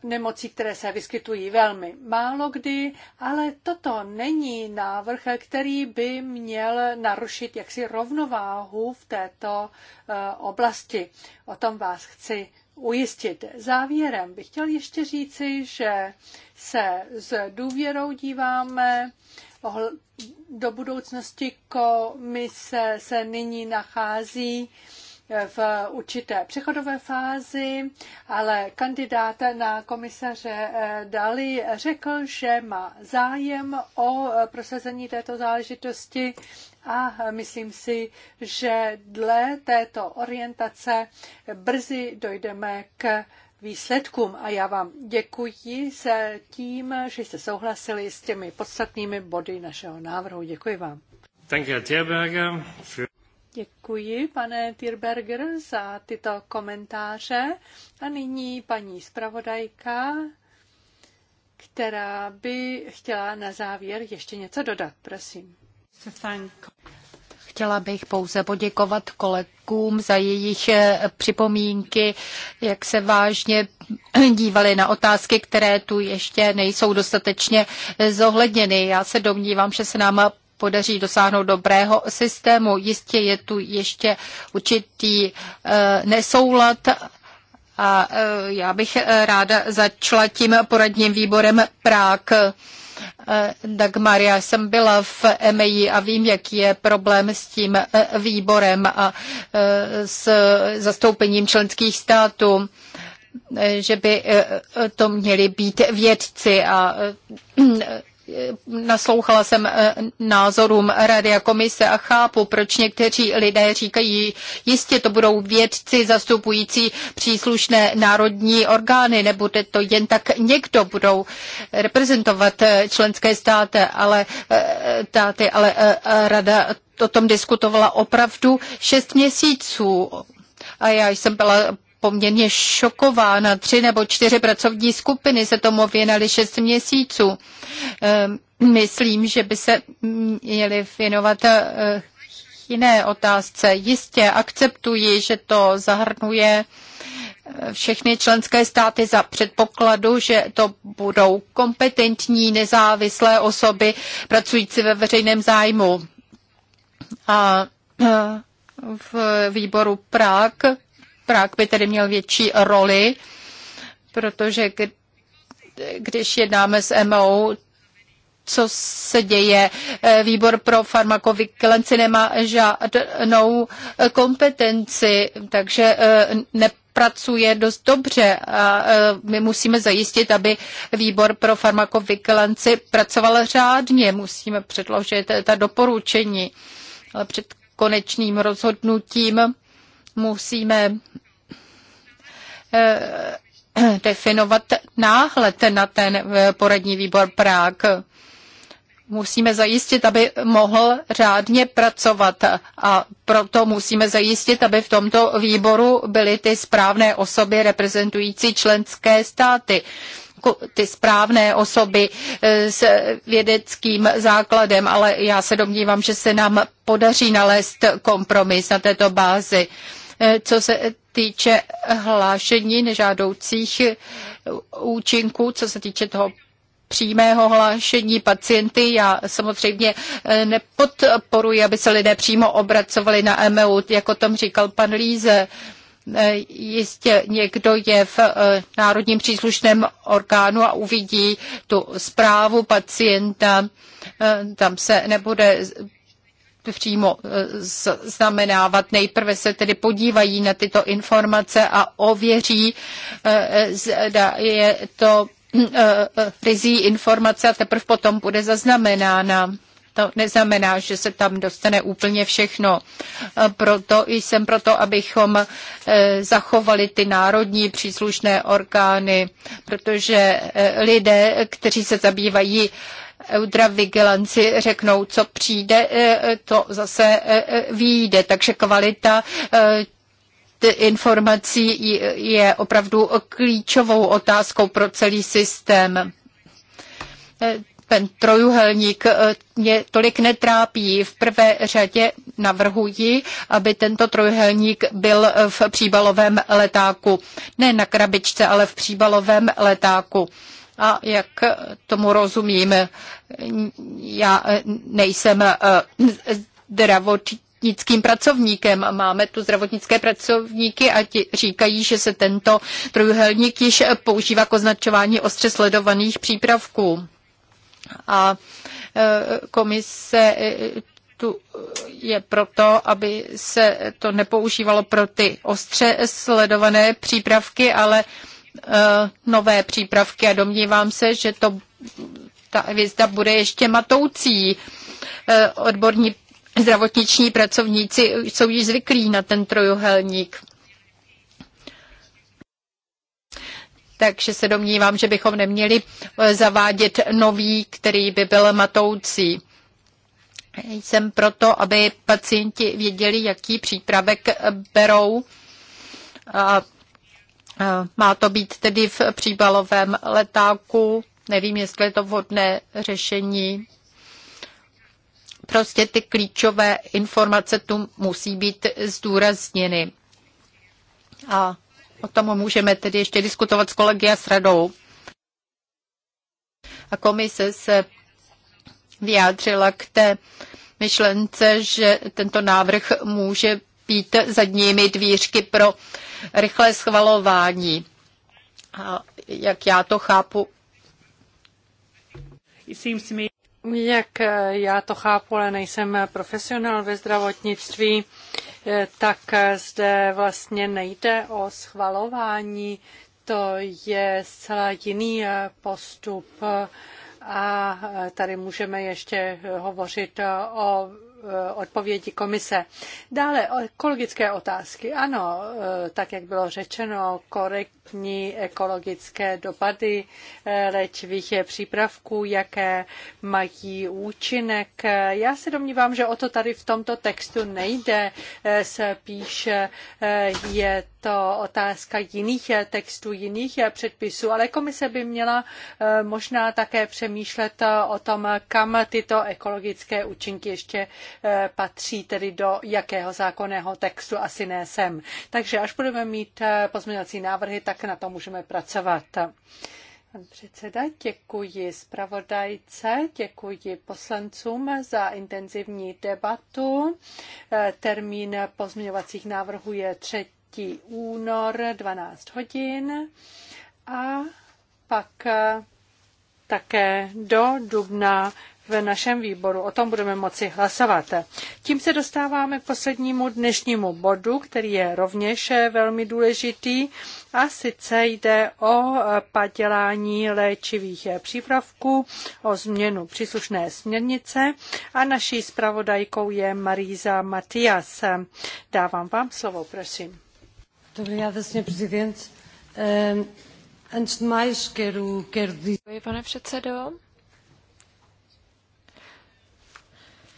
Speaker 2: nemocí, které se vyskytují velmi málo kdy, ale toto není návrh, který by měl narušit jaksi rovnováhu v této eh, oblasti. O tom vás chci ujistit. Závěrem bych chtěl ještě říci, že se s důvěrou díváme do budoucnosti komise se nyní nachází v určité přechodové fázi, ale kandidát na komisaře eh, Dali řekl, že má zájem o prosazení této záležitosti a myslím si, že dle této orientace brzy dojdeme k výsledkům a já vám děkuji se tím, že jste souhlasili s těmi podstatnými body našeho návrhu. Děkuji vám. Děkuji, pane Tierberger, za tyto komentáře. A nyní paní zpravodajka, která by chtěla na závěr ještě něco dodat. Prosím.
Speaker 3: Chtěla bych pouze poděkovat kolegům za jejich eh, připomínky, jak se vážně dívali na otázky, které tu ještě nejsou dostatečně eh, zohledněny. Já se domnívám, že se nám podaří dosáhnout dobrého systému. Jistě je tu ještě určitý eh, nesoulad a eh, já bych eh, ráda začala tím poradním výborem Prák. Tak Maria, jsem byla v EMEI a vím, jaký je problém s tím výborem a s zastoupením členských států že by to měli být vědci a Eh, naslouchala jsem eh, názorům Rady a komise a chápu, proč někteří lidé říkají, jistě to budou vědci zastupující příslušné národní orgány, nebude to jen tak někdo budou reprezentovat eh, členské státy, ale, státy, ale Rada o tom diskutovala opravdu šest měsíců. A já jsem byla poměrně šokována. Tři nebo čtyři pracovní skupiny se tomu věnaly šest měsíců. Ehm, myslím, že by se měli věnovat eh, jiné otázce. Jistě akceptuji, že to zahrnuje eh, všechny členské státy za předpokladu, že to budou kompetentní, nezávislé osoby pracující ve veřejném zájmu. A eh, v výboru Prague Prák by tedy měl větší roli, protože když jednáme s MO, co se děje. Eh, výbor pro farmakovigilanci nemá žádnou eh, kompetenci, takže eh, nepracuje dost dobře a my musíme zajistit, aby výbor pro farmakovigilanci pracoval řádně. Musíme předložit ta doporučení, ale před konečným rozhodnutím musíme eh, definovat náhled na ten eh, poradní výbor Prák. Musíme zajistit, aby mohl řádně pracovat a proto musíme zajistit, aby v tomto výboru byly ty správné osoby reprezentující členské státy ty správné osoby eh, s vědeckým základem, ale já se domnívám, že se nám podaří nalézt kompromis na této bázi. Eh, co se týče hlášení nežádoucích eh, účinků, co se týče toho přímého hlášení pacienty. Já samozřejmě nepodporuji, aby se lidé přímo obracovali na jak e jako tom říkal pan Líze. Eh, jistě někdo je v eh, národním příslušném orgánu a uvidí tu zprávu pacienta. Eh, tam se nebude přímo znamenávat. Nejprve se tedy podívají na tyto informace a ověří, zda je to rizí informace a teprve potom bude zaznamenána. To neznamená, že se tam dostane úplně všechno. Proto jsem proto, abychom e, zachovali ty národní příslušné orgány, protože e, lidé, kteří se zabývají ultravigilanci řeknou, co přijde, e, to zase vyjde. Takže kvalita informací je opravdu klíčovou otázkou pro celý systém ten trojuhelník eh, mě tolik netrápí. V prvé řadě navrhuji, aby tento trojuhelník byl eh, v příbalovém letáku. Ne na krabičce, ale v příbalovém letáku. A jak eh, tomu rozumím, já nejsem zdravotnickým pracovníkem. Máme tu zdravotnické pracovníky a ti říkají, že se tento trojuhelník již používá k označování ostře sledovaných přípravků a e, komise e, tu je proto, aby se to nepoužívalo pro ty ostře sledované přípravky, ale e, nové přípravky a domnívám se, že to ta hvězda bude ještě matoucí. Odborní zdravotniční pracovníci jsou již zvyklí na ten trojuhelník. takže se domnívám, že bychom neměli eh, zavádět nový, který by byl matoucí. Jsem proto, aby pacienti věděli, jaký přípravek eh, berou. A má to být tedy v příbalovém letáku. Nevím, jestli je to vhodné řešení. Prostě ty klíčové informace tu musí být zdůrazněny. A O tom můžeme tedy ještě diskutovat s kolegy a s radou. A komise se vyjádřila k té myšlence, že tento návrh může být zadními dvířky pro rychlé schvalování. A jak já to chápu,
Speaker 2: jak eh, já to chápu, ale nejsem profesionál ve zdravotnictví, eh, tak eh, zde vlastně nejde o schvalování, to je zcela jiný postup a tady můžeme ještě hovořit o Eh, odpovědi komise. Dále ekologické otázky. Ano, eh, tak jak bylo řečeno, korektní ekologické dopady eh, léčivých přípravků, jaké mají účinek. Já se domnívám, že o to tady v tomto textu nejde, spíš je to otázka jiných eh, textů, jiných eh, předpisů, ale komise by měla eh, možná také přemýšlet o tom, kam tyto ekologické účinky ještě patří, tedy do jakého zákonného textu, asi ne sem. Takže až budeme mít pozměňovací návrhy, tak na to můžeme pracovat. Pan předseda, děkuji zpravodajce, děkuji poslancům za intenzivní debatu. Termín pozměňovacích návrhů je třetí únor 12 hodin a pak eh, také do dubna v našem výboru. O tom budeme moci hlasovat. Tím se dostáváme k poslednímu dnešnímu bodu, který je rovněž eh, velmi důležitý a sice jde o eh, padělání léčivých přípravků, o změnu příslušné směrnice a naší zpravodajkou je Maríza Matias. Dávám vám slovo, prosím pane předsedo.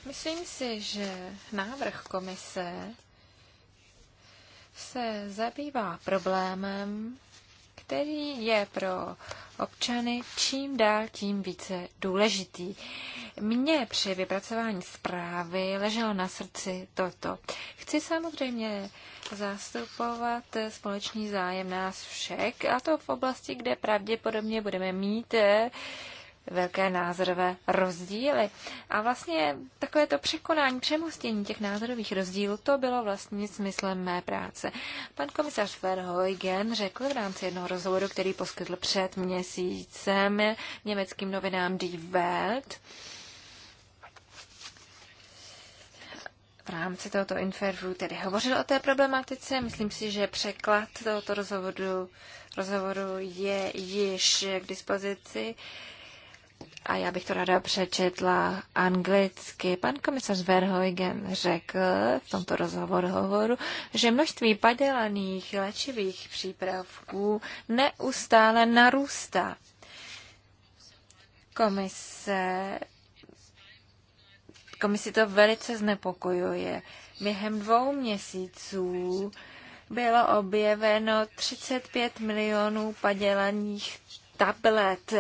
Speaker 1: Myslím si, že návrh komise se zabývá problémem, který je pro občany čím dál tím více důležitý. Mně při vypracování zprávy leželo na srdci toto. Chci samozřejmě zastupovat společný zájem nás všech, a to v oblasti, kde pravděpodobně budeme mít velké názorové rozdíly. A vlastně takové to překonání, přemostění těch názorových rozdílů, to bylo vlastně smyslem mé práce. Pan komisař Verhoeven řekl v rámci jednoho rozhovoru, který poskytl před měsícem německým novinám Die Welt, v rámci tohoto interview tedy hovořil o té problematice. Myslím si, že překlad tohoto rozhovoru, rozhovoru je již k dispozici. Uh, a já bych to ráda přečetla anglicky. Pan komisař Verhoeven řekl v tomto rozhovoru, hovoru, že množství padělaných léčivých přípravků neustále narůstá. Komise, komisi to velice znepokojuje. Během dvou měsíců bylo objeveno 35 milionů padělaných tablet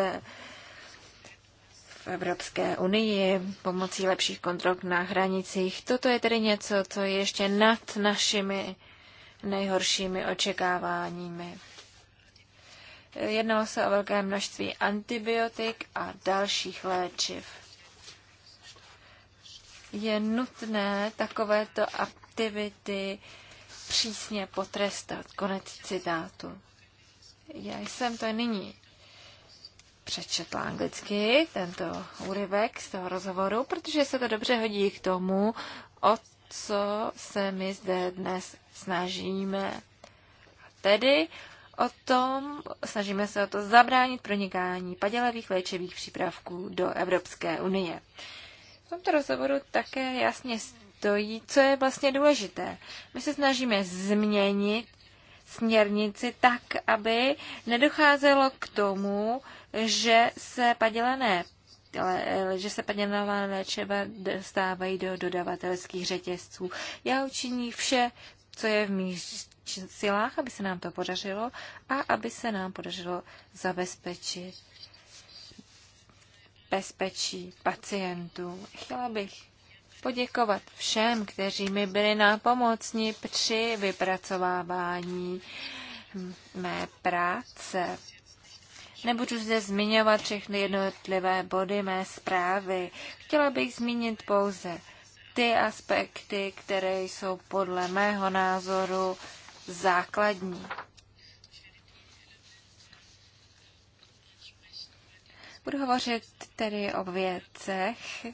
Speaker 1: Evropské unii pomocí lepších kontrol na hranicích. Toto je tedy něco, co je ještě nad našimi nejhoršími očekáváními. Jednalo se o velké množství antibiotik a dalších léčiv. Je nutné takovéto aktivity přísně potrestat. Konec citátu. Já jsem to nyní přečetla anglicky tento úryvek z toho rozhovoru, protože se to dobře hodí k tomu, o co se my zde dnes snažíme. Tedy o tom, snažíme se o to zabránit pronikání padělavých léčivých přípravků do Evropské unie. V tomto rozhovoru také jasně stojí, co je vlastně důležité. My se snažíme změnit směrnici tak, aby nedocházelo k tomu, že se padělané eh, že se padělaná léčeba dostávají do dodavatelských řetězců. Já učiní vše, co je v mých silách, aby se nám to podařilo a aby se nám podařilo zabezpečit bezpečí pacientů. Chtěla bych poděkovat všem, kteří mi byli nápomocni při vypracovávání mé práce. Nebudu zde zmiňovat všechny jednotlivé body mé zprávy. Chtěla bych zmínit pouze ty aspekty, které jsou podle mého názoru základní. Budu hovořit tedy o věcech,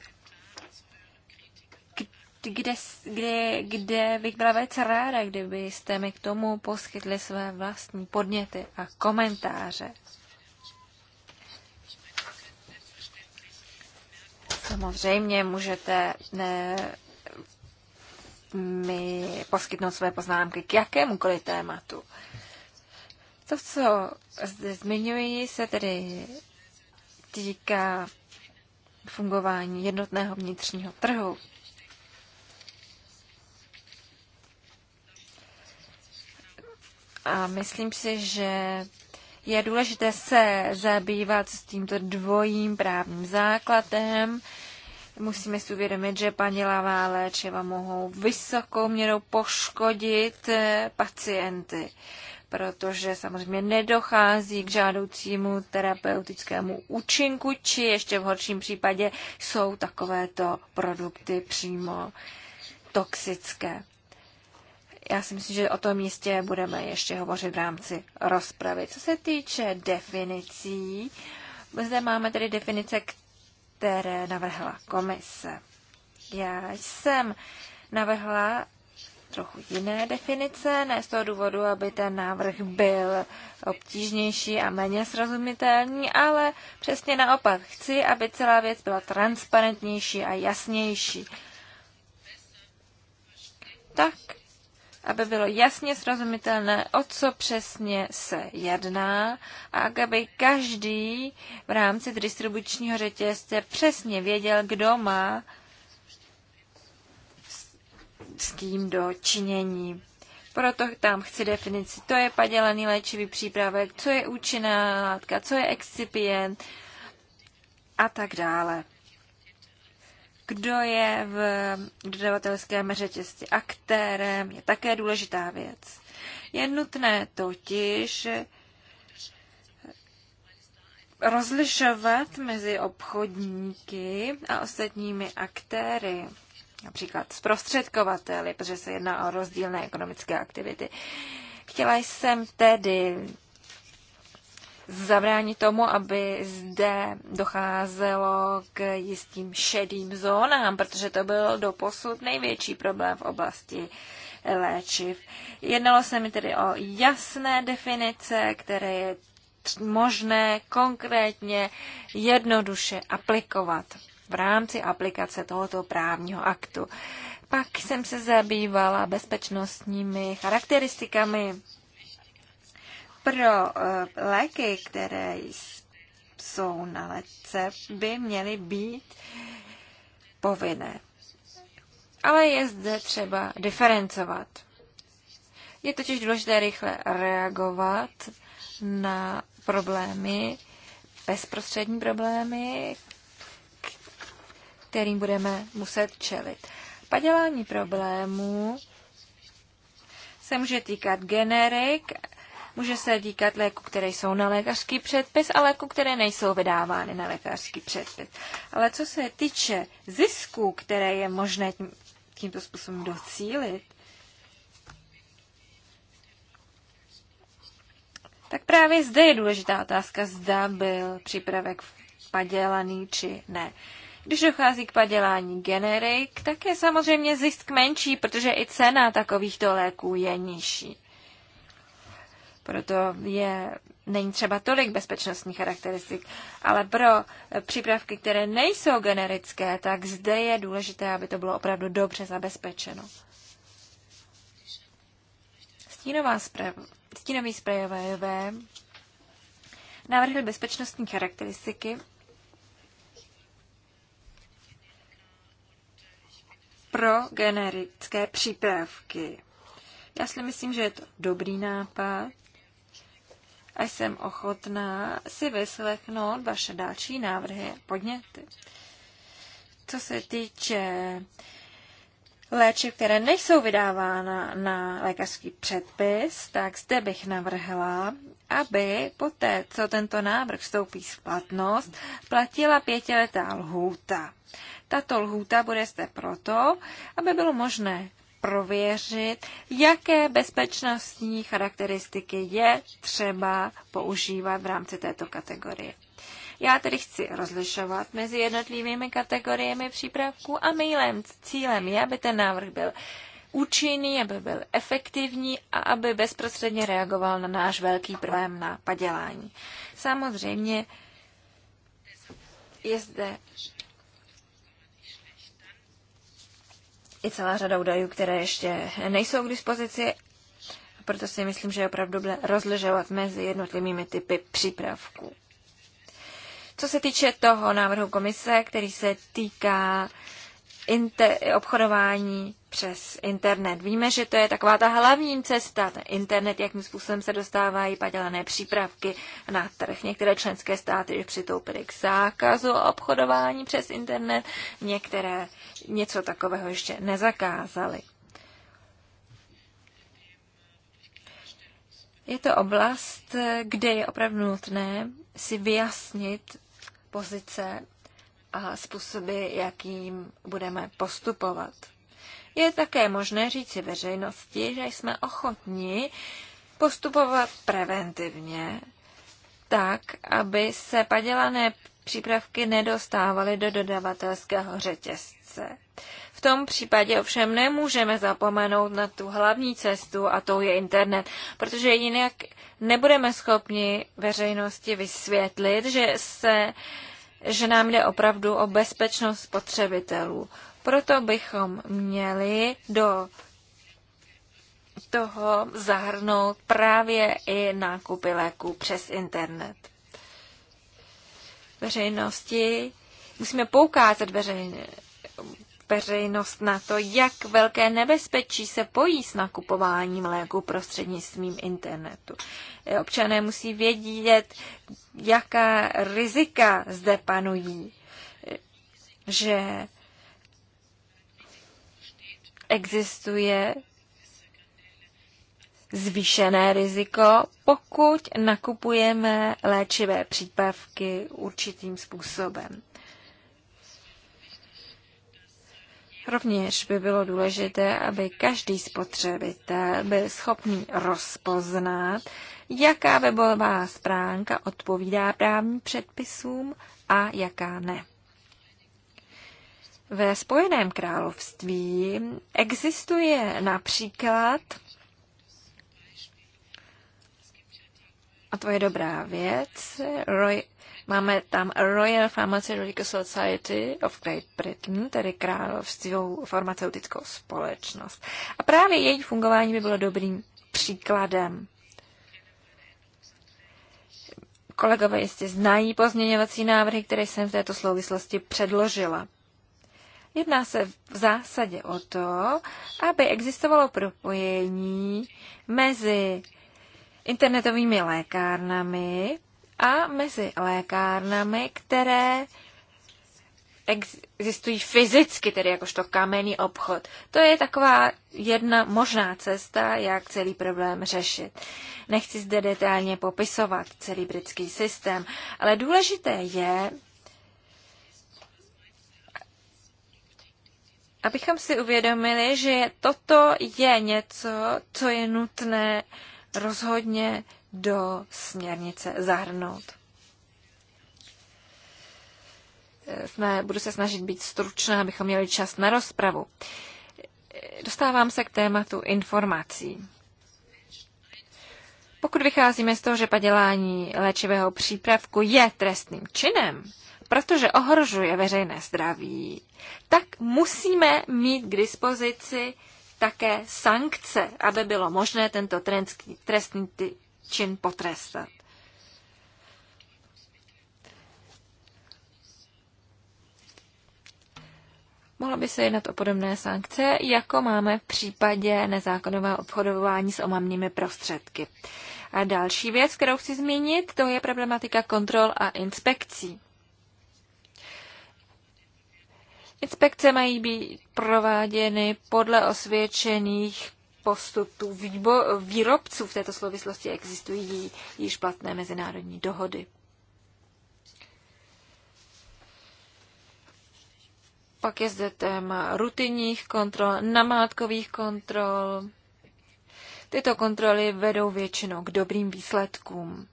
Speaker 1: kde, kde, kde bych byla velice ráda, kdybyste mi k tomu poskytli své vlastní podněty a komentáře. Samozřejmě můžete ne, mi poskytnout své poznámky k jakémukoliv tématu. To, co zde zmiňuji, se tedy týká fungování jednotného vnitřního trhu. A myslím si, že je důležité se zabývat s tímto dvojím právním základem. Musíme si uvědomit, že padělavá léčiva mohou vysokou měrou poškodit eh, pacienty, protože samozřejmě nedochází k žádoucímu terapeutickému účinku, či ještě v horším případě jsou takovéto produkty přímo toxické. Já si myslím, že o tom místě budeme ještě hovořit v rámci rozpravy. Co se týče definicí, zde máme tedy definice, které navrhla komise. Já jsem navrhla trochu jiné definice, ne z toho důvodu, aby ten návrh byl obtížnější a méně srozumitelný, ale přesně naopak. Chci, aby celá věc byla transparentnější a jasnější. Tak, aby bylo jasně srozumitelné, o co přesně se jedná a aby každý v rámci distribučního řetězce přesně věděl, kdo má s kým do činění. Proto tam chci definici, to je padělaný léčivý přípravek, co je účinná látka, co je excipient a tak dále kdo je v dodavatelském řetězci aktérem, je také důležitá věc. Je nutné totiž rozlišovat mezi obchodníky a ostatními aktéry, například zprostředkovateli, protože se jedná o rozdílné ekonomické aktivity. Chtěla jsem tedy zabránit tomu, aby zde docházelo k jistým šedým zónám, protože to byl doposud největší problém v oblasti léčiv. Jednalo se mi tedy o jasné definice, které je možné konkrétně jednoduše aplikovat v rámci aplikace tohoto právního aktu. Pak jsem se zabývala bezpečnostními charakteristikami pro eh, léky, které jsou na letce, by měly být povinné. Ale je zde třeba diferencovat. Je totiž důležité rychle reagovat na problémy, bezprostřední problémy, kterým budeme muset čelit. Padělání problémů se může týkat generik Může se týkat léku, které jsou na lékařský předpis a léku, které nejsou vydávány na lékařský předpis. Ale co se týče zisků, které je možné tímto způsobem docílit, tak právě zde je důležitá otázka, zda byl přípravek padělaný či ne. Když dochází k padělání generik, tak je samozřejmě zisk menší, protože i cena takovýchto léků je nižší proto je, není třeba tolik bezpečnostních charakteristik. Ale pro přípravky, které nejsou generické, tak zde je důležité, aby to bylo opravdu dobře zabezpečeno. Stínová sprav, stínový sprejové navrhl bezpečnostní charakteristiky pro generické přípravky. Já si myslím, že je to dobrý nápad a jsem ochotná si vyslechnout vaše další návrhy a podněty. Co se týče léčiv, které nejsou vydávána na lékařský předpis, tak zde bych navrhla, aby poté, co tento návrh vstoupí v platnost, platila pětiletá lhůta. Tato lhůta bude zde proto, aby bylo možné prověřit, jaké bezpečnostní charakteristiky je třeba používat v rámci této kategorie. Já tedy chci rozlišovat mezi jednotlivými kategoriemi přípravků a mailem. Cílem je, aby ten návrh byl účinný, aby byl efektivní a aby bezprostředně reagoval na náš velký problém na padělání. Samozřejmě je zde i celá řada údajů, které ještě nejsou k dispozici, proto si myslím, že je opravdu rozlišovat mezi jednotlivými typy přípravků. Co se týče toho návrhu komise, který se týká inter- obchodování přes internet. Víme, že to je taková ta hlavní cesta, ten internet, jakým způsobem se dostávají padělané přípravky na trh. Některé členské státy už přitoupily k zákazu obchodování přes internet, některé něco takového ještě nezakázali. Je to oblast, kde je opravdu nutné si vyjasnit pozice a způsoby, jakým budeme postupovat. Je také možné říci veřejnosti, že jsme ochotni postupovat preventivně, tak, aby se padělané přípravky nedostávaly do dodavatelského řetězce srdce. V tom případě ovšem nemůžeme zapomenout na tu hlavní cestu a tou je internet, protože jinak nebudeme schopni veřejnosti vysvětlit, že, se, že nám jde opravdu o bezpečnost spotřebitelů. Proto bychom měli do toho zahrnout právě i nákupy léků přes internet. Veřejnosti musíme poukázat veřejně, veřejnost na to, jak velké nebezpečí se pojí s nakupováním léku prostřednictvím internetu. Eh, občané musí vědět, jaká rizika zde panují, eh, že existuje zvýšené riziko, pokud nakupujeme léčivé přípravky určitým způsobem. Rovněž by bylo důležité, aby každý spotřebitel byl schopný rozpoznat, jaká webová stránka odpovídá právním předpisům a jaká ne. Ve Spojeném království existuje například, a to je dobrá věc, Roy Máme tam Royal Pharmaceutical Society of Great Britain, tedy Královstvou farmaceutickou společnost. A právě její fungování by bylo dobrým příkladem. Kolegové jistě znají pozměňovací návrhy, které jsem v této souvislosti předložila. Jedná se v zásadě o to, aby existovalo propojení mezi internetovými lékárnami a mezi lékárnami, které existují fyzicky, tedy jakožto kamenný obchod. To je taková jedna možná cesta, jak celý problém řešit. Nechci zde detailně popisovat celý britský systém, ale důležité je, abychom si uvědomili, že toto je něco, co je nutné rozhodně do směrnice zahrnout. Jsme, budu se snažit být stručná, abychom měli čas na rozpravu. Dostávám se k tématu informací. Pokud vycházíme z toho, že padělání léčivého přípravku je trestným činem, protože ohrožuje veřejné zdraví, tak musíme mít k dispozici také sankce, aby bylo možné tento trestný, trestný čin potrestat. Mohlo by se jednat o podobné sankce, jako máme v případě nezákonného obchodování s omamnými prostředky. A další věc, kterou chci zmínit, to je problematika kontrol a inspekcí. Inspekce mají být prováděny podle osvědčených postupů výbo- výrobců v této souvislosti existují již platné mezinárodní dohody. Pak je zde téma rutinních kontrol, namátkových kontrol. Tyto kontroly vedou většinou k dobrým výsledkům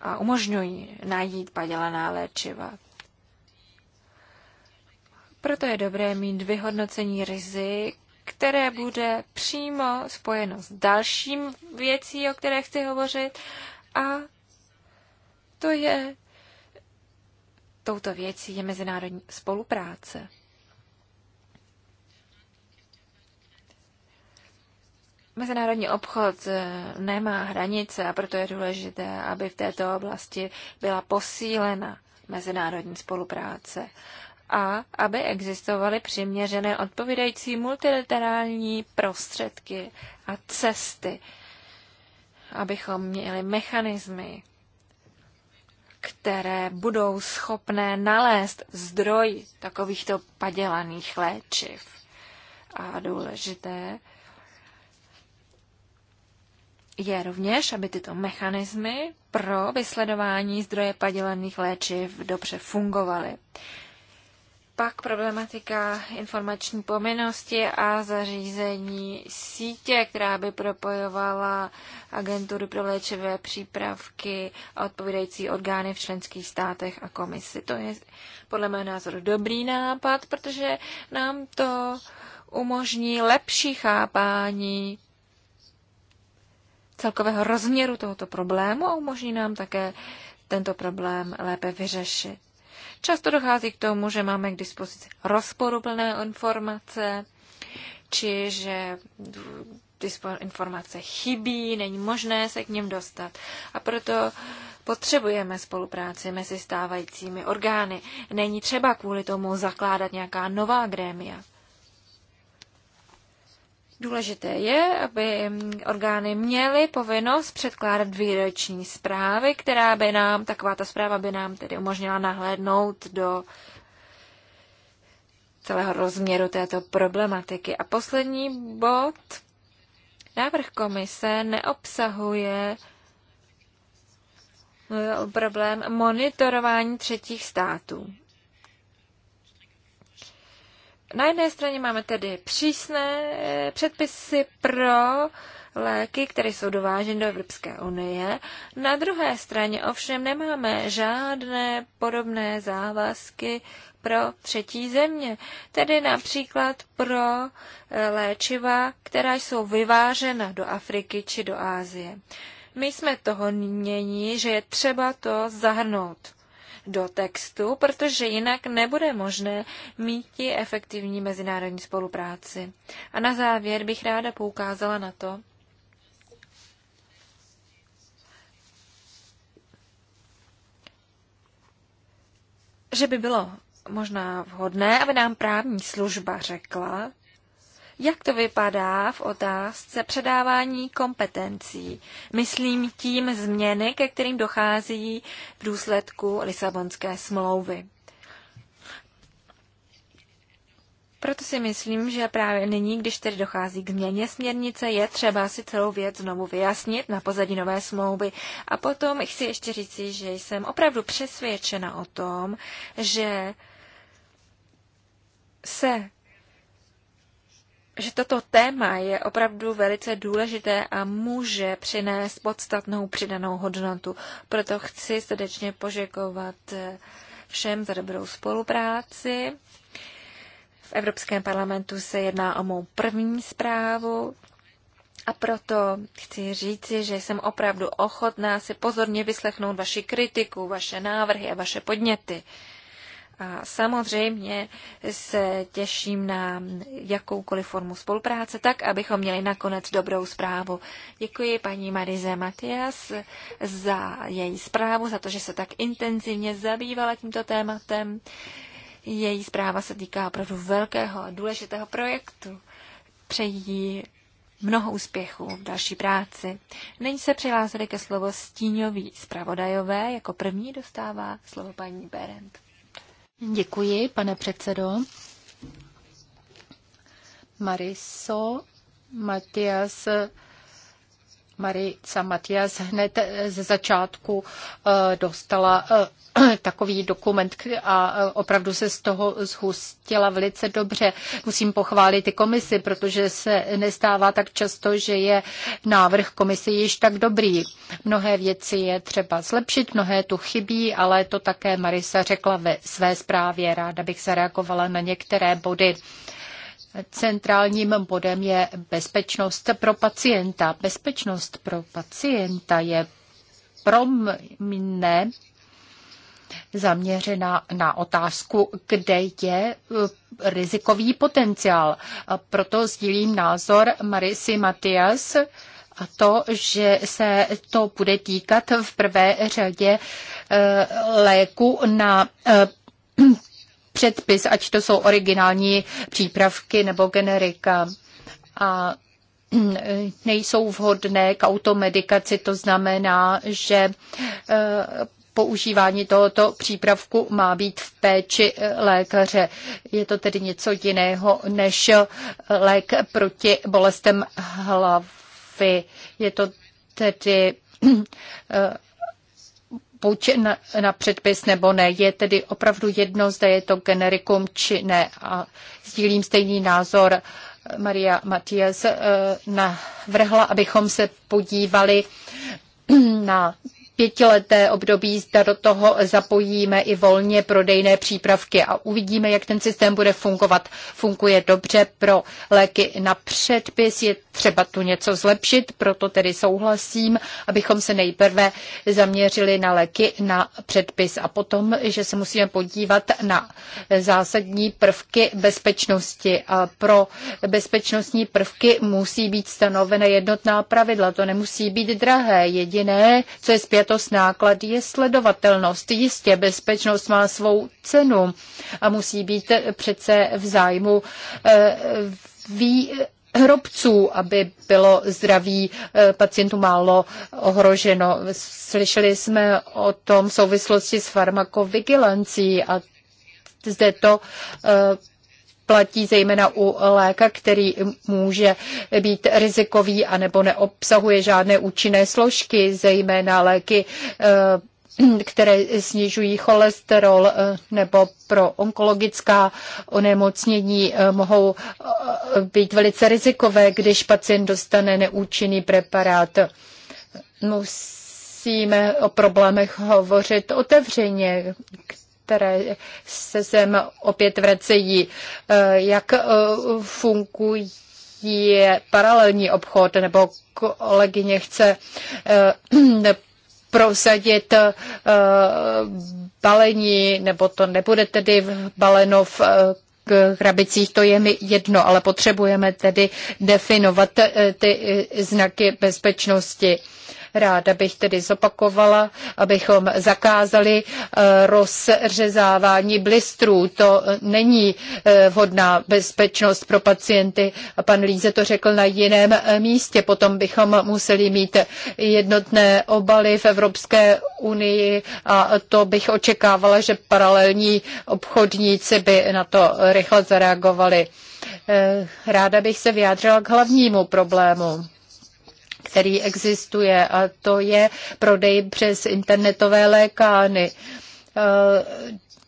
Speaker 1: a umožňují najít padělaná léčiva. Proto je dobré mít vyhodnocení rizik které bude přímo spojeno s dalším věcí, o které chci hovořit, a to je, touto věcí je mezinárodní spolupráce. Mezinárodní obchod eh, nemá hranice a proto je důležité, aby v této oblasti byla posílena mezinárodní spolupráce a aby existovaly přiměřené odpovídající multilaterální prostředky a cesty, abychom měli mechanismy, které budou schopné nalézt zdroj takovýchto padělaných léčiv. A důležité je rovněž, aby tyto mechanismy pro vysledování zdroje padělaných léčiv dobře fungovaly. Pak problematika informační povinnosti a zařízení sítě, která by propojovala agenturu pro léčivé přípravky a odpovídající orgány v členských státech a komisi. To je podle mého názoru dobrý nápad, protože nám to umožní lepší chápání celkového rozměru tohoto problému a umožní nám také tento problém lépe vyřešit. Často dochází k tomu, že máme k dispozici rozporuplné informace, či že informace chybí, není možné se k něm dostat. A proto potřebujeme spolupráci mezi stávajícími orgány. Není třeba kvůli tomu zakládat nějaká nová grémia. Důležité je, aby orgány měly povinnost předkládat výroční zprávy, která by nám, taková ta zpráva by nám tedy umožnila nahlédnout do celého rozměru této problematiky. A poslední bod. Návrh komise neobsahuje eh, problém monitorování třetích států. Na jedné straně máme tedy přísné eh, předpisy pro léky, které jsou dováženy do Evropské unie. Na druhé straně ovšem nemáme žádné podobné závazky pro třetí země, tedy například pro eh, léčiva, která jsou vyvážena do Afriky či do Ázie. My jsme toho mění, že je třeba to zahrnout do textu, protože jinak nebude možné mít i efektivní mezinárodní spolupráci. A na závěr bych ráda poukázala na to, že by bylo možná vhodné, aby nám právní služba řekla, jak to vypadá v otázce předávání kompetencí. Myslím tím změny, ke kterým dochází v důsledku Lisabonské smlouvy. Proto si myslím, že právě nyní, když tedy dochází k změně směrnice, je třeba si celou věc znovu vyjasnit na pozadí nové smlouvy. A potom chci ještě říci, že jsem opravdu přesvědčena o tom, že se že toto téma je opravdu velice důležité a může přinést podstatnou přidanou hodnotu. Proto chci srdečně poděkovat eh, všem za dobrou spolupráci. V Evropském parlamentu se jedná o mou první zprávu a proto chci říci, že jsem opravdu ochotná si pozorně vyslechnout vaši kritiku, vaše návrhy a vaše podněty. A samozřejmě se těším na jakoukoliv formu spolupráce, tak abychom měli nakonec dobrou zprávu. Děkuji paní Marize Matias za její zprávu, za to, že se tak intenzivně zabývala tímto tématem. Její zpráva se týká opravdu velkého a důležitého projektu. Přeji mnoho úspěchů v další práci. Nyní se přihlásili ke slovo stíňový zpravodajové. Jako první dostává slovo paní Berend.
Speaker 3: Děkuji, pane předsedo. Mariso Matias Marica Matias hned eh, ze začátku eh, dostala eh, takový dokument a opravdu se z toho zhustila velice dobře. Musím pochválit i komisi, protože se nestává tak často, že je návrh komisi již tak dobrý. Mnohé věci je třeba zlepšit, mnohé tu chybí, ale to také Marisa řekla ve své zprávě. Ráda bych zareagovala na některé body. Centrálním bodem je bezpečnost pro pacienta. Bezpečnost pro pacienta je pro mne zaměřena na otázku, kde je e, rizikový potenciál. A proto sdílím názor Marisy Matias a to, že se to bude týkat v prvé řadě e, léku na e, předpis, ať to jsou originální přípravky nebo generika. A nejsou vhodné k automedikaci, to znamená, že eh, používání tohoto přípravku má být v péči eh, lékaře. Je to tedy něco jiného než eh, lék proti bolestem hlavy. Je to tedy buď na, na předpis nebo ne. Je tedy opravdu jedno, zda je to generikum či ne. A sdílím stejný názor. Maria Matias eh, navrhla, abychom se podívali na pětileté období, zda do toho zapojíme i volně prodejné přípravky a uvidíme, jak ten systém bude fungovat. Funguje dobře pro léky na předpis, je třeba tu něco zlepšit, proto tedy souhlasím, abychom se nejprve zaměřili na léky na předpis a potom, že se musíme podívat na zásadní prvky bezpečnosti. A pro bezpečnostní prvky musí být stanovena jednotná pravidla, to nemusí být drahé. Jediné, co je zpět to s náklady, je sledovatelnost. Jistě bezpečnost má svou cenu a musí být přece v zájmu eh, vý hrobců, aby bylo zdraví eh, pacientů málo ohroženo. Slyšeli jsme o tom v souvislosti s farmakovigilancí a zde to eh, platí zejména u léka, který může být rizikový anebo neobsahuje žádné účinné složky, zejména léky eh, které snižují cholesterol eh, nebo pro onkologická onemocnění eh, mohou být velice rizikové, když pacient dostane neúčinný preparát. Musíme o problémech hovořit otevřeně, které se sem opět vracejí. Eh, jak eh, funguje paralelní obchod nebo kolegyně chce eh, prosadit balení, nebo to nebude tedy baleno v hrabicích, to je mi jedno, ale potřebujeme tedy definovat ty znaky bezpečnosti. Ráda bych tedy zopakovala, abychom zakázali eh, rozřezávání blistrů. To eh, není eh, vhodná bezpečnost pro pacienty. A pan Líze to řekl na jiném místě. Potom bychom museli mít jednotné obaly v Evropské unii a to bych očekávala, že paralelní obchodníci by na to rychle zareagovali. Ráda bych se vyjádřila k hlavnímu problému který existuje a to je prodej přes internetové lékárny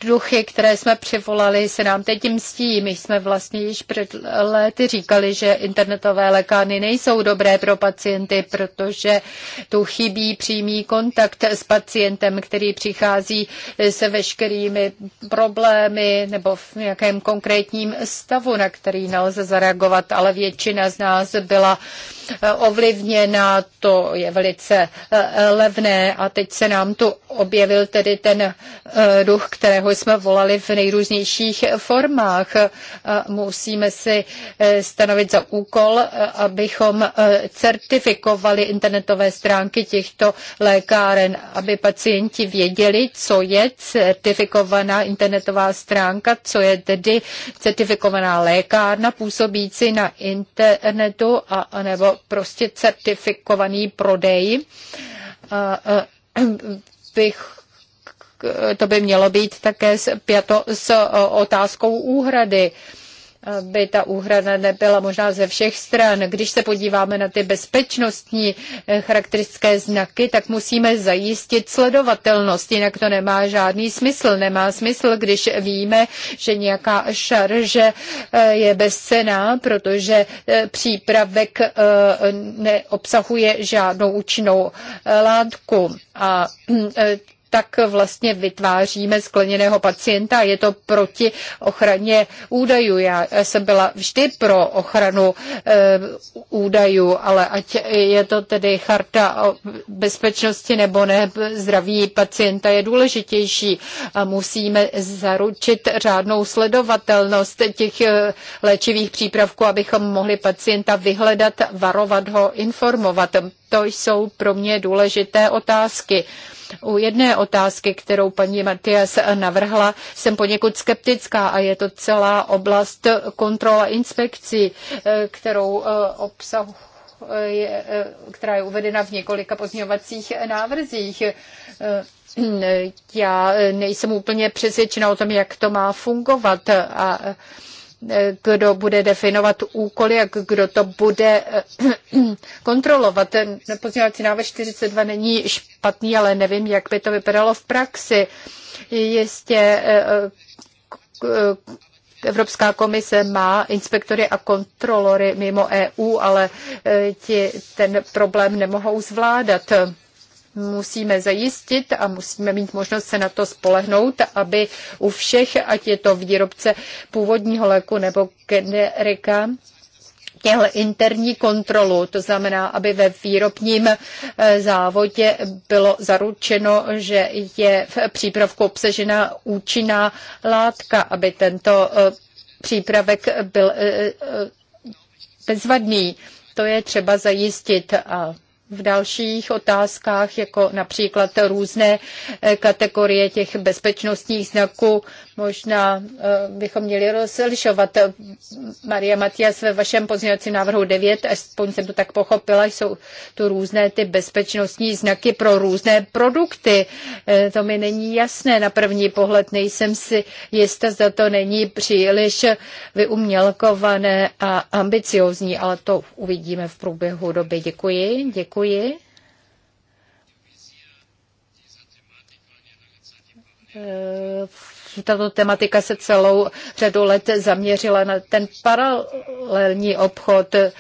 Speaker 3: duchy, které jsme přivolali, se nám teď mstí. My jsme vlastně již před lety říkali, že internetové lékárny nejsou dobré pro pacienty, protože tu chybí přímý kontakt s pacientem, který přichází se veškerými problémy nebo v nějakém konkrétním stavu, na který nelze zareagovat, ale většina z nás byla ovlivněna, to je velice levné a teď se nám tu objevil tedy ten duch, eh, kterého kterého jsme volali v nejrůznějších formách. Musíme si e, stanovit za úkol, e, abychom e, certifikovali internetové stránky těchto lékáren, aby pacienti věděli, co je certifikovaná internetová stránka, co je tedy certifikovaná lékárna působící na internetu a nebo prostě certifikovaný prodej. A, a, bych Eh, to by mělo být také spjato s eh, otázkou úhrady eh, by ta úhrada nebyla možná ze všech stran. Když se podíváme na ty bezpečnostní charakteristické znaky, tak musíme zajistit sledovatelnost, jinak to nemá žádný smysl. Nemá smysl, když víme, že nějaká šarže je bezcená, protože přípravek neobsahuje žádnou účinnou látku. A tak vlastně vytváříme skleněného pacienta. Je to proti ochraně údajů. Já jsem byla vždy pro ochranu e, údajů, ale ať je to tedy charta o bezpečnosti nebo ne, zdraví pacienta je důležitější a musíme zaručit řádnou sledovatelnost těch eh, léčivých přípravků, abychom mohli pacienta vyhledat, varovat ho, informovat. To jsou pro mě důležité otázky. U jedné otázky, kterou paní Matias navrhla, jsem poněkud skeptická a je to celá oblast kontrola inspekcí, eh, kterou eh, obsahu je, eh, která je uvedena v několika pozměňovacích návrzích. Já nejsem úplně přesvědčena o tom, jak to má fungovat a kdo bude definovat úkoly a kdo to bude eh, kontrolovat. Ten pozměňovací návrh 42 není špatný, ale nevím, jak by to vypadalo v praxi. Jistě eh, eh, Evropská komise má inspektory a kontrolory mimo EU, ale ti ten problém nemohou zvládat musíme zajistit a musíme mít možnost se na to spolehnout, aby u všech, ať je to výrobce původního léku nebo generika, měl interní kontrolu, to znamená, aby ve výrobním eh, závodě bylo zaručeno, že je v přípravku obsažena účinná látka, aby tento eh, přípravek byl eh, bezvadný. To je třeba zajistit a v dalších otázkách, jako například různé eh, kategorie těch bezpečnostních znaků Možná eh, bychom měli rozlišovat. Maria Matias ve vašem pozměňovacím návrhu 9, aspoň jsem to tak pochopila, jsou tu různé ty bezpečnostní znaky pro různé produkty. Eh, to mi není jasné na první pohled. Nejsem si jistá, zda to není příliš vyumělkované a ambiciozní, ale to uvidíme v průběhu doby. Děkuji, děkuji. v eh, tato tematika se celou řadu let zaměřila na ten paralelní obchod, eh,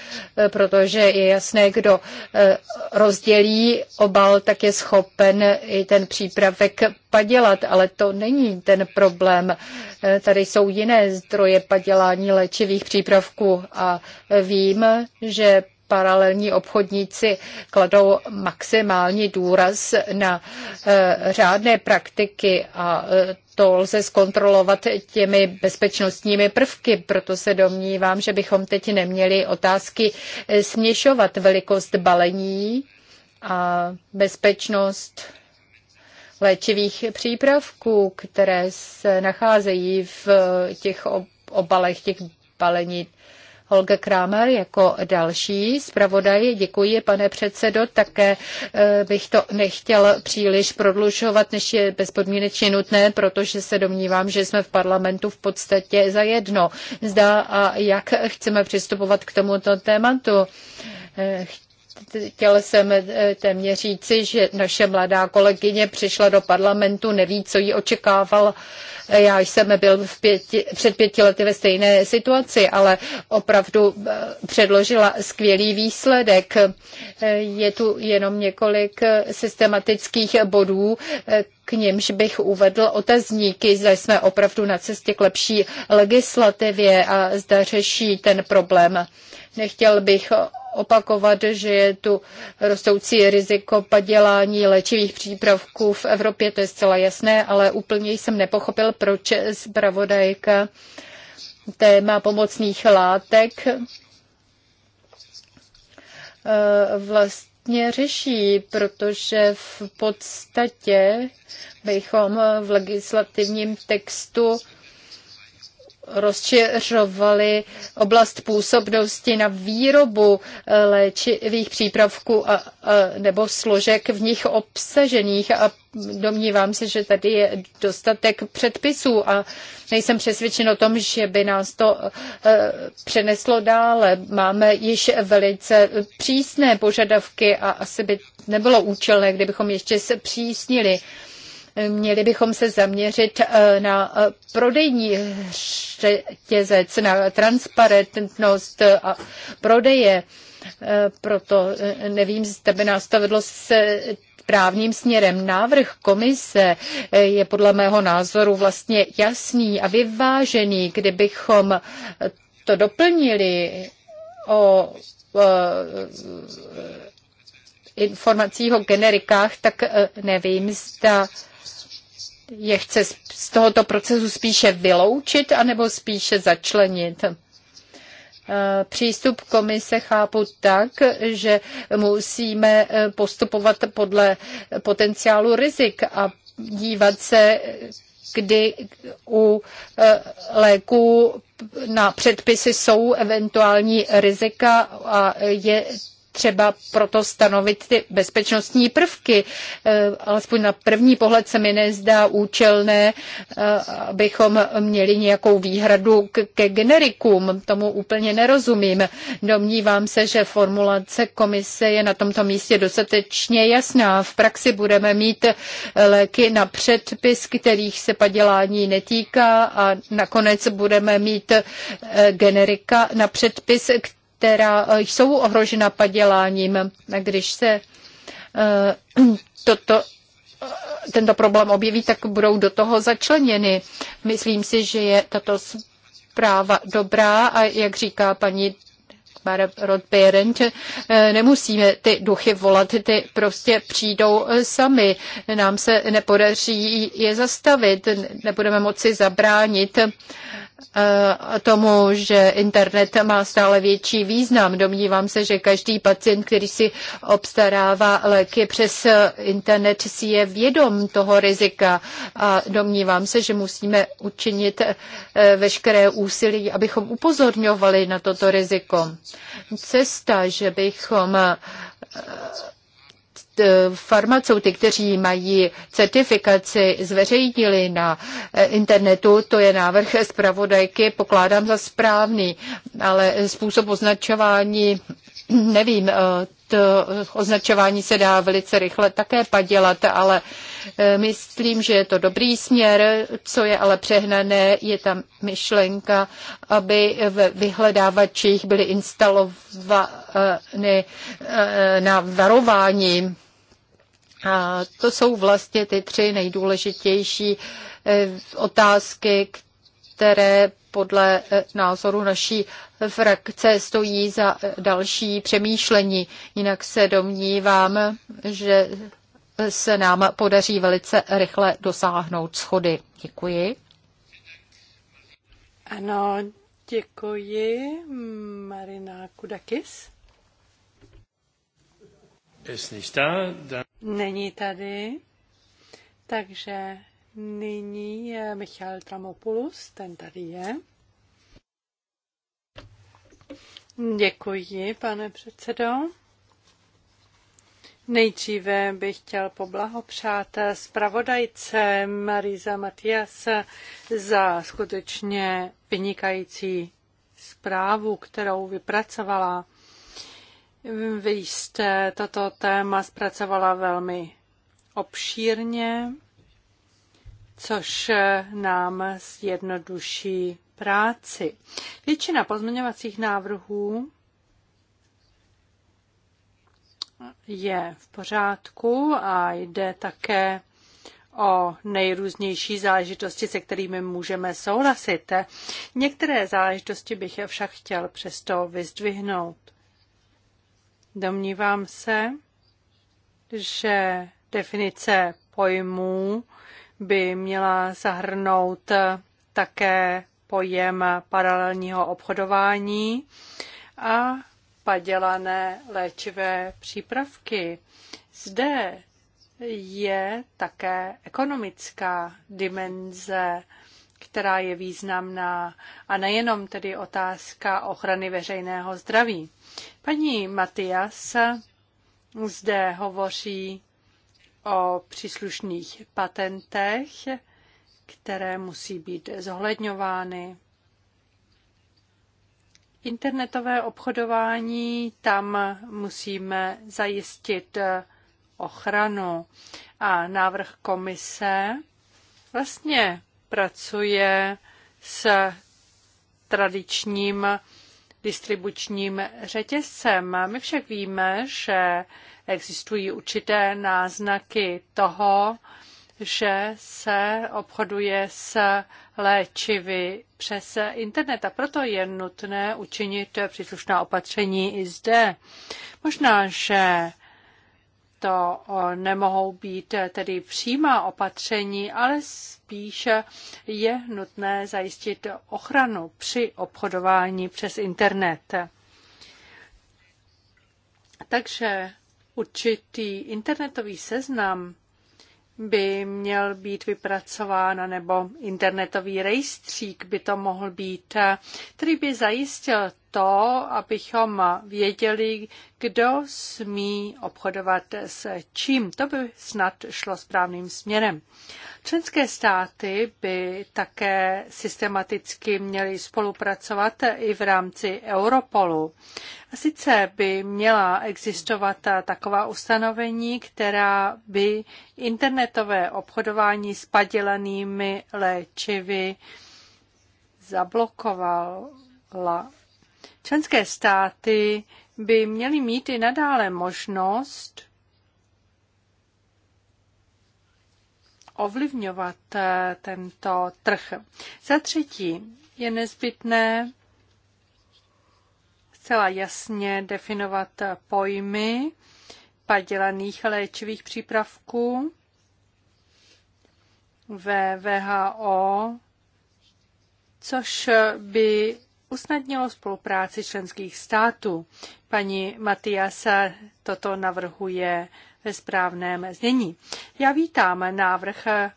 Speaker 3: protože je jasné, kdo eh, rozdělí obal, tak je schopen i ten přípravek padělat, ale to není ten problém. Eh, tady jsou jiné zdroje padělání léčivých přípravků a vím, že paralelní obchodníci kladou maximální důraz na eh, řádné praktiky a eh, to lze zkontrolovat těmi bezpečnostními prvky, proto se domnívám, že bychom teď neměli otázky eh, směšovat velikost balení a bezpečnost léčivých přípravků, které se nacházejí v těch obalech těch balení Holge Kramer jako další zpravodaj. Děkuji, pane předsedo. Také eh, bych to nechtěl příliš prodlužovat, než je bezpodmínečně nutné, protože se domnívám, že jsme v parlamentu v podstatě za jedno. Zda a jak chceme přistupovat k tomuto tématu. Eh, chtěla jsem eh, téměř říci, že naše mladá kolegyně přišla do parlamentu, neví, co ji očekával. Eh, Já jsem byl v pěti, před pěti lety ve stejné situaci, ale opravdu eh, předložila skvělý výsledek. Je tu jenom několik systematických bodů, k nímž bych uvedl otazníky, zda jsme opravdu na cestě k lepší legislativě a zda řeší ten problém. Nechtěl bych opakovat, že je tu rostoucí riziko padělání léčivých přípravků v Evropě, to je zcela jasné, ale úplně jsem nepochopil, proč zpravodajka téma pomocných látek eh, vlastně řeší, protože v podstatě bychom v legislativním textu rozšiřovali oblast působnosti na výrobu eh, léčivých přípravků a, a, nebo složek v nich obsažených a domnívám se, že tady je dostatek předpisů a nejsem přesvědčen o tom, že by nás to eh, přeneslo dále. Máme již velice přísné požadavky a asi by nebylo účelné, kdybychom ještě se přísnili. Měli bychom se zaměřit eh, na eh, prodejní řetězec, na transparentnost eh, a prodeje. Proto nevím, zda by nás to vedlo se právním směrem. Návrh komise je podle mého názoru vlastně jasný a vyvážený, kdybychom to doplnili o informacích o generikách, tak nevím, zda je chce z tohoto procesu spíše vyloučit anebo spíše začlenit? Eh, přístup komise chápu tak, že musíme eh, postupovat podle potenciálu rizik a dívat se, kdy u eh, léků na předpisy jsou eventuální rizika a je třeba proto stanovit ty bezpečnostní prvky. E, alespoň na první pohled se mi nezdá účelné, e, abychom měli nějakou výhradu ke generikům. Tomu úplně nerozumím. Domnívám se, že formulace komise je na tomto místě dostatečně jasná. V praxi budeme mít e, léky na předpis, kterých se padělání netýká a nakonec budeme mít generika na předpis, která eh, jsou ohrožena paděláním. Když se eh, toto eh, tento problém objeví, tak budou do toho začleněny. Myslím si, že je tato zpráva dobrá a jak říká paní Rodberent, nemusíme ty duchy volat, ty prostě přijdou sami. Nám se nepodaří je zastavit, nebudeme moci zabránit Eh, tomu, že internet má stále větší význam. Domnívám se, že každý pacient, který si obstarává léky přes internet, si je vědom toho rizika a domnívám se, že musíme učinit eh, veškeré úsilí, abychom upozorňovali na toto riziko. Cesta, že bychom eh, E, farmaceuty, kteří mají certifikaci, zveřejnili na e, internetu, to je návrh zpravodajky, pokládám za správný, ale způsob označování, nevím, e, to označování se dá velice rychle také padělat, ale myslím, že je to dobrý směr, co je ale přehnané, je tam myšlenka, aby v vyhledávačích byly instalovány na varování a to jsou vlastně ty tři nejdůležitější eh, otázky, které podle eh, názoru naší frakce stojí za eh, další přemýšlení. Jinak se domnívám, že se nám podaří velice rychle dosáhnout schody. Děkuji.
Speaker 2: Ano, děkuji. Marina Kudakis. Není tady, takže nyní je Michal Tramopoulos, ten tady je. Děkuji, pane předsedo. Nejdříve bych chtěl poblahopřát zpravodajce Marisa Matias za skutečně vynikající zprávu, kterou vypracovala. Vy jste toto téma zpracovala velmi obšírně, což nám zjednoduší práci. Většina pozměňovacích návrhů je v pořádku a jde také o nejrůznější záležitosti, se kterými můžeme souhlasit. Některé záležitosti bych je však chtěl přesto vyzdvihnout. Domnívám se, že definice pojmů by měla zahrnout také pojem paralelního obchodování a padělané léčivé přípravky. Zde je také ekonomická dimenze která je významná a nejenom tedy otázka ochrany veřejného zdraví. Paní Matias zde hovoří o příslušných patentech, které musí být zohledňovány. Internetové obchodování tam musíme zajistit ochranu a návrh komise vlastně pracuje s tradičním distribučním řetězcem. My však víme, že existují určité náznaky toho, že se obchoduje s léčivy přes internet a proto je nutné učinit příslušná opatření i zde. Možná, že to nemohou být eh, tedy přímá opatření, ale spíše je nutné zajistit ochranu při obchodování přes internet. Takže určitý internetový seznam by měl být vypracován, nebo internetový rejstřík by to mohl být, eh, který by zajistil to, abychom věděli, kdo smí obchodovat s čím. To by snad šlo správným směrem. Členské státy by také systematicky měly spolupracovat i v rámci Europolu. A sice by měla existovat taková ustanovení, která by internetové obchodování s padělanými léčivy zablokovala Členské státy by měly mít i nadále možnost ovlivňovat eh, tento trh. Za třetí je nezbytné zcela jasně definovat pojmy padělaných léčivých přípravků. Ve VHO což by usnadnilo spolupráci členských států. Paní Matiasa toto navrhuje ve správném znění. Já vítám návrh eh,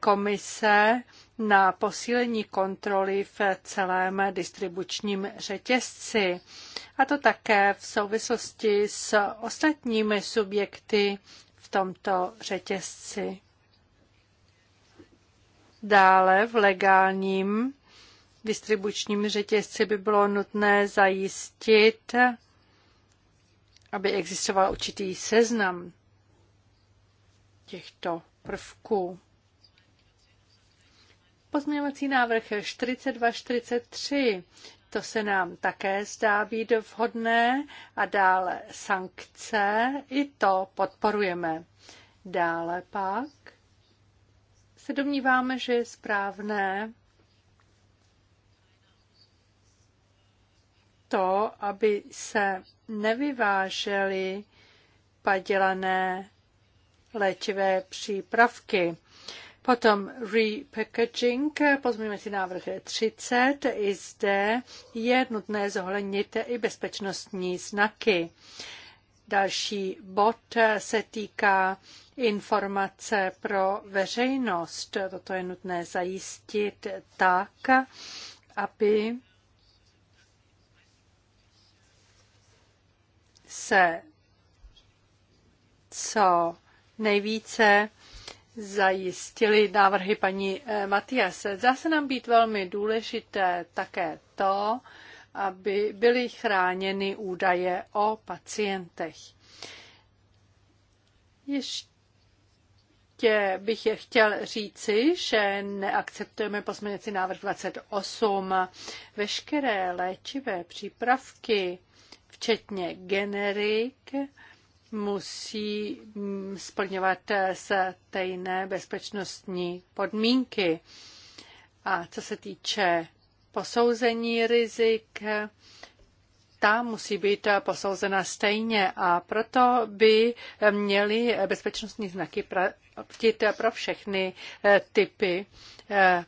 Speaker 2: komise na posílení kontroly v celém distribučním řetězci, a to také v souvislosti s ostatními subjekty v tomto řetězci. Dále v legálním distribučním řetězci by bylo nutné zajistit, aby existoval určitý seznam těchto prvků. Pozměňovací návrh 4243. To se nám také zdá být vhodné a dále sankce, i to podporujeme. Dále pak se domníváme, že je správné to, aby se nevyvážely padělané léčivé přípravky. Potom repackaging, si návrh 30, i zde je nutné zohlednit i bezpečnostní znaky. Další bod se týká informace pro veřejnost. Toto je nutné zajistit tak, aby se co nejvíce zajistili návrhy paní eh, Matiase. Zdá se nám být velmi důležité také to, aby byly chráněny údaje o pacientech. Ještě bych je chtěl říci, že neakceptujeme pozměňovací návrh 28. Veškeré léčivé přípravky včetně generik, musí mm, splňovat stejné bezpečnostní podmínky. A co se týče posouzení rizik, ta musí být posouzena stejně a proto by měly bezpečnostní znaky platit pro všechny eh, typy eh,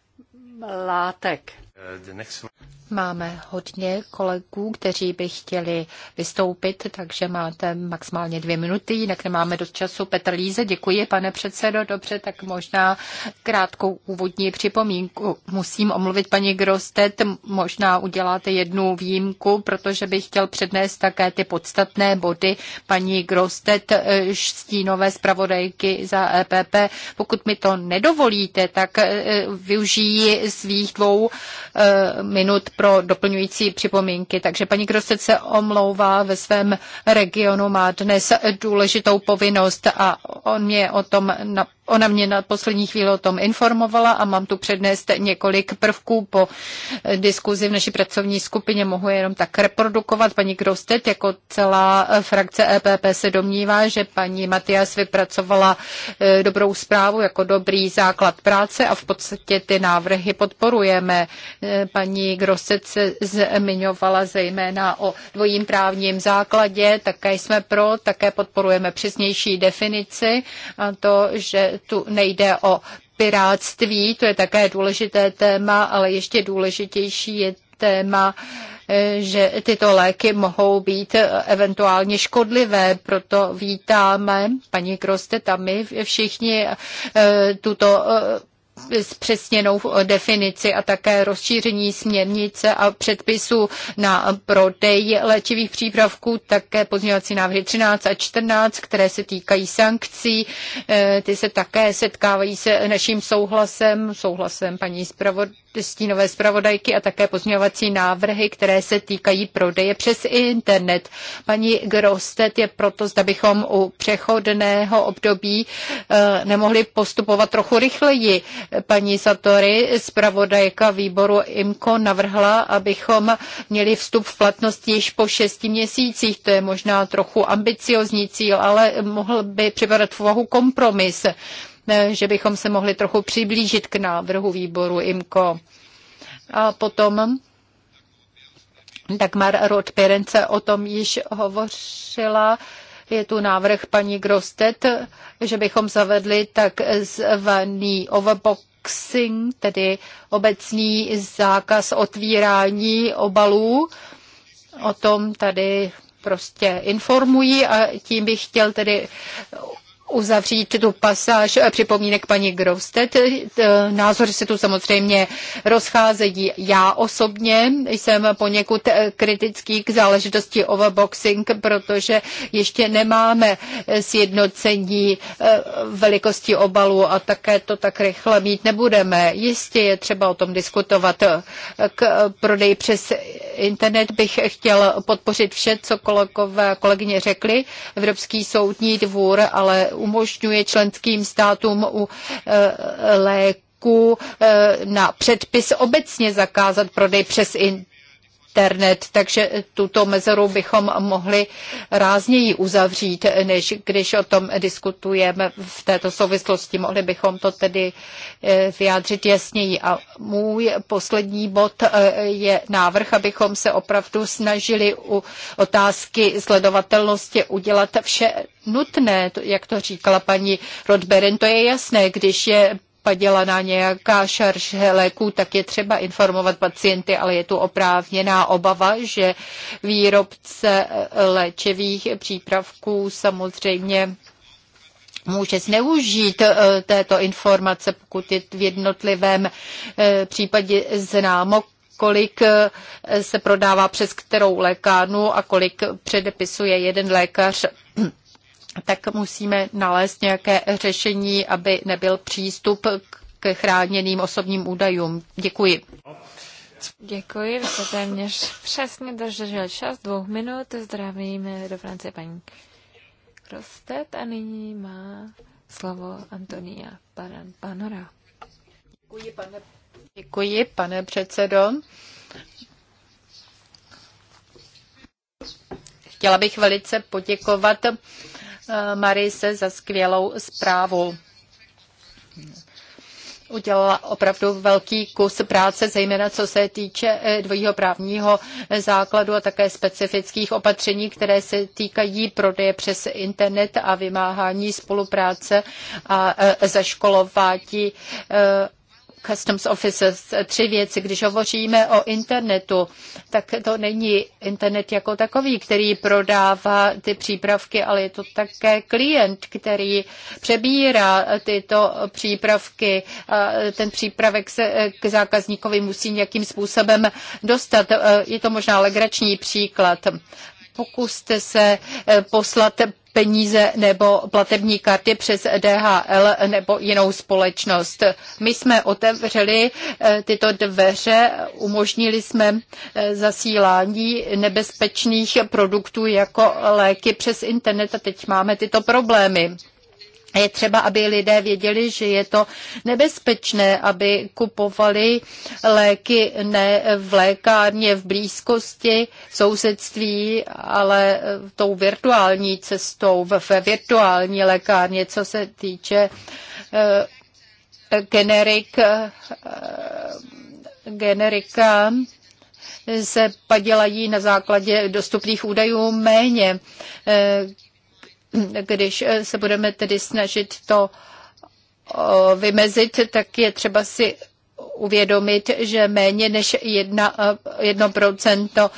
Speaker 2: látek.
Speaker 3: Eh, the next Máme hodně kolegů, kteří by chtěli vystoupit, takže máte maximálně dvě minuty, jinak nemáme dost času. Petr Líze, děkuji, pane předsedo. Dobře, tak možná krátkou úvodní připomínku. Musím omluvit paní Grostet, možná uděláte jednu výjimku, protože bych chtěl přednést také ty podstatné body paní Grostet, eh, stínové zpravodajky za EPP. Pokud mi to nedovolíte, tak eh, využijí svých dvou eh, minut pro doplňující připomínky. Takže paní Grosset se omlouvá ve svém regionu, má dnes důležitou povinnost a on mě o tom napadl Ona mě na poslední chvíli o tom informovala a mám tu přednést několik prvků po eh, diskuzi v naší pracovní skupině. Mohu jenom tak reprodukovat. Paní Grostet jako celá eh, frakce EPP se domnívá, že paní Matias vypracovala eh, dobrou zprávu jako dobrý základ práce a v podstatě ty návrhy podporujeme. Paní Grostet se zmiňovala zejména o dvojím právním základě, také jsme pro, také podporujeme přesnější definici a to, že tu nejde o piráctví, to je také důležité téma, ale ještě důležitější je téma, eh, že tyto léky mohou být eventuálně škodlivé, proto vítáme, paní Kroste, tam my všichni eh, tuto eh, zpřesněnou eh, definici a také rozšíření směrnice a předpisu na prodej léčivých přípravků, také pozměňovací návrhy 13 a 14, které se týkají sankcí. Eh, ty se také setkávají se naším souhlasem, souhlasem paní zpravodajky stínové zpravodajky a také pozměňovací návrhy, které se týkají prodeje přes internet. Paní Grostet je proto, zda bychom u přechodného období eh, nemohli postupovat trochu rychleji. Paní Satory, zpravodajka výboru IMCO, navrhla, abychom měli vstup v platnost již po šesti měsících. To je možná trochu ambiciozní cíl, ale mohl by připadat v úvahu kompromis. Eh, že bychom se mohli trochu přiblížit k návrhu výboru IMCO. A potom Dagmar Rod pirence o tom již hovořila. Je tu návrh paní Grostet, že bychom zavedli takzvaný overboxing, tedy obecný zákaz otvírání obalů. O tom tady prostě informují a tím bych chtěl tedy uzavřít tu pasáž připomínek paní Grosted. E, názory se tu samozřejmě rozcházejí. Já osobně jsem poněkud e, kritický k záležitosti overboxing, protože ještě nemáme sjednocení e, velikosti obalu a také to tak rychle mít nebudeme. Jistě je třeba o tom diskutovat. K prodeji přes internet bych chtěl podpořit vše, co kolegové a kolegyně řekli. Evropský soudní dvůr ale umožňuje členským státům u eh, léku eh, na předpis obecně zakázat prodej přes internet internet, takže tuto mezeru bychom mohli rázněji uzavřít, než když o tom diskutujeme v této souvislosti. Mohli bychom to tedy eh, vyjádřit jasněji. A můj poslední bod eh, je návrh, abychom se opravdu snažili u otázky sledovatelnosti udělat vše nutné, jak to říkala paní Rodberen, to je jasné, když je padělaná nějaká šarže léků, tak je třeba informovat pacienty, ale je tu oprávněná obava, že výrobce léčivých přípravků samozřejmě může zneužít eh, této informace, pokud je v jednotlivém eh, případě známo, kolik eh, se prodává přes kterou lékárnu a kolik předepisuje jeden lékař tak musíme nalézt nějaké řešení, aby nebyl přístup k chráněným osobním údajům. Děkuji.
Speaker 1: Děkuji, vy jste téměř přesně držel čas dvou minut. Zdravíme eh, do Francie paní Krostet a nyní má slovo Antonia Paran Panora. Děkuji, pane, děkuji, pane
Speaker 3: předsedo. Chtěla bych velice poděkovat Eh, Marise za skvělou zprávu. Udělala opravdu velký kus práce, zejména co se týče eh, dvojího právního eh, základu a také specifických opatření, které se týkají prodeje přes internet a vymáhání spolupráce a zaškolování Customs Officers. Tři věci. Když hovoříme o internetu, tak to není internet jako takový, který prodává ty přípravky, ale je to také klient, který přebírá tyto přípravky. Ten přípravek se k zákazníkovi musí nějakým způsobem dostat. E, je to možná legrační příklad pokuste se eh, poslat peníze nebo platební karty přes DHL nebo jinou společnost. My jsme otevřeli eh, tyto dveře, umožnili jsme eh, zasílání nebezpečných produktů jako léky přes internet a teď máme tyto problémy. Je třeba, aby lidé věděli, že je to nebezpečné, aby kupovali léky ne v lékárně v blízkosti, v sousedství, ale tou virtuální cestou, ve virtuální lékárně, co se týče eh, generik, eh, generika se padělají na základě dostupných údajů méně. Eh, když eh, se budeme tedy snažit to eh, vymezit, tak je třeba si uvědomit, že méně než eh, jedno procento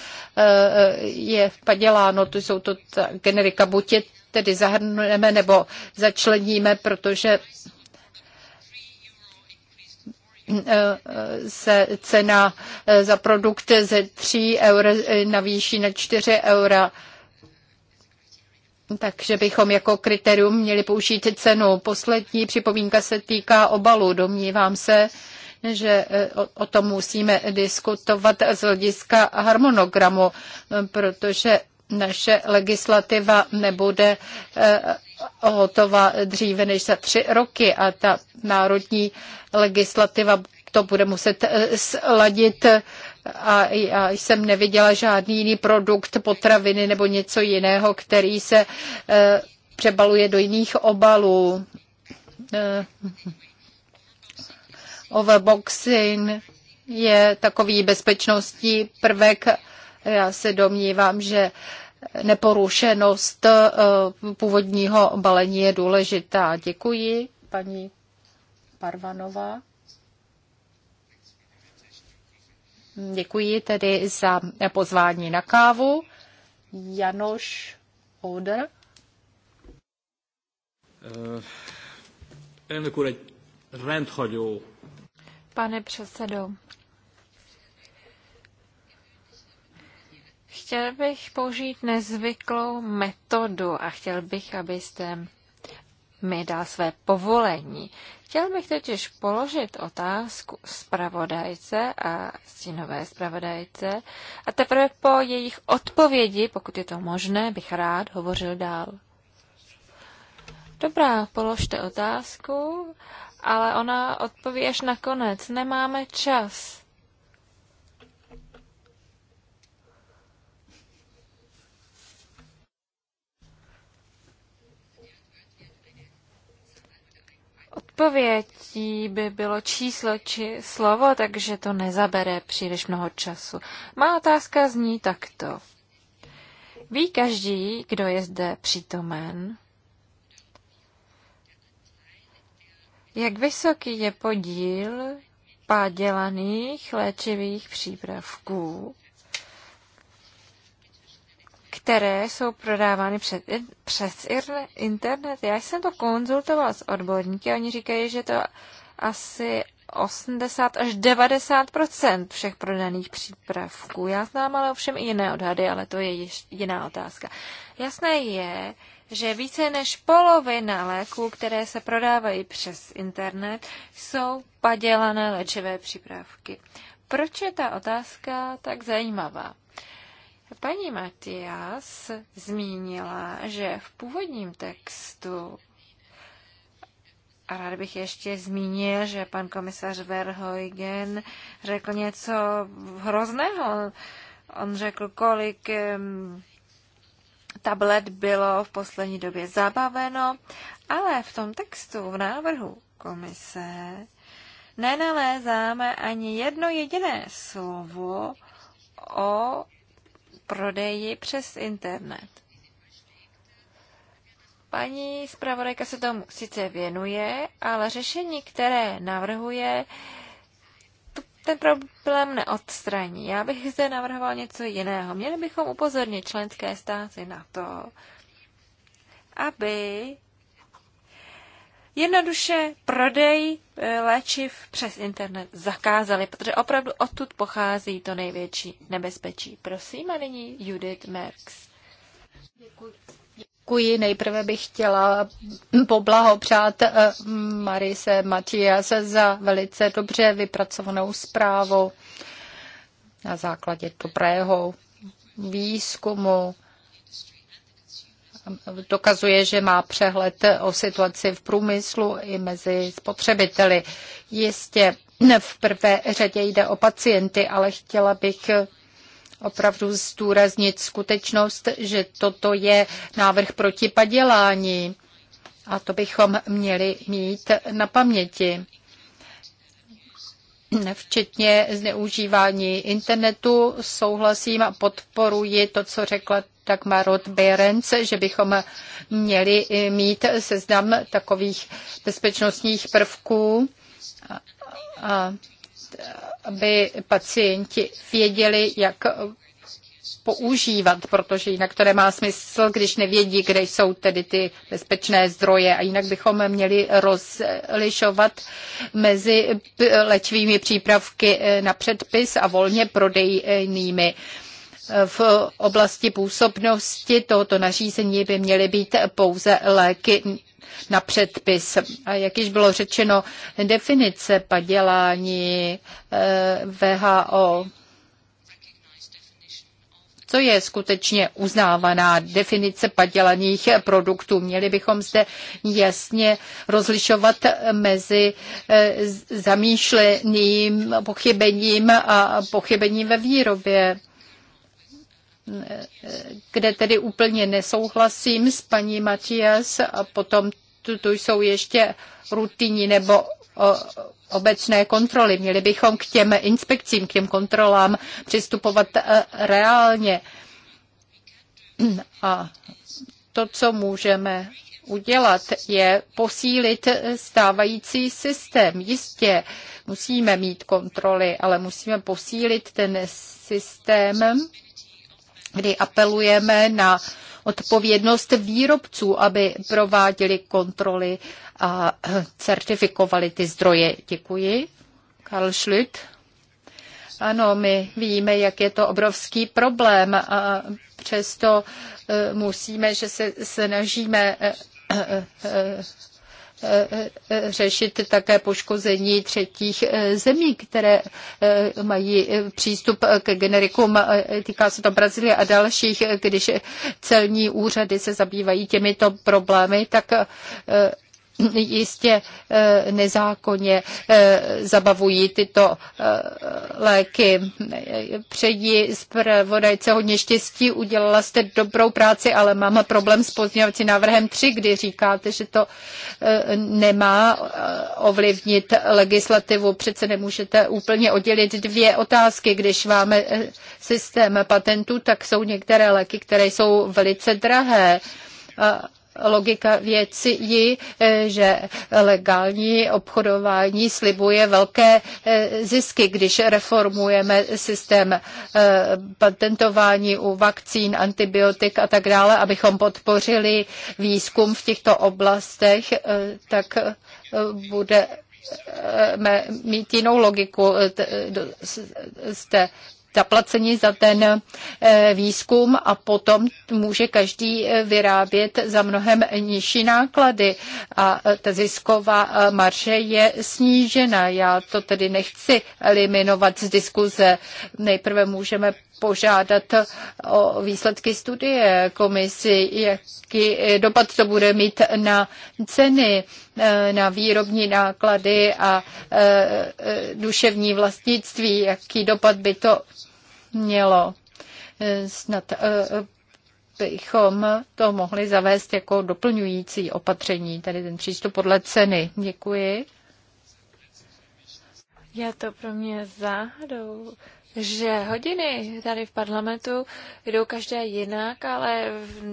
Speaker 3: je paděláno. To jsou to ta generika. Buď je tedy zahrneme nebo začleníme, protože se cena za produkt ze 3 eur navýší na 4 eura. Takže bychom jako kritérium měli použít cenu. Poslední připomínka se týká obalu. Domnívám se, že e, o, tom musíme diskutovat z hlediska harmonogramu, protože naše legislativa nebude e, hotová dříve než za tři roky a ta národní legislativa to bude muset e, sladit a já jsem neviděla žádný jiný produkt, potraviny nebo něco jiného, který se e, přebaluje do jiných obalů. E, overboxing je takový bezpečnostní prvek. Já se domnívám, že neporušenost e, původního balení je důležitá. Děkuji, paní Parvanová. Děkuji tedy za pozvání na kávu. Janoš Oder.
Speaker 1: Uh, eh, Pane předsedo, chtěl bych použít nezvyklou metodu a chtěl bych, abyste mi dal své povolení. Chtěl bych totiž položit otázku zpravodajce a stínové zpravodajce a teprve po jejich odpovědi, pokud je to možné, bych rád hovořil dál. Dobrá, položte otázku, ale ona odpoví až nakonec. Nemáme čas. odpovědí by bylo číslo či slovo, takže to nezabere příliš mnoho času. Má otázka zní takto. Ví každý, kdo je zde přítomen, jak vysoký je podíl pádělaných léčivých přípravků které jsou prodávány před, přes internet. Já jsem to konzultoval s odborníky, oni říkají, že to asi 80 až 90 všech prodaných přípravků. Já znám ale ovšem i jiné odhady, ale to je jiná otázka. Jasné je, že více než polovina léků, které se prodávají přes internet, jsou padělané léčivé přípravky. Proč je ta otázka tak zajímavá? Paní Matias zmínila, že v původním textu a rád bych ještě zmínil, že pan komisař Verhoigen řekl něco hrozného. On řekl, kolik tablet bylo v poslední době zabaveno, ale v tom textu, v návrhu komise, nenalézáme ani jedno jediné slovo o prodeji přes internet. Paní zpravodajka se tomu sice věnuje, ale řešení, které navrhuje, ten problém neodstraní. Já bych zde navrhoval něco jiného. Měli bychom upozornit členské státy na to, aby jednoduše prodej eh, léčiv přes internet zakázali, protože opravdu odtud pochází to největší nebezpečí. Prosím a nyní Judith Merks.
Speaker 3: Děkuji. Děkuji. Nejprve bych chtěla poblahopřát eh, Marise Matias za velice dobře vypracovanou zprávu na základě dobrého výzkumu dokazuje, že má přehled o situaci v průmyslu i mezi spotřebiteli. Jistě v prvé řadě jde o pacienty, ale chtěla bych opravdu zdůraznit skutečnost, že toto je návrh proti padělání. A to bychom měli mít na paměti včetně zneužívání internetu. Souhlasím a podporuji to, co řekla má rod behrens že bychom měli mít seznam takových bezpečnostních prvků, a, aby pacienti věděli, jak používat, protože jinak to nemá smysl, když nevědí, kde jsou tedy ty bezpečné zdroje. A jinak bychom měli rozlišovat mezi léčivými přípravky na předpis a volně prodejnými v oblasti působnosti tohoto nařízení by měly být pouze léky na předpis. A jak již bylo řečeno, definice padělání eh, VHO co je skutečně uznávaná definice padělaných produktů. Měli bychom zde jasně rozlišovat mezi eh, zamýšleným pochybením a pochybením ve výrobě kde tedy úplně nesouhlasím s paní Matias a potom tu, tu jsou ještě rutinní nebo obecné kontroly. Měli bychom k těm inspekcím, k těm kontrolám přistupovat e, reálně. A to, co můžeme udělat, je posílit stávající systém. Jistě musíme mít kontroly, ale musíme posílit ten systém kdy apelujeme na odpovědnost výrobců, aby prováděli kontroly a certifikovali ty zdroje. Děkuji. Karl Schlüt. Ano, my víme, jak je to obrovský problém a přesto eh, musíme, že se snažíme eh, eh, Eh, eh, řešit také poškození třetích eh, zemí, které mají přístup k generikům. Týká se to Brazílie a dalších, když celní úřady se zabývají těmito problémy, tak jistě eh, nezákonně eh, zabavují tyto eh, léky. Přeji zpravodajce hodně štěstí, udělala jste dobrou práci, ale mám problém s pozměňovacím návrhem 3, kdy říkáte, že to nemá ovlivnit legislativu. Přece nemůžete úplně oddělit dvě otázky. Když máme systém patentů, tak jsou některé léky, které jsou velice drahé logika věci je, že legální obchodování slibuje velké e, zisky, když reformujeme systém e, patentování u vakcín, antibiotik a tak dále, abychom podpořili výzkum v těchto oblastech, e, tak bude mít jinou logiku. Zde zaplaceni za ten eh, výzkum a potom může každý eh, vyrábět za mnohem nižší náklady a eh, ta zisková marže je snížena. Já to tedy nechci eliminovat z diskuze. Nejprve můžeme požádat o výsledky studie komisi, jaký dopad to bude mít na ceny, eh, na výrobní náklady a eh, duševní vlastnictví, jaký dopad by to mělo. Eh, snad bychom to mohli zavést jako doplňující opatření, tady ten přístup podle ceny. Děkuji.
Speaker 1: Je to pro mě záhadou že hodiny tady v parlamentu jdou každé jinak, ale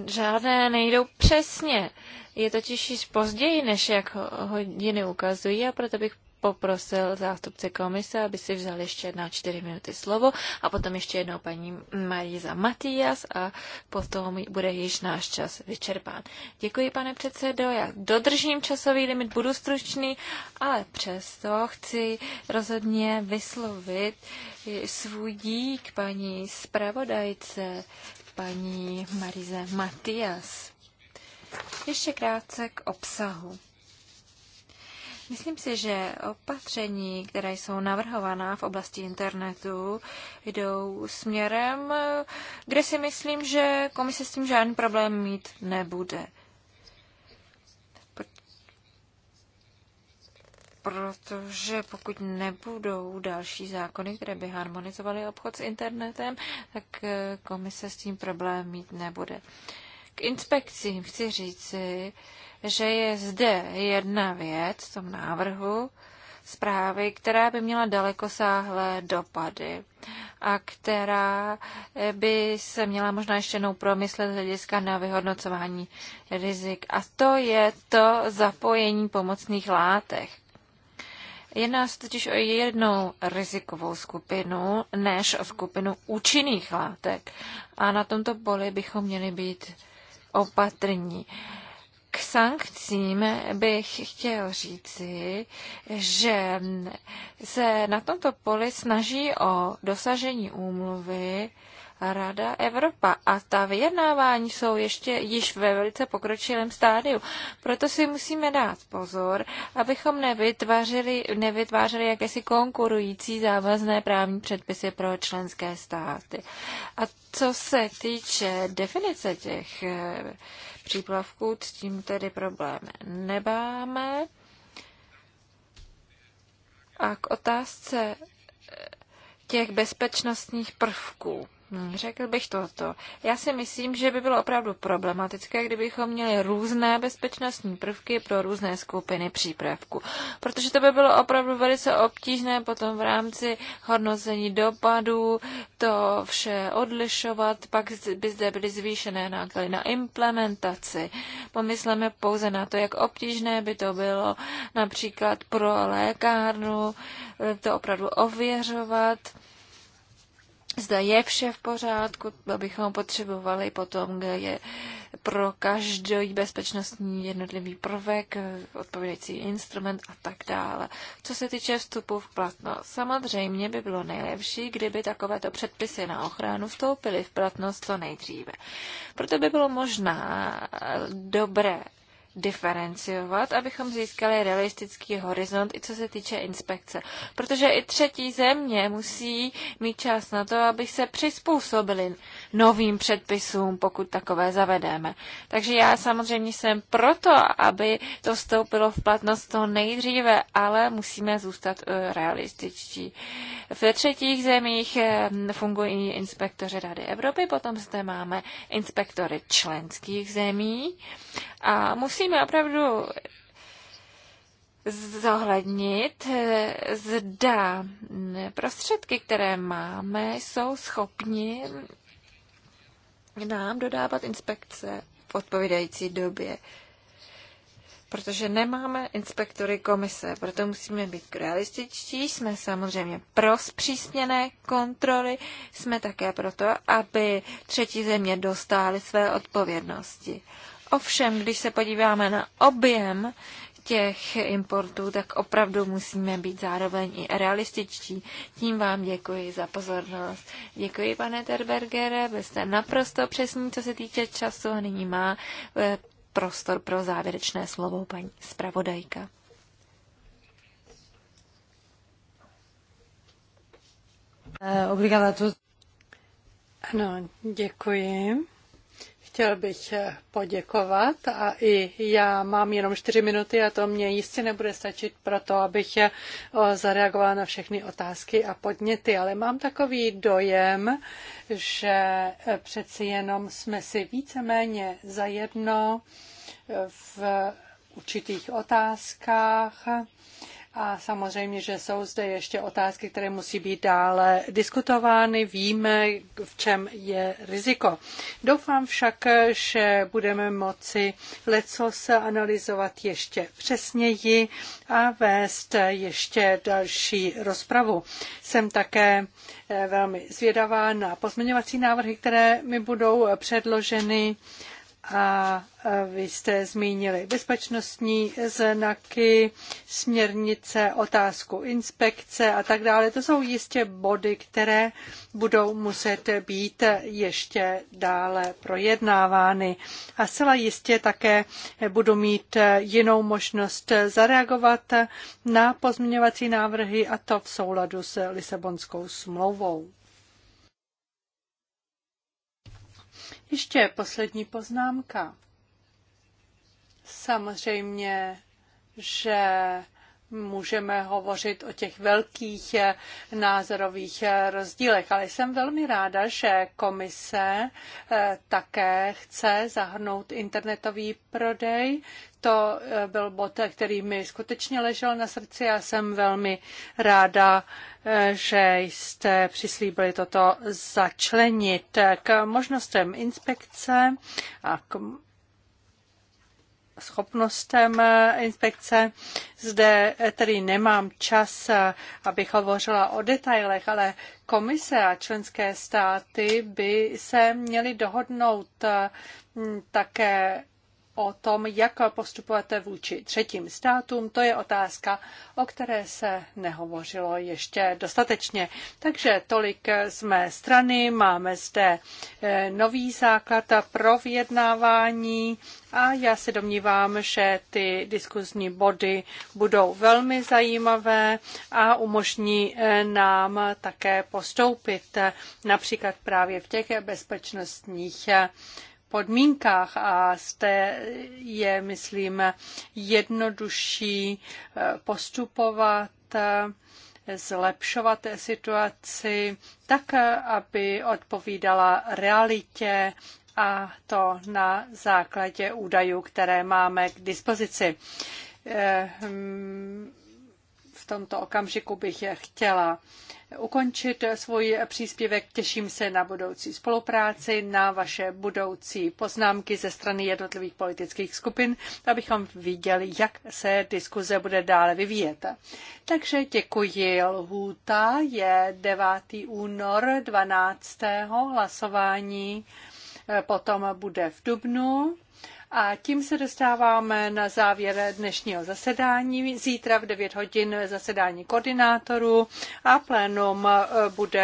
Speaker 1: žádné nejdou přesně. Je totiž již později, než jak hodiny ukazují a proto bych poprosil zástupce komise, aby si vzal ještě na čtyři minuty slovo a potom ještě jednou paní Marisa Matias a potom bude již náš čas vyčerpán. Děkuji, pane předsedo, já dodržím časový limit, budu stručný, ale přesto chci rozhodně vyslovit svůj dík paní zpravodajce, paní Marize Matias. Ještě krátce k obsahu. Myslím si, že opatření, které jsou navrhovaná v oblasti internetu, jdou směrem, kde si myslím, že komise s tím žádný problém mít nebude. protože pokud nebudou další zákony, které by harmonizovaly obchod s internetem, tak eh, komise s tím problém mít nebude. K inspekcím chci říci, že je zde jedna věc v tom návrhu zprávy, která by měla dalekosáhlé dopady a která by se měla možná ještě jednou promyslet z hlediska na vyhodnocování rizik. A to je to zapojení pomocných látek. Jedná se totiž o jednou rizikovou skupinu, než o skupinu účinných látek. A na tomto poli bychom měli být opatrní. K sankcím bych chtěl říci, že se na tomto poli snaží o dosažení úmluvy Rada Evropa. A ta vyjednávání jsou ještě již ve velice pokročilém stádiu. Proto si musíme dát pozor, abychom nevytvářeli, nevytvářeli jakési konkurující závazné právní předpisy pro členské státy. A co se týče definice těch eh, příplavků, s tím tedy problém nebáme. A k otázce eh, těch bezpečnostních prvků. Řekl bych toto. Já si myslím, že by bylo opravdu problematické, kdybychom měli různé bezpečnostní prvky pro různé skupiny přípravku. Protože to by bylo opravdu velice obtížné potom v rámci hodnocení dopadů to vše odlišovat, pak by zde byly zvýšené náklady na implementaci. Pomysleme pouze na to, jak obtížné by to bylo například pro lékárnu to opravdu ověřovat Zda je vše v pořádku, abychom potřebovali potom, kde je pro každý bezpečnostní jednotlivý prvek, eh, odpovědající instrument a tak dále. Co se týče vstupu v platnost, samozřejmě by bylo nejlepší, kdyby takovéto předpisy na ochranu vstoupily v platnost co nejdříve. Proto by bylo možná eh, dobré diferenciovat, abychom získali realistický horizont i co se týče inspekce. Protože i třetí země musí mít čas na to, aby se přizpůsobili novým předpisům, pokud takové zavedeme. Takže já samozřejmě jsem proto, aby to vstoupilo v platnost to nejdříve, ale musíme zůstat eh, realističtí. Ve třetích zemích eh, fungují inspektoři Rady Evropy, potom zde máme inspektory členských zemí a musíme opravdu zohlednit, eh, zda mm, prostředky, které máme, jsou schopni nám dodávat inspekce v odpovídající době. Protože nemáme inspektory komise, proto musíme být realističtí, jsme samozřejmě pro zpřísněné kontroly, jsme také proto, aby třetí země dostály své odpovědnosti. Ovšem, když se podíváme na objem těch importů, tak opravdu musíme být zároveň i realističtí. Tím vám děkuji za pozornost. Děkuji, pane Terbergere, byl jste naprosto přesní, co se týče času a nyní má eh, prostor pro závěrečné slovo paní zpravodajka. Eh, obrigada
Speaker 2: a todos. Ano, děkuji. Chtěl bych eh, poděkovat a i já mám jenom čtyři minuty a to mě jistě nebude stačit pro to, abych zareagovala na všechny otázky a podněty, ale mám takový dojem, že eh, přeci jenom jsme si víceméně zajedno eh, v určitých otázkách a samozřejmě, že jsou zde ještě otázky, které musí být dále diskutovány. Víme, v čem je riziko. Doufám však, že budeme moci se analyzovat ještě přesněji a vést ještě další rozpravu. Jsem také eh, velmi zvědavá na pozměňovací návrhy, které mi budou předloženy a vy jste zmínili bezpečnostní znaky, směrnice, otázku inspekce a tak dále. To jsou jistě body, které budou muset být ještě dále projednávány. A zcela jistě také budu mít jinou možnost zareagovat na pozměňovací návrhy a to v souladu s Lisabonskou smlouvou. Ještě poslední poznámka. Samozřejmě, že můžeme hovořit o těch velkých názorových rozdílech, ale jsem velmi ráda, že komise eh, také chce zahrnout internetový prodej, to eh, byl bod, který mi skutečně ležel na srdci. Já jsem velmi ráda, eh, že jste přislíbili toto začlenit k možnostem inspekce a k schopnostem eh, inspekce. Zde tedy nemám čas, abych hovořila o detailech, ale komise a členské státy by se měly dohodnout také o tom, jak postupovat vůči třetím státům, to je otázka, o které se nehovořilo ještě dostatečně. Takže tolik z mé strany. Máme zde eh, nový základ pro vyjednávání a já se domnívám, že ty diskuzní body budou velmi zajímavé a umožní eh, nám také postoupit eh, například právě v těch bezpečnostních podmínkách a zde je, myslím, jednodušší eh, postupovat eh, zlepšovat situaci tak, aby odpovídala realitě a to na základě údajů, které máme k dispozici. Eh, hm, v tomto okamžiku bych je chtěla ukončit svůj příspěvek. Těším se na budoucí spolupráci, na vaše budoucí poznámky ze strany jednotlivých politických skupin, abychom viděli, jak se diskuze bude dále vyvíjet. Takže děkuji. Lhůta je 9. únor 12. hlasování, potom bude v Dubnu a tím se dostáváme na závěr dnešního zasedání. Zítra v 9 hodin zasedání koordinátorů a plénum eh, bude